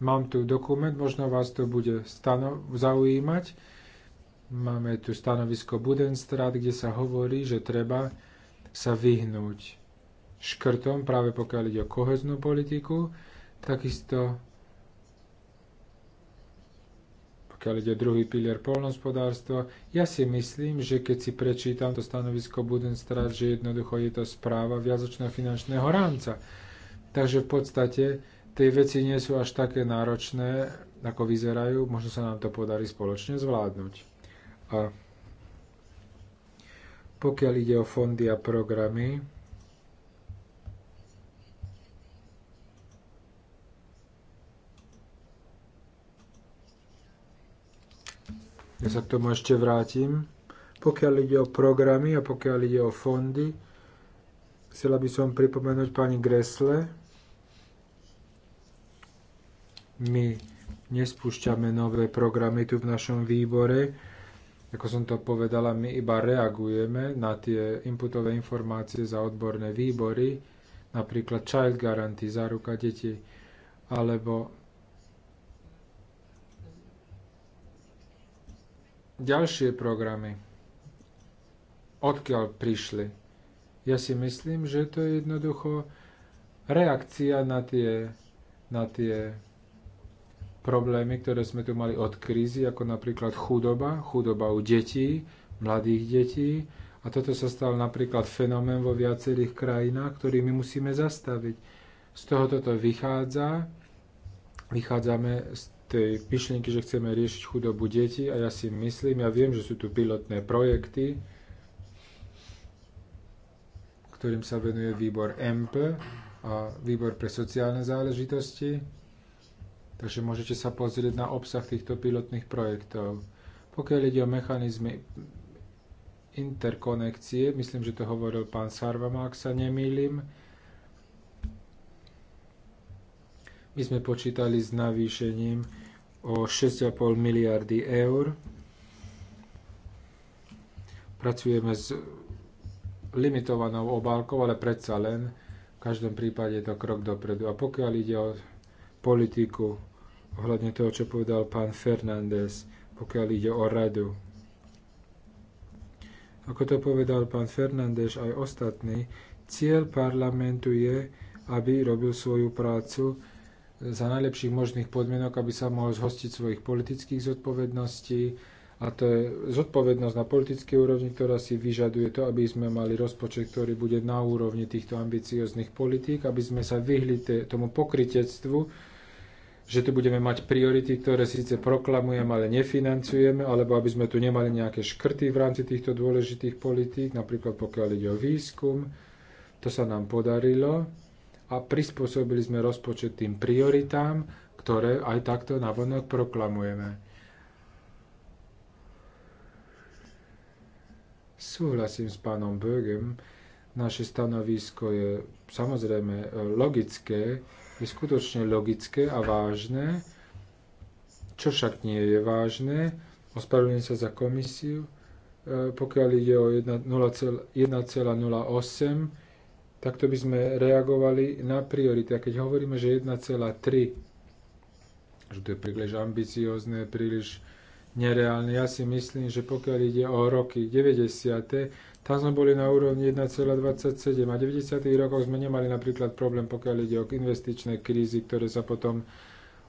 Mám tu dokument, možno vás to bude zaujímať. Máme tu stanovisko Budenstrat, kde sa hovorí, že treba sa vyhnúť škrtom, práve pokiaľ ide o koheznú politiku, takisto pokiaľ ide o druhý pilier polnospodárstvo, Ja si myslím, že keď si prečítam to stanovisko Budenstrat, že jednoducho je to správa viazočného finančného rámca. Takže v podstate tie veci nie sú až také náročné, ako vyzerajú. Možno sa nám to podarí spoločne zvládnuť. A pokiaľ ide o fondy a programy, Ja sa k tomu ešte vrátim. Pokiaľ ide o programy a pokiaľ ide o fondy, chcela by som pripomenúť pani Gresle, my nespúšťame nové programy tu v našom výbore. Ako som to povedala, my iba reagujeme na tie inputové informácie za odborné výbory, napríklad Child Guarantee, záruka detí, alebo ďalšie programy. Odkiaľ prišli? Ja si myslím, že to je jednoducho reakcia na tie, na tie problémy, ktoré sme tu mali od krízy, ako napríklad chudoba, chudoba u detí, mladých detí. A toto sa stal napríklad fenomén vo viacerých krajinách, ktorý my musíme zastaviť. Z toho toto vychádza. Vychádzame z tej myšlienky, že chceme riešiť chudobu detí a ja si myslím, ja viem, že sú tu pilotné projekty, ktorým sa venuje výbor MP a výbor pre sociálne záležitosti Takže môžete sa pozrieť na obsah týchto pilotných projektov. Pokiaľ ide o mechanizmy interkonekcie, myslím, že to hovoril pán Sarvama, no ak sa nemýlim, my sme počítali s navýšením o 6,5 miliardy eur. Pracujeme s limitovanou obálkou, ale predsa len v každom prípade je to krok dopredu. A pokiaľ ide o politiku ohľadne toho, čo povedal pán Fernández, pokiaľ ide o radu. Ako to povedal pán Fernández aj ostatní, cieľ parlamentu je, aby robil svoju prácu za najlepších možných podmienok, aby sa mohol zhostiť svojich politických zodpovedností. A to je zodpovednosť na politickej úrovni, ktorá si vyžaduje to, aby sme mali rozpočet, ktorý bude na úrovni týchto ambicióznych politík, aby sme sa vyhli tomu pokritectvu, že tu budeme mať priority, ktoré síce proklamujeme, ale nefinancujeme, alebo aby sme tu nemali nejaké škrty v rámci týchto dôležitých politík, napríklad pokiaľ ide o výskum. To sa nám podarilo a prispôsobili sme rozpočet tým prioritám, ktoré aj takto navonok proklamujeme. Súhlasím s pánom Bögem. Naše stanovisko je samozrejme logické je skutočne logické a vážne, čo však nie je vážne, ospravedlňujem sa za komisiu, e, pokiaľ ide o 1,08, tak to by sme reagovali na priority. A keď hovoríme, že 1,3, že to je príliš ambiciózne, príliš nereálne, ja si myslím, že pokiaľ ide o roky 90 tam sme boli na úrovni 1,27 a 90. rokoch sme nemali napríklad problém, pokiaľ ide o investičné krízy, ktoré sa potom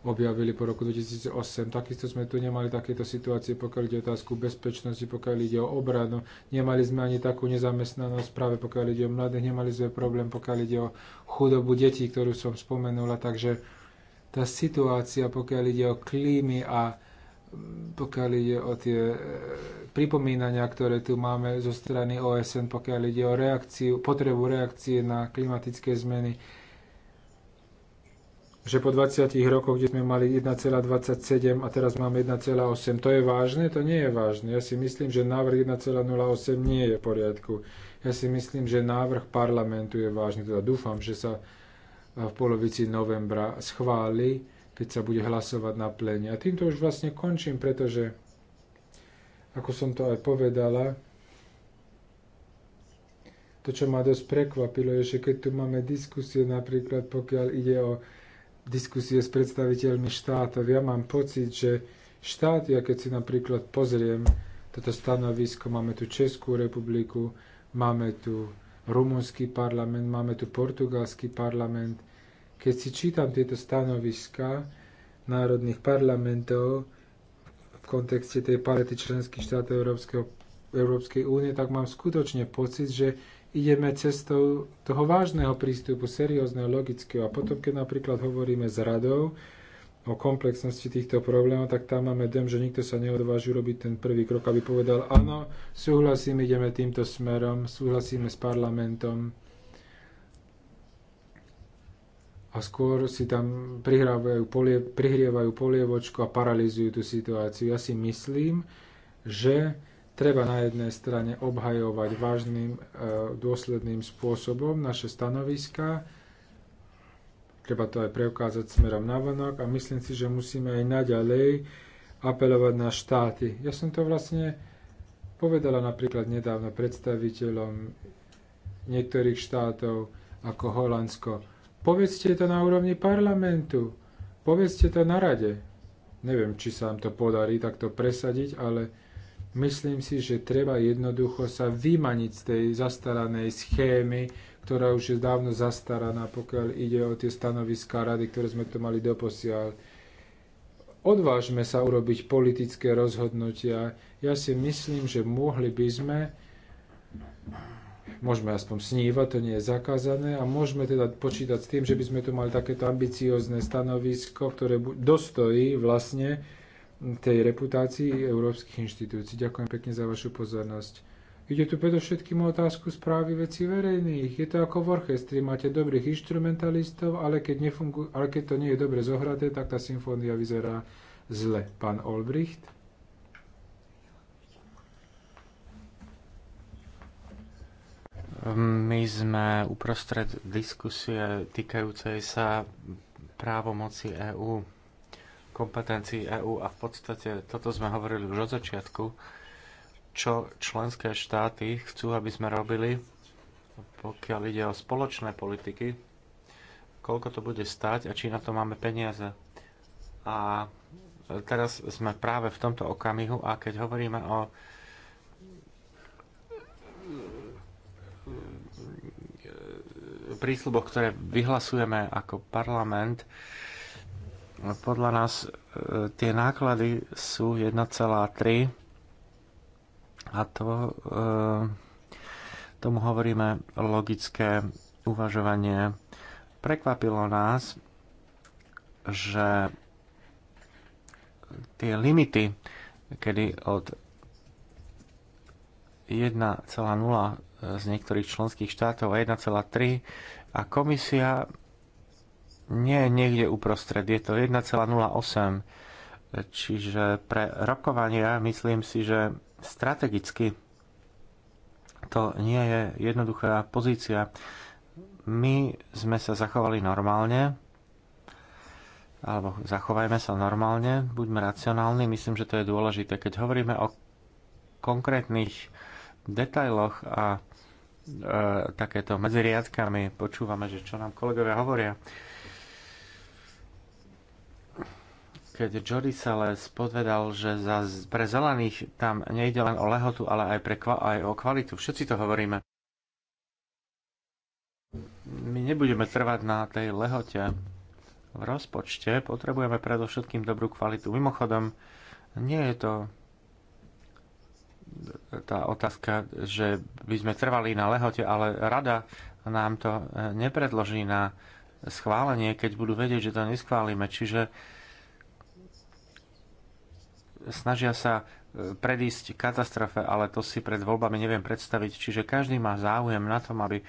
objavili po roku 2008. Takisto sme tu nemali takéto situácie, pokiaľ ide o otázku bezpečnosti, pokiaľ ide o obranu. Nemali sme ani takú nezamestnanosť, práve pokiaľ ide o mladých, nemali sme problém, pokiaľ ide o chudobu detí, ktorú som spomenula. Takže tá situácia, pokiaľ ide o klímy a pokiaľ ide o tie e, pripomínania, ktoré tu máme zo strany OSN, pokiaľ ide o reakciu, potrebu reakcie na klimatické zmeny, že po 20 rokoch, kde sme mali 1,27 a teraz máme 1,8, to je vážne? To nie je vážne. Ja si myslím, že návrh 1,08 nie je v poriadku. Ja si myslím, že návrh parlamentu je vážny. Teda dúfam, že sa v polovici novembra schváli keď sa bude hlasovať na plene. A týmto už vlastne končím, pretože, ako som to aj povedala, to, čo ma dosť prekvapilo, je, že keď tu máme diskusie, napríklad pokiaľ ide o diskusie s predstaviteľmi štátov, ja mám pocit, že štáty, a keď si napríklad pozriem toto stanovisko, máme tu Českú republiku, máme tu rumunský parlament, máme tu portugalský parlament, keď si čítam tieto stanoviska národných parlamentov v kontexte tej palety členských štátov Európskeho, Európskej únie, tak mám skutočne pocit, že ideme cestou toho vážneho prístupu, seriózneho, logického. A potom, keď napríklad hovoríme s radou, o komplexnosti týchto problémov, tak tam máme dem, že nikto sa neodváži urobiť ten prvý krok, aby povedal, áno, súhlasím, ideme týmto smerom, súhlasíme s parlamentom, a skôr si tam prihrievajú, polie, prihrievajú polievočku a paralizujú tú situáciu. Ja si myslím, že treba na jednej strane obhajovať vážnym, e, dôsledným spôsobom naše stanoviska, treba to aj preukázať smerom na vonok a myslím si, že musíme aj naďalej apelovať na štáty. Ja som to vlastne povedala napríklad nedávno predstaviteľom niektorých štátov ako Holandsko Povedzte to na úrovni parlamentu. Povedzte to na rade. Neviem, či sa nám to podarí takto presadiť, ale myslím si, že treba jednoducho sa vymaniť z tej zastaranej schémy, ktorá už je dávno zastaraná, pokiaľ ide o tie stanoviská rady, ktoré sme tu mali doposiaľ. Odvážme sa urobiť politické rozhodnutia. Ja si myslím, že mohli by sme môžeme aspoň snívať, to nie je zakázané a môžeme teda počítať s tým, že by sme tu mali takéto ambiciozne stanovisko, ktoré dostojí vlastne tej reputácii európskych inštitúcií. Ďakujem pekne za vašu pozornosť. Ide tu predovšetkým o otázku správy veci verejných. Je to ako v orchestri, máte dobrých instrumentalistov, ale keď, nefungu, ale keď to nie je dobre zohraté, tak tá symfónia vyzerá zle. Pán Olbricht. My sme uprostred diskusie týkajúcej sa právomoci EÚ, kompetencií EÚ a v podstate toto sme hovorili už od začiatku, čo členské štáty chcú, aby sme robili, pokiaľ ide o spoločné politiky, koľko to bude stáť a či na to máme peniaze. A teraz sme práve v tomto okamihu a keď hovoríme o prísľuboch, ktoré vyhlasujeme ako parlament, podľa nás e, tie náklady sú 1,3 a to e, tomu hovoríme logické uvažovanie. Prekvapilo nás, že tie limity, kedy od 1,0 z niektorých členských štátov a 1,3 a komisia nie je niekde uprostred, je to 1,08. Čiže pre rokovania myslím si, že strategicky to nie je jednoduchá pozícia. My sme sa zachovali normálne, alebo zachovajme sa normálne, buďme racionálni, myslím, že to je dôležité. Keď hovoríme o konkrétnych detailoch a E, takéto medzi riadkami. Počúvame, že čo nám kolegovia hovoria. keď Jody Sales podvedal, že za, pre zelených tam nejde len o lehotu, ale aj, pre, aj o kvalitu. Všetci to hovoríme. My nebudeme trvať na tej lehote. V rozpočte potrebujeme predovšetkým dobrú kvalitu. Mimochodom, nie je to tá otázka, že by sme trvali na lehote, ale rada nám to e, nepredloží na schválenie, keď budú vedieť, že to neschválime. Čiže snažia sa e, predísť katastrofe, ale to si pred voľbami neviem predstaviť. Čiže každý má záujem na tom, aby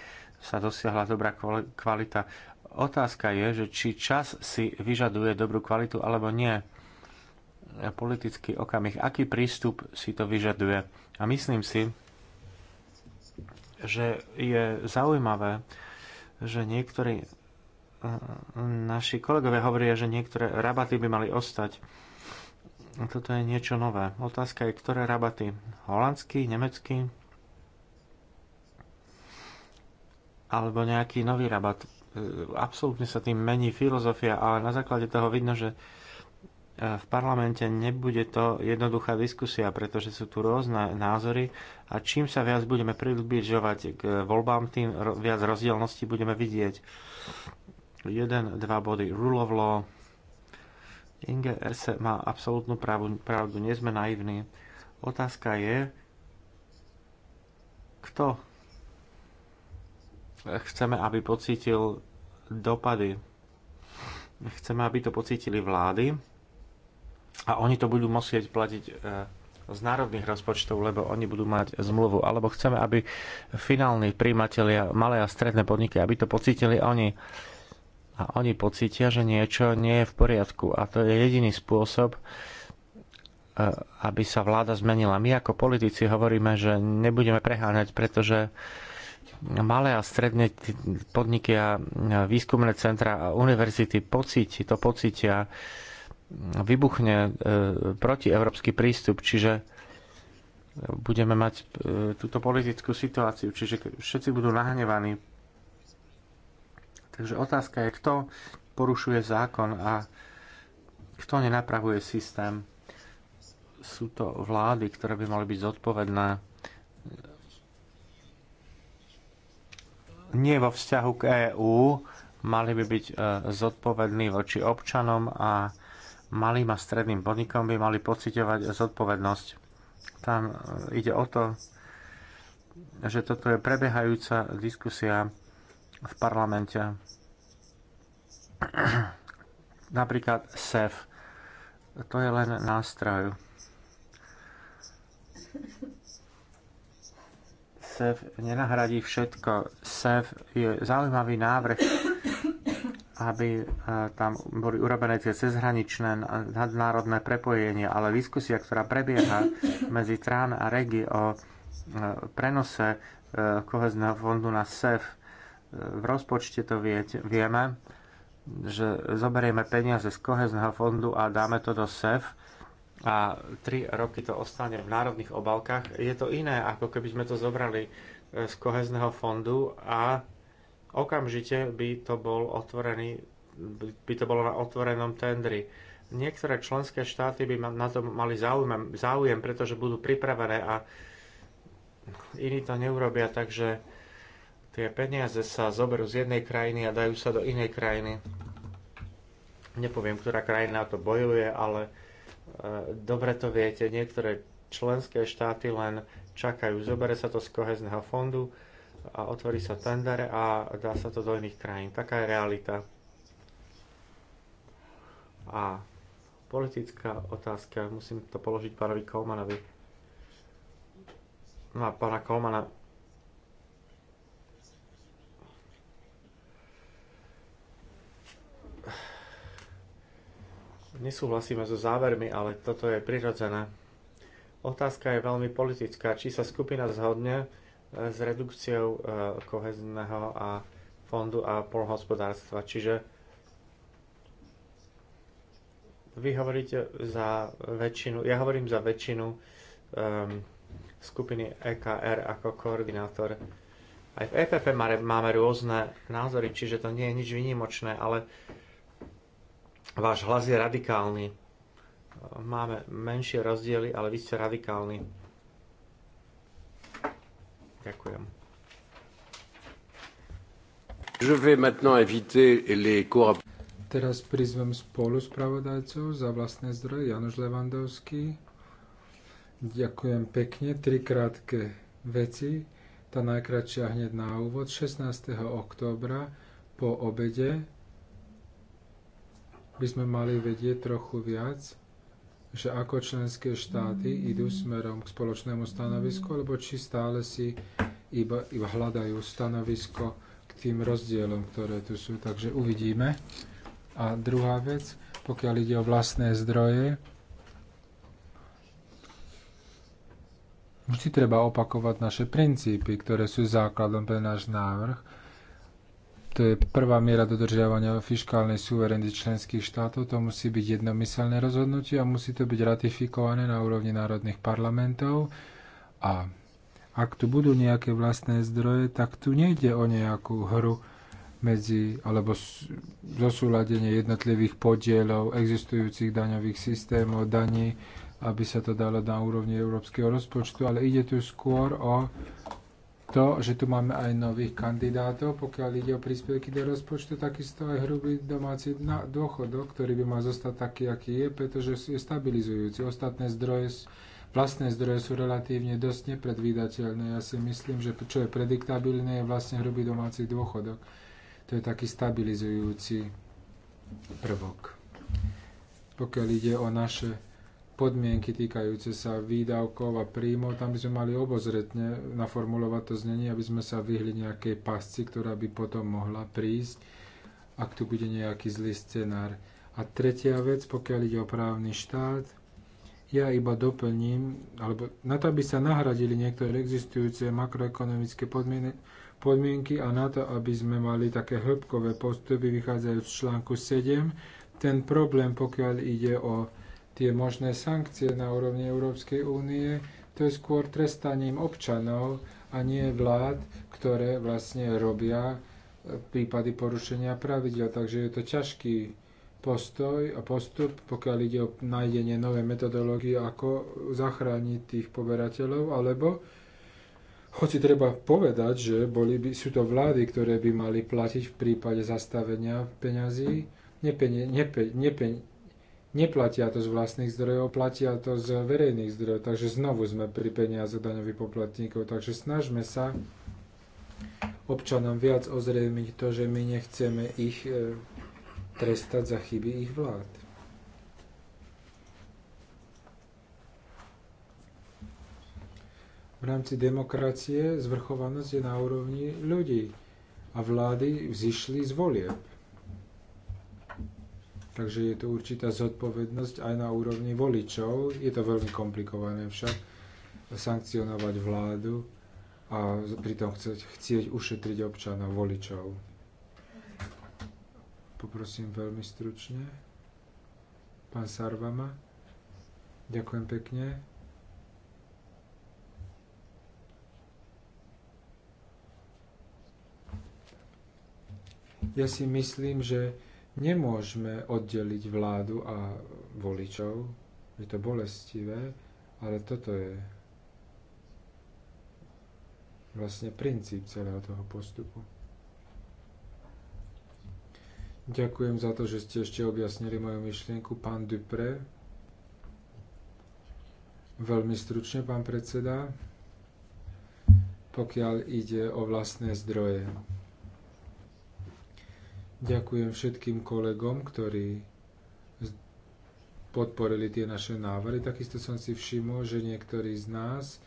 sa dosiahla dobrá kvalita. Otázka je, že či čas si vyžaduje dobrú kvalitu alebo nie politický okamih, aký prístup si to vyžaduje. A myslím si, že je zaujímavé, že niektorí mm, naši kolegovia hovoria, že niektoré rabaty by mali ostať. Toto je niečo nové. Otázka je, ktoré rabaty? Holandský, nemecký? Alebo nejaký nový rabat? E, absolútne sa tým mení filozofia, ale na základe toho vidno, že v parlamente nebude to jednoduchá diskusia, pretože sú tu rôzne názory a čím sa viac budeme približovať k voľbám, tým viac rozdielností budeme vidieť. 1, 2 body rule of law. Inge Erse má absolútnu pravdu, pravdu, nie sme naivní. Otázka je, kto chceme, aby pocítil dopady. Chceme, aby to pocítili vlády, a oni to budú musieť platiť e, z národných rozpočtov, lebo oni budú mať zmluvu. Alebo chceme, aby finálni príjimatelia, malé a stredné podniky, aby to pocítili oni. A oni pocítia, že niečo nie je v poriadku. A to je jediný spôsob, e, aby sa vláda zmenila. My ako politici hovoríme, že nebudeme preháňať, pretože malé a stredné podniky a výskumné centra a univerzity pocíti, to pocítia vybuchne e, protieurópsky prístup, čiže budeme mať e, túto politickú situáciu, čiže všetci budú nahnevaní. Takže otázka je, kto porušuje zákon a kto nenapravuje systém. Sú to vlády, ktoré by mali byť zodpovedné nie vo vzťahu k EÚ, mali by byť e, zodpovední voči občanom a malým a stredným podnikom by mali pociťovať zodpovednosť. Tam e, ide o to, že toto je prebiehajúca diskusia v parlamente. Napríklad SEF. To je len nástroj. SEF nenahradí všetko. SEF je zaujímavý návrh, aby e, tam boli urobené tie cezhraničné nadnárodné prepojenie, ale diskusia, ktorá prebieha medzi Trán a Regi o e, prenose e, kohezného fondu na SEF, v rozpočte to vieme, že zoberieme peniaze z kohezného fondu a dáme to do SEF a tri roky to ostane v národných obalkách. Je to iné, ako keby sme to zobrali z kohezného fondu a okamžite by to bol otvorený, by to bolo na otvorenom tendri. Niektoré členské štáty by na to mali záujem, záujem pretože budú pripravené a iní to neurobia, takže tie peniaze sa zoberú z jednej krajiny a dajú sa do inej krajiny. Nepoviem, ktorá krajina to bojuje, ale e, dobre to viete, niektoré členské štáty len čakajú. Zobere sa to z kohezného fondu, a otvorí sa tender a dá sa to do iných krajín. Taká je realita. A politická otázka, musím to položiť pánovi Kolmanovi. Na no a pána Kolmana. Nesúhlasíme so závermi, ale toto je prirodzené. Otázka je veľmi politická. Či sa skupina zhodne, s redukciou e, kohezného a fondu a polnohospodárstva. Čiže vy hovoríte za väčšinu, ja hovorím za väčšinu um, skupiny EKR ako koordinátor. Aj v EPP máme rôzne názory, čiže to nie je nič výnimočné, ale váš hlas je radikálny. Máme menšie rozdiely, ale vy ste radikálni Ďakujem. Je vais maintenant inviter les Teraz prizvem spolu spravodajcov za vlastné zdroje Janoš Levandovský. Ďakujem pekne. Tri krátke veci. Tá najkračšia hneď na úvod. 16. októbra po obede by sme mali vedieť trochu viac že ako členské štáty idú smerom k spoločnému stanovisku, alebo či stále si iba, iba hľadajú stanovisko k tým rozdielom, ktoré tu sú. Takže uvidíme. A druhá vec, pokiaľ ide o vlastné zdroje, vždy treba opakovať naše princípy, ktoré sú základom pre náš návrh to je prvá miera dodržiavania fiskálnej suverenity členských štátov. To musí byť jednomyselné rozhodnutie a musí to byť ratifikované na úrovni národných parlamentov. A ak tu budú nejaké vlastné zdroje, tak tu nejde o nejakú hru medzi alebo zosúladenie jednotlivých podielov existujúcich daňových systémov, daní, aby sa to dalo na úrovni európskeho rozpočtu, ale ide tu skôr o to, že tu máme aj nových kandidátov, pokiaľ ide o príspevky do rozpočtu, takisto aj hrubý domáci dôchodok, ktorý by mal zostať taký, aký je, pretože je stabilizujúci. Ostatné zdroje, vlastné zdroje sú relatívne dosť nepredvídateľné. Ja si myslím, že čo je prediktabilné, je vlastne hrubý domáci dôchodok. To je taký stabilizujúci prvok. Pokiaľ ide o naše podmienky týkajúce sa výdavkov a príjmov, tam by sme mali obozretne naformulovať to znenie, aby sme sa vyhli nejakej pasci, ktorá by potom mohla prísť, ak tu bude nejaký zlý scenár. A tretia vec, pokiaľ ide o právny štát, ja iba doplním, alebo na to, aby sa nahradili niektoré existujúce makroekonomické podmienky, podmienky a na to, aby sme mali také hĺbkové postupy, vychádzajú z článku 7, ten problém, pokiaľ ide o tie možné sankcie na úrovni Európskej únie, to je skôr trestaním občanov a nie vlád, ktoré vlastne robia e, prípady porušenia pravidel. Takže je to ťažký postoj a postup, pokiaľ ide o nájdenie nové metodológie, ako zachrániť tých poberateľov, alebo hoci treba povedať, že boli by, sú to vlády, ktoré by mali platiť v prípade zastavenia peňazí, nepeň, nepeň, nepeň, Neplatia to z vlastných zdrojov, platia to z verejných zdrojov, takže znovu sme pri peniaze daňových poplatníkov. Takže snažme sa občanom viac ozrejmiť to, že my nechceme ich e, trestať za chyby ich vlád. V rámci demokracie zvrchovanosť je na úrovni ľudí a vlády vzýšli z volieb. Takže je tu určitá zodpovednosť aj na úrovni voličov. Je to veľmi komplikované však sankcionovať vládu a pritom chcieť, chcieť ušetriť občanov, voličov. Poprosím veľmi stručne. Pán Sarvama, ďakujem pekne. Ja si myslím, že Nemôžeme oddeliť vládu a voličov. Je to bolestivé, ale toto je vlastne princíp celého toho postupu. Ďakujem za to, že ste ešte objasnili moju myšlienku, pán Dupre. Veľmi stručne, pán predseda, pokiaľ ide o vlastné zdroje. Ďakujem všetkým kolegom, ktorí podporili tie naše návrhy. Takisto som si všimol, že niektorí z nás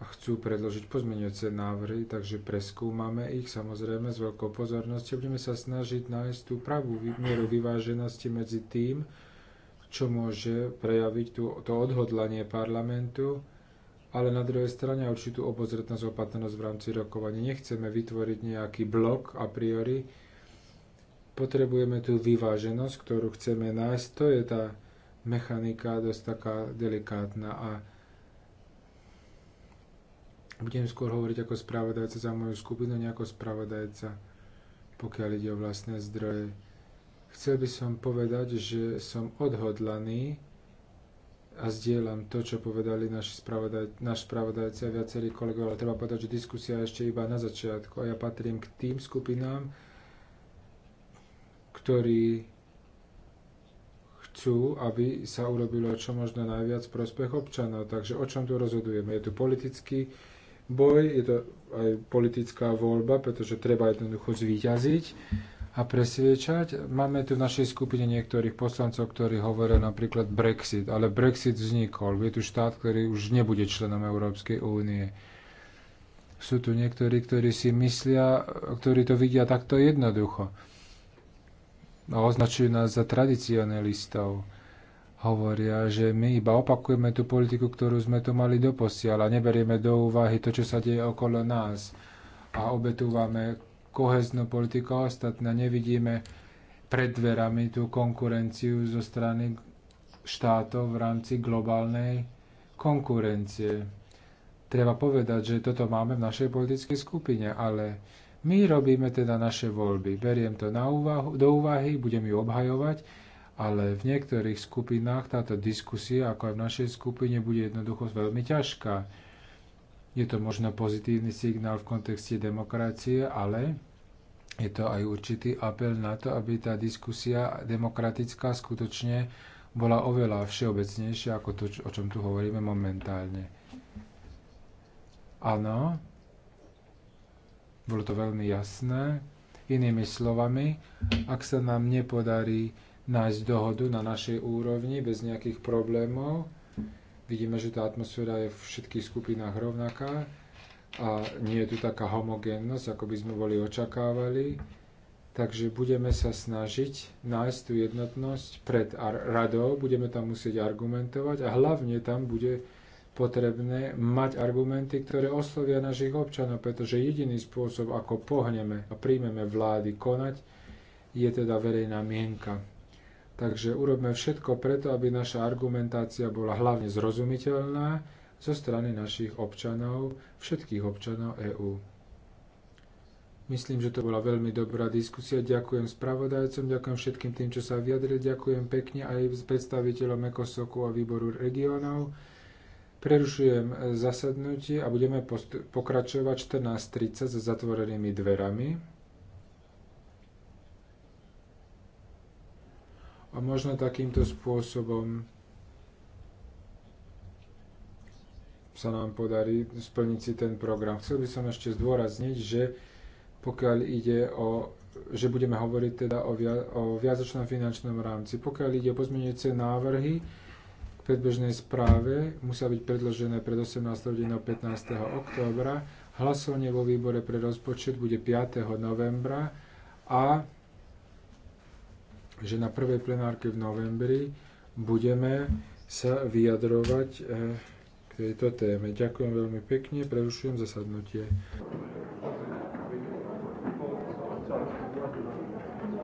chcú predložiť pozmeňujúce návrhy, takže preskúmame ich samozrejme s veľkou pozornosťou. Budeme sa snažiť nájsť tú pravú mieru vyváženosti medzi tým, čo môže prejaviť tú, to odhodlanie parlamentu, ale na druhej strane určitú obozretnosť, opatrnosť v rámci rokovania. Nechceme vytvoriť nejaký blok a priori, Potrebujeme tú vyváženosť, ktorú chceme nájsť. To je tá mechanika dosť taká delikátna a budem skôr hovoriť ako spravodajca za moju skupinu, nie ako spravodajca, pokiaľ ide o vlastné zdroje. Chcel by som povedať, že som odhodlaný a zdieľam to, čo povedali naši spravodaj, náš spravodajci a viacerí kolegovia, ale treba povedať, že diskusia je ešte iba na začiatku a ja patrím k tým skupinám, ktorí chcú, aby sa urobilo čo možno najviac prospech občanov. Takže o čom tu rozhodujeme? Je tu politický boj, je to aj politická voľba, pretože treba jednoducho zvíťaziť a presviečať. Máme tu v našej skupine niektorých poslancov, ktorí hovoria napríklad Brexit, ale Brexit vznikol. Je tu štát, ktorý už nebude členom Európskej únie. Sú tu niektorí, ktorí si myslia, ktorí to vidia takto jednoducho označujú nás za tradicionalistov. Hovoria, že my iba opakujeme tú politiku, ktorú sme tu mali doposiaľ a neberieme do úvahy to, čo sa deje okolo nás a obetúvame koheznú politiku a ostatná. Nevidíme pred dverami tú konkurenciu zo strany štátov v rámci globálnej konkurencie. Treba povedať, že toto máme v našej politickej skupine, ale my robíme teda naše voľby. Beriem to na úvahu, do úvahy, budem ju obhajovať, ale v niektorých skupinách táto diskusia, ako aj v našej skupine, bude jednoducho veľmi ťažká. Je to možno pozitívny signál v kontexte demokracie, ale je to aj určitý apel na to, aby tá diskusia demokratická skutočne bola oveľa všeobecnejšia ako to, o čom tu hovoríme momentálne. Áno, bolo to veľmi jasné. Inými slovami, ak sa nám nepodarí nájsť dohodu na našej úrovni bez nejakých problémov, vidíme, že tá atmosféra je v všetkých skupinách rovnaká a nie je tu taká homogénnosť, ako by sme boli očakávali. Takže budeme sa snažiť nájsť tú jednotnosť pred radou, budeme tam musieť argumentovať a hlavne tam bude potrebné mať argumenty, ktoré oslovia našich občanov, pretože jediný spôsob, ako pohneme a príjmeme vlády konať, je teda verejná mienka. Takže urobme všetko preto, aby naša argumentácia bola hlavne zrozumiteľná zo strany našich občanov, všetkých občanov EÚ. Myslím, že to bola veľmi dobrá diskusia. Ďakujem spravodajcom, ďakujem všetkým tým, čo sa vyjadrili, ďakujem pekne aj predstaviteľom Ekosoku a výboru regionov. Prerušujem e, zasadnutie a budeme pokračovať 14.30 s zatvorenými dverami. A možno takýmto spôsobom sa nám podarí splniť si ten program. Chcel by som ešte zdôrazniť, že pokiaľ ide o že budeme hovoriť teda o, via, o finančnom rámci. Pokiaľ ide o pozmeňujúce návrhy, predbežnej správe musia byť predložené pred 18. hodinou 15. októbra. Hlasovanie vo výbore pre rozpočet bude 5. novembra a že na prvej plenárke v novembri budeme sa vyjadrovať eh, k tejto téme. Ďakujem veľmi pekne, prerušujem zasadnutie.